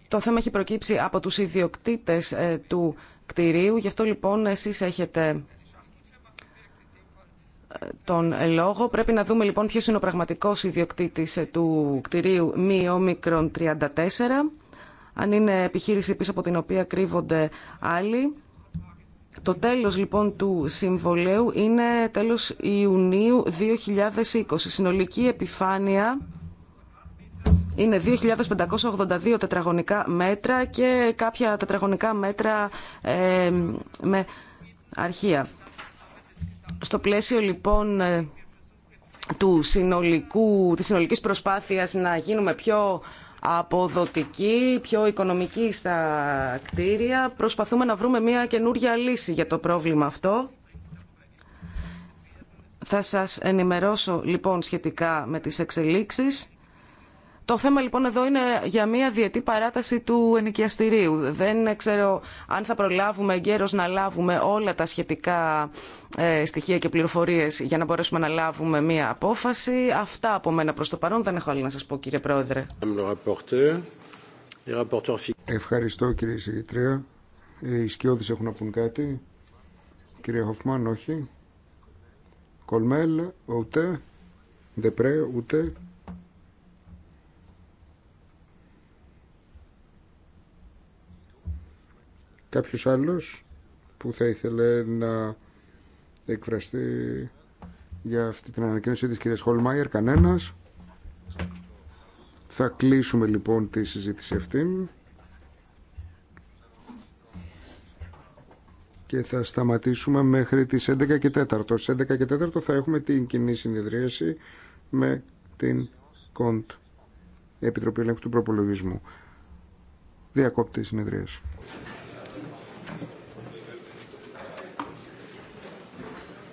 Το θέμα έχει προκύψει από τους ιδιοκτήτες ε, του κτηρίου, γι' αυτό λοιπόν εσείς έχετε τον λόγο. Πρέπει να δούμε λοιπόν ποιος είναι ο πραγματικός ιδιοκτήτης ε, του κτηρίου μη όμικρον 34, αν είναι επιχείρηση πίσω από την οποία κρύβονται άλλοι. Το τέλος λοιπόν του συμβολέου είναι τέλος Ιουνίου 2020. Συνολική επιφάνεια είναι 2.582 τετραγωνικά μέτρα και κάποια τετραγωνικά μέτρα ε, με αρχεία. Στο πλαίσιο λοιπόν ε, του συνολικού, της συνολικής προσπάθειας να γίνουμε πιο αποδοτική, πιο οικονομική στα κτίρια. Προσπαθούμε να βρούμε μια καινούργια λύση για το πρόβλημα αυτό. Θα σας ενημερώσω λοιπόν σχετικά με τις εξελίξεις. Το θέμα λοιπόν εδώ είναι για μια διετή παράταση του ενοικιαστηρίου. Δεν ξέρω αν θα προλάβουμε εγκαίρω να λάβουμε όλα τα σχετικά ε, στοιχεία και πληροφορίες για να μπορέσουμε να λάβουμε μια απόφαση. Αυτά από μένα προ το παρόν. Δεν έχω άλλη να σας πω κύριε Πρόεδρε. Ευχαριστώ κύριε Συγητρία. Οι σκιώδει έχουν να πούν κάτι. Κύριε Χοφμάν, όχι. Κολμέλ, ούτε. πρέπει ούτε. Κάποιος άλλος που θα ήθελε να εκφραστεί για αυτή την ανακοίνωση της κυρίας Χολμάιερ, κανένας. Θα κλείσουμε λοιπόν τη συζήτηση αυτή και θα σταματήσουμε μέχρι τις 11 και 4. Στις 11 και 4 θα έχουμε την κοινή συνεδρίαση με την ΚΟΝΤ, Επιτροπή Ελέγχου του Προπολογισμού. Διακόπτη συνεδρίαση.